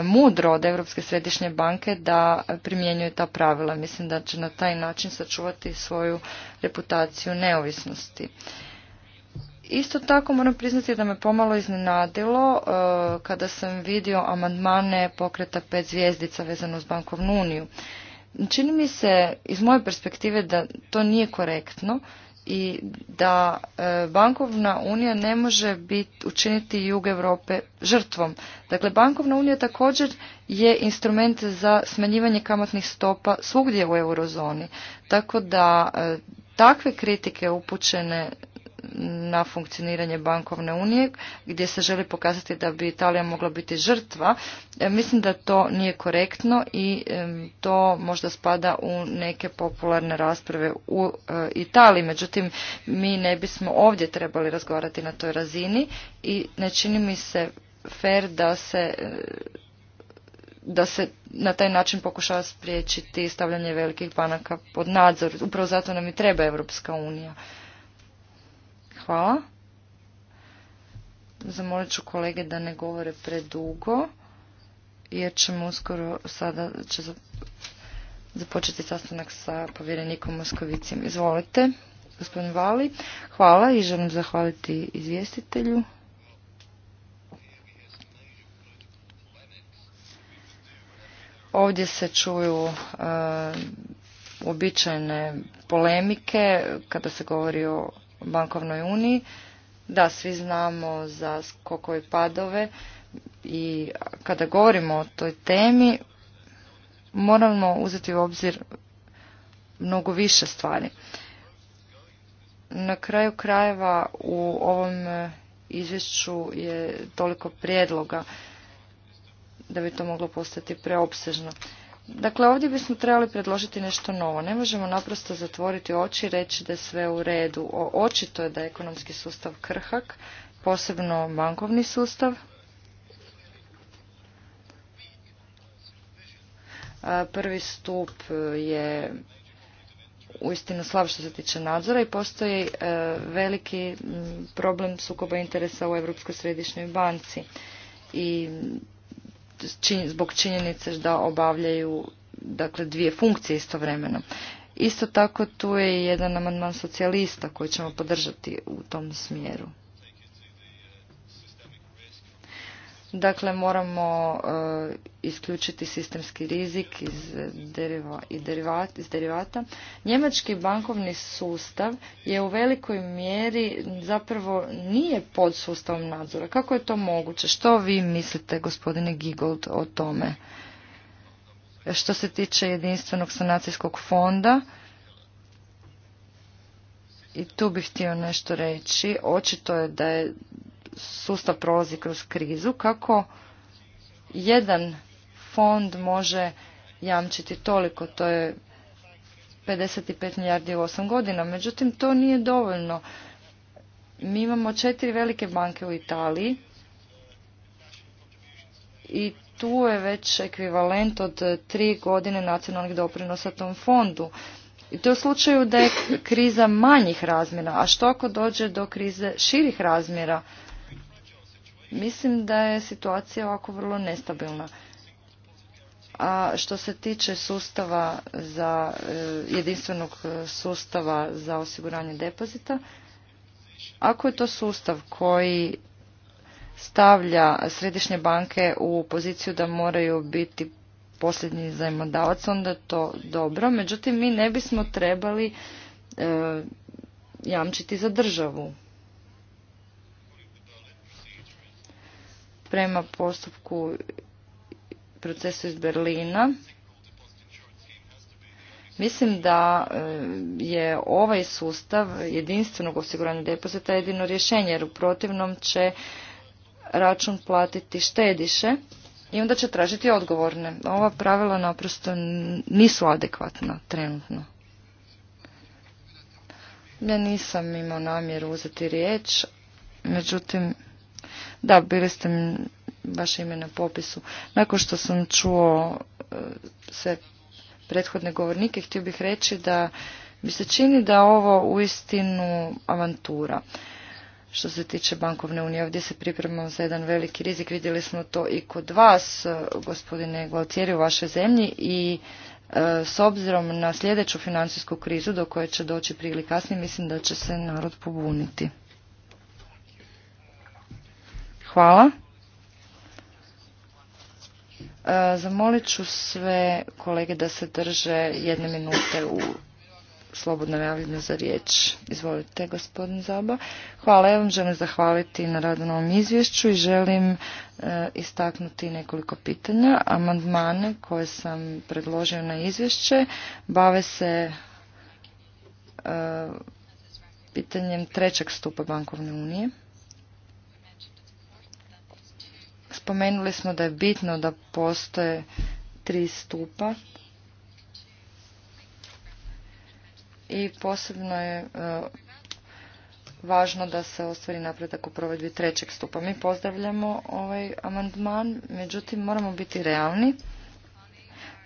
Speaker 1: mudro od Europske središnje banke da primjenjuje ta pravila. Mislim da će na taj način sačuvati svoju reputaciju neovisnosti. Isto tako moram priznati da me pomalo iznenadilo e, kada sam vidio amandmane pokreta pet zvijezdica vezano uz bankovnu uniju. Čini mi se iz moje perspektive da to nije korektno i da e, bankovna unija ne može biti učiniti jug Europe žrtvom. Dakle, bankovna unija također je instrument za smanjivanje kamatnih stopa svugdje u eurozoni. Tako da e, takve kritike upućene na funkcioniranje bankovne unije gdje se želi pokazati da bi Italija mogla biti žrtva. E, mislim da to nije korektno i to možda spada u neke popularne rasprave u e, Italiji. Međutim, mi ne bismo ovdje trebali razgovarati na toj razini i ne čini mi se fer da se e, da se na taj način pokušava spriječiti stavljanje velikih banaka pod nadzor. Upravo zato nam i treba Europska unija. Hvala. Zamolit ću kolege da ne govore predugo, jer ćemo uskoro sada će započeti sastanak sa povjerenikom Moskovicim. Izvolite, gospodin Vali. Hvala i želim zahvaliti izvjestitelju. Ovdje se čuju običajne uobičajene polemike kada se govori o bankovnoj uniji. Da, svi znamo za skokove padove i kada govorimo o toj temi moramo uzeti u obzir mnogo više stvari. Na kraju krajeva u ovom izvješću je toliko prijedloga da bi to moglo postati preopsežno. Dakle, ovdje bismo trebali predložiti nešto novo. Ne možemo naprosto zatvoriti oči i reći da je sve u redu. Očito je da je ekonomski sustav krhak, posebno bankovni sustav. Prvi stup je uistinu slab što se tiče nadzora i postoji e, veliki problem sukoba interesa u Europskoj središnjoj banci. I zbog činjenice da obavljaju dakle dvije funkcije istovremeno. Isto tako tu je jedan amandman socijalista koji ćemo podržati u tom smjeru. Dakle, moramo e, isključiti sistemski rizik iz, i iz derivata. Njemački bankovni sustav je u velikoj mjeri zapravo nije pod sustavom nadzora. Kako je to moguće? Što vi mislite, gospodine Gigold, o tome? Što se tiče jedinstvenog sanacijskog fonda, i tu bih htio nešto reći. Očito je da je sustav prolazi kroz krizu, kako jedan fond može jamčiti toliko, to je 55 milijardi u 8 godina. Međutim, to nije dovoljno. Mi imamo četiri velike banke u Italiji i tu je već ekvivalent od tri godine nacionalnih doprinosa tom fondu. I to u slučaju da je kriza manjih razmjera. A što ako dođe do krize širih razmjera? Mislim da je situacija ovako vrlo nestabilna. A što se tiče sustava za e, jedinstvenog e, sustava za osiguranje depozita, ako je to sustav koji stavlja središnje banke u poziciju da moraju biti posljednji zajmodavac, onda je to dobro. Međutim, mi ne bismo trebali e, jamčiti za državu. prema postupku procesu iz Berlina. Mislim da e, je ovaj sustav jedinstvenog osiguranja depozita jedino rješenje, jer u protivnom će račun platiti štediše i onda će tražiti odgovorne. Ova pravila naprosto nisu adekvatna trenutno. Ja nisam imao namjeru uzeti riječ, međutim da, bili ste vaše ime na popisu. Nakon što sam čuo e, sve prethodne govornike, htio bih reći da mi se čini da ovo uistinu avantura. Što se tiče bankovne unije, ovdje se pripremamo za jedan veliki rizik. Vidjeli smo to i kod vas, e, gospodine Gualtieri, u vašoj zemlji i e, s obzirom na sljedeću financijsku krizu do koje će doći prije kasnije, mislim da će se narod pobuniti. Hvala. E, zamolit ću sve kolege da se drže jedne minute u slobodno javljanju za riječ. Izvolite, gospodin Zaba. Hvala, ja vam želim zahvaliti na radu na ovom izvješću i želim e, istaknuti nekoliko pitanja. Amandmane koje sam predložio na izvješće bave se e, pitanjem trećeg stupa bankovne unije. spomenuli smo da je bitno da postoje tri stupa i posebno je e, važno da se ostvari napredak u provedbi trećeg stupa. Mi pozdravljamo ovaj amandman, međutim moramo biti realni.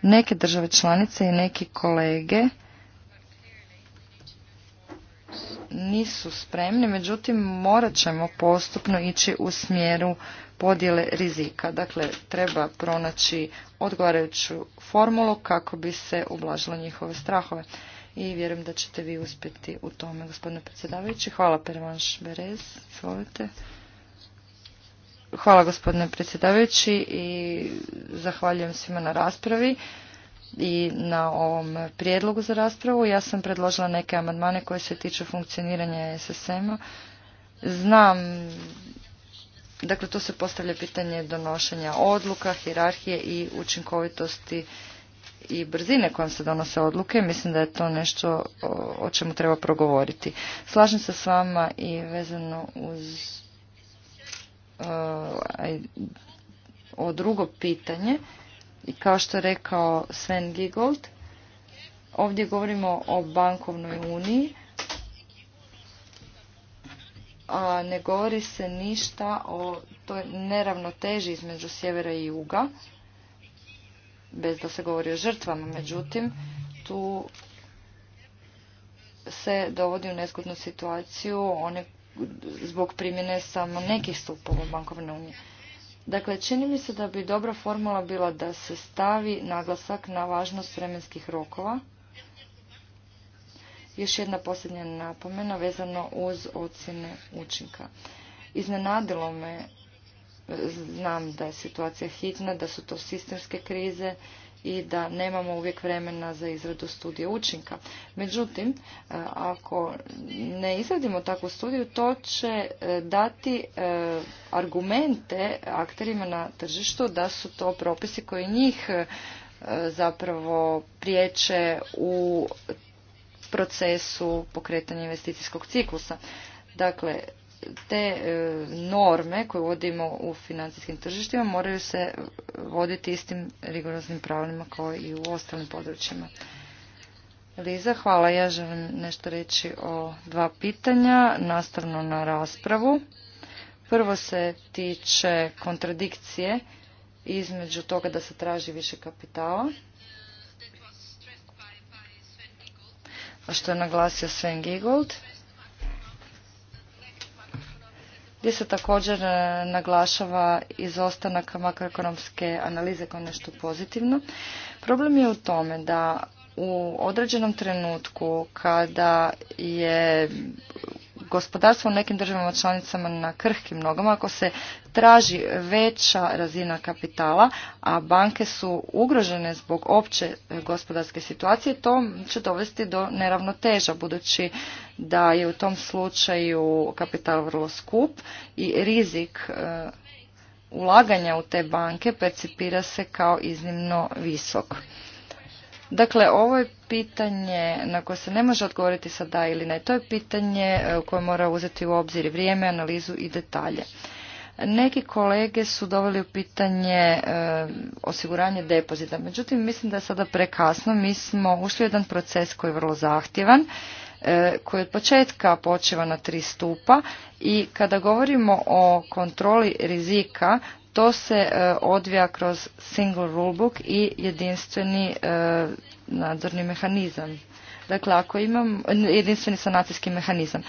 Speaker 1: Neke države članice i neki kolege nisu spremni, međutim morat ćemo postupno ići u smjeru podjele rizika. Dakle, treba pronaći odgovarajuću formulu kako bi se ublažilo njihove strahove. I vjerujem da ćete vi uspjeti u tome, gospodine predsjedavajući. Hvala, Pervanš Berez. Izvolite. Hvala, gospodine predsjedavajući i zahvaljujem svima na raspravi i na ovom prijedlogu za raspravu. Ja sam predložila neke amandmane koje se tiču funkcioniranja SSM-a. Znam Dakle, tu se postavlja pitanje donošenja odluka, hirarhije i učinkovitosti i brzine kojom se donose odluke. Mislim da je to nešto o čemu treba progovoriti. Slažem se s vama i vezano uz e, o drugo pitanje i kao što je rekao Sven Giegold, ovdje govorimo o bankovnoj uniji, a ne govori se ništa o toj neravnoteži između sjevera i juga, bez da se govori o žrtvama. Međutim, tu se dovodi u nezgodnu situaciju one zbog primjene samo nekih stupova bankovne unije. Dakle, čini mi se da bi dobra formula bila da se stavi naglasak na važnost vremenskih rokova još jedna posljednja napomena vezano uz ocjene učinka. Iznenadilo me, znam da je situacija hitna, da su to sistemske krize i da nemamo uvijek vremena za izradu studije učinka. Međutim, e, ako ne izradimo takvu studiju, to će e, dati e, argumente akterima na tržištu da su to propisi koji njih zapravo priječe u procesu pokretanja investicijskog ciklusa. Dakle, te e, norme koje vodimo u financijskim tržištima moraju se voditi istim rigoroznim pravilima kao i u ostalim područjima. Liza, hvala. Ja želim nešto reći o dva pitanja, nastavno na raspravu. Prvo se tiče kontradikcije između toga da se traži više kapitala što je naglasio Sven Giegold, gdje se također e, naglašava izostanak makroekonomske analize kao nešto pozitivno. Problem je u tome da u određenom trenutku kada je gospodarstvo u nekim državama članicama na krhkim nogama. Ako se traži veća razina kapitala, a banke su ugrožene zbog opće gospodarske situacije, to će dovesti do neravnoteža, budući da je u tom slučaju kapital vrlo skup i rizik e, ulaganja u te banke percipira se kao iznimno visok. Dakle, ovo je pitanje na koje se ne može odgovoriti sa da ili ne. To je pitanje e, koje mora uzeti u obzir vrijeme, analizu i detalje. Neki kolege su doveli u pitanje e, osiguranje depozita. Međutim, mislim da je sada prekasno. Mi smo ušli u jedan proces koji je vrlo zahtjevan e, koji od početka počeva na tri stupa i kada govorimo o kontroli rizika to se e, odvija kroz single rulebook i jedinstveni e, nadzorni mehanizam. Dakle, ako imam jedinstveni sanacijski mehanizam.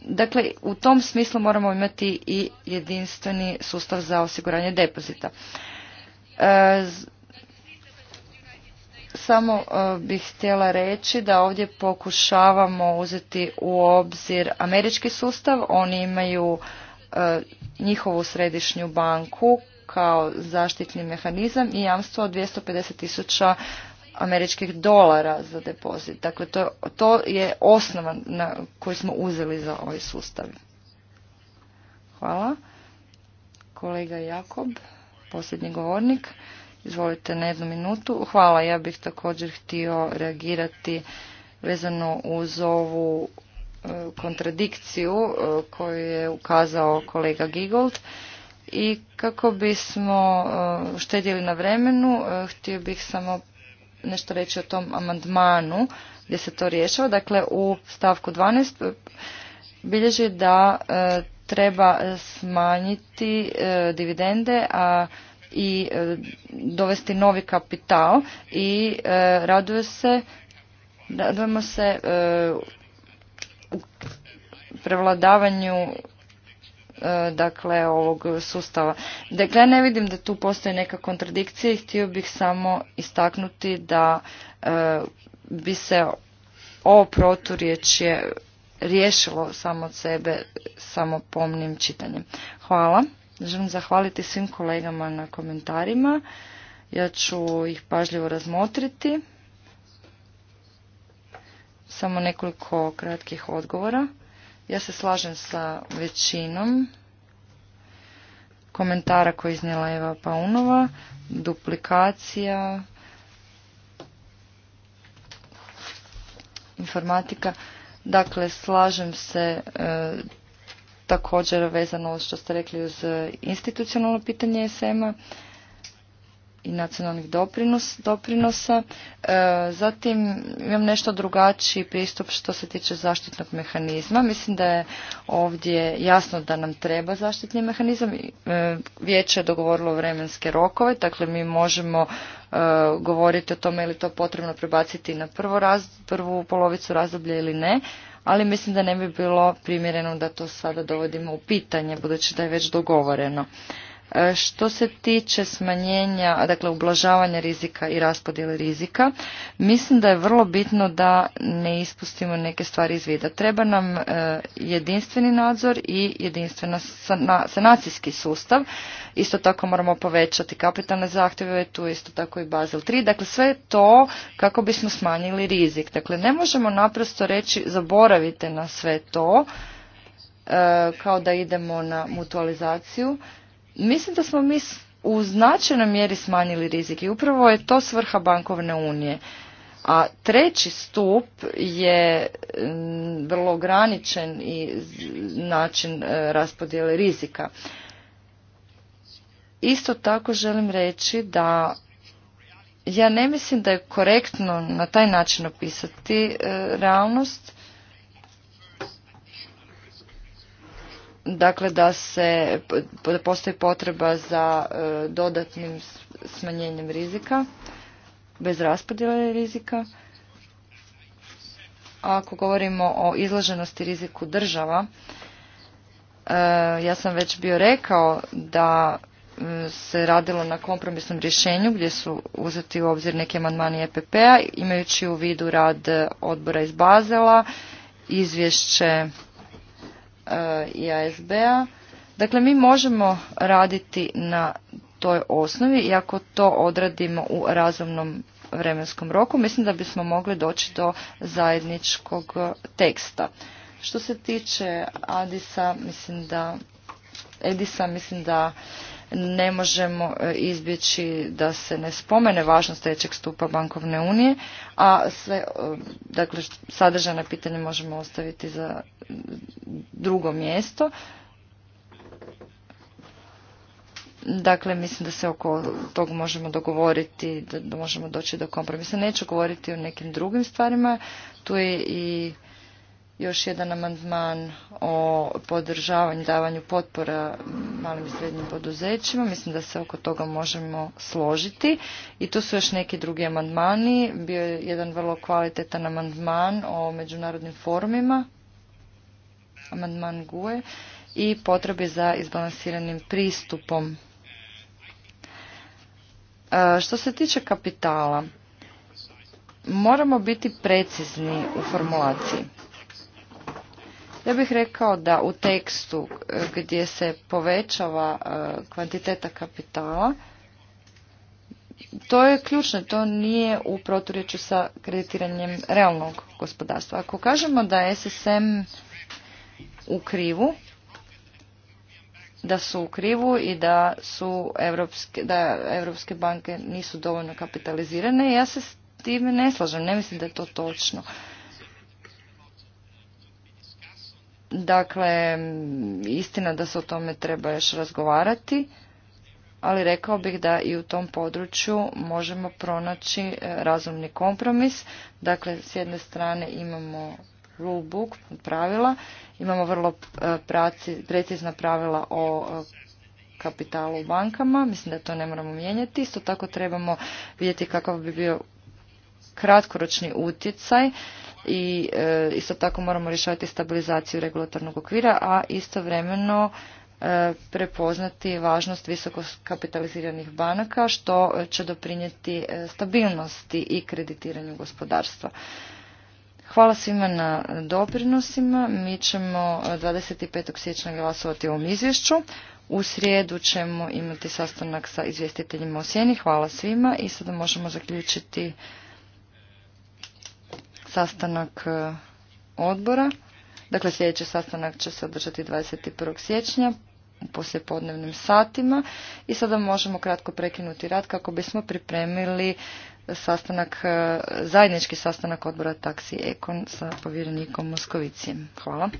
Speaker 1: Dakle, u tom smislu moramo imati i jedinstveni sustav za osiguranje depozita. E, samo bih htjela reći da ovdje pokušavamo uzeti u obzir američki sustav. Oni imaju E, njihovu središnju banku kao zaštitni mehanizam i jamstvo od 250 tisuća američkih dolara za depozit. Dakle, to, to je osnova na koju smo uzeli za ovaj sustav. Hvala. Kolega Jakob, posljednji govornik. Izvolite na jednu minutu. Hvala, ja bih također htio reagirati vezano uz ovu kontradikciju e, koju je ukazao kolega Gigold i kako bismo e, štedjeli na vremenu, e, htio bih samo nešto reći o tom amandmanu gdje se to rješava. Dakle, u stavku 12 bilježi da treba smanjiti dividende a i dovesti novi kapital i raduje se Radujemo se prevladavanju e, dakle ovog sustava. Dakle, ne vidim da tu postoji neka kontradikcija i htio bih samo istaknuti da e, bi se ovo proturječje riješilo samo od sebe samo pomnim čitanjem. Hvala. Želim zahvaliti svim kolegama na komentarima. Ja ću ih pažljivo razmotriti. Samo nekoliko kratkih odgovora. Ja se slažem sa većinom komentara koji iznijela Eva Paunova, duplikacija, informatika. Dakle, slažem se e, također vezano što ste rekli uz institucionalno pitanje SM-a i nacionalnih doprinosa. E, zatim imam nešto drugačiji pristup što se tiče zaštitnog mehanizma. Mislim da je ovdje jasno da nam treba zaštitni mehanizam. E, vijeće je dogovorilo vremenske rokove, dakle mi možemo e, govoriti o tome je li to potrebno prebaciti na prvu polovicu razdoblja ili ne, ali mislim da ne bi bilo primjereno da to sada dovodimo u pitanje, budući da je već dogovoreno. E, što se tiče smanjenja, dakle ublažavanja rizika i raspodjele rizika, mislim da je vrlo bitno da ne ispustimo neke stvari iz vida. Treba nam e, jedinstveni nadzor i jedinstvena sanacijski sustav. Isto tako moramo povećati kapitalne zahtjeve, tu isto tako i Basel 3. Dakle, sve je to kako bismo smanjili rizik. Dakle, ne možemo naprosto reći zaboravite na sve to, e, kao da idemo na mutualizaciju Mislim da smo mi u značajnoj mjeri smanjili rizik i upravo je to svrha bankovne unije. A treći stup je mm, vrlo ograničen i način e, raspodjele rizika. Isto tako želim reći da ja ne mislim da je korektno na taj način opisati e, realnost dakle da se da postoji potreba za e, dodatnim smanjenjem rizika bez raspodjele rizika. A ako govorimo o izloženosti riziku država, e, ja sam već bio rekao da e, se radilo na kompromisnom rješenju gdje su uzeti u obzir neki amandmani EPP-a imajući u vidu rad odbora iz Bazela, izvješće i ASB-a. Dakle, mi možemo raditi na toj osnovi i ako to odradimo u razumnom vremenskom roku, mislim da bismo mogli doći do zajedničkog teksta. Što se tiče Adisa, mislim da Edisa, mislim da ne možemo e, izbjeći da se ne spomene važnost trećeg stupa bankovne unije, a sve e, dakle, sadržana pitanja možemo ostaviti za drugo mjesto. Dakle, mislim da se oko tog možemo dogovoriti, da možemo doći do kompromisa. Neću govoriti o nekim drugim stvarima. Tu je i još jedan amandman o podržavanju, davanju potpora malim i srednjim poduzećima. Mislim da se oko toga možemo složiti. I tu su još neki drugi amandmani. Bio je jedan vrlo kvalitetan amandman o međunarodnim forumima. Amandman GUE. I potrebe za izbalansiranim pristupom. E, što se tiče kapitala, moramo biti precizni u formulaciji. Ja bih rekao da u tekstu e, gdje se povećava e, kvantiteta kapitala, to je ključno, to nije u proturječu sa kreditiranjem realnog gospodarstva. Ako kažemo da je SSM u krivu, da su u krivu i da su evropske, da evropske banke nisu dovoljno kapitalizirane, ja se s time ne slažem, ne mislim da je to točno. Dakle, istina da se o tome treba još razgovarati, ali rekao bih da i u tom području možemo pronaći e, razumni kompromis. Dakle, s jedne strane imamo rulebook pravila, imamo vrlo e, precizna pravila o e, kapitalu u bankama, mislim da to ne moramo mijenjati. Isto tako trebamo vidjeti kakav bi bio kratkoročni utjecaj i e, isto tako moramo rješavati stabilizaciju regulatornog okvira, a istovremeno e, prepoznati važnost visoko kapitaliziranih banaka što će doprinijeti e, stabilnosti i kreditiranju gospodarstva. Hvala svima na doprinosima. Mi ćemo 25. siječnja glasovati o ovom izvješću. U srijedu ćemo imati sastanak sa izvjestiteljima o sjeni. Hvala svima i sada možemo zaključiti sastanak e, odbora. Dakle, sljedeći sastanak će se održati 21. siječnja u poslijepodnevnim satima i sada možemo kratko prekinuti rad kako bismo pripremili sastanak, e, zajednički sastanak odbora Taksi Ekon sa povjerenikom Moskovicijem. Hvala.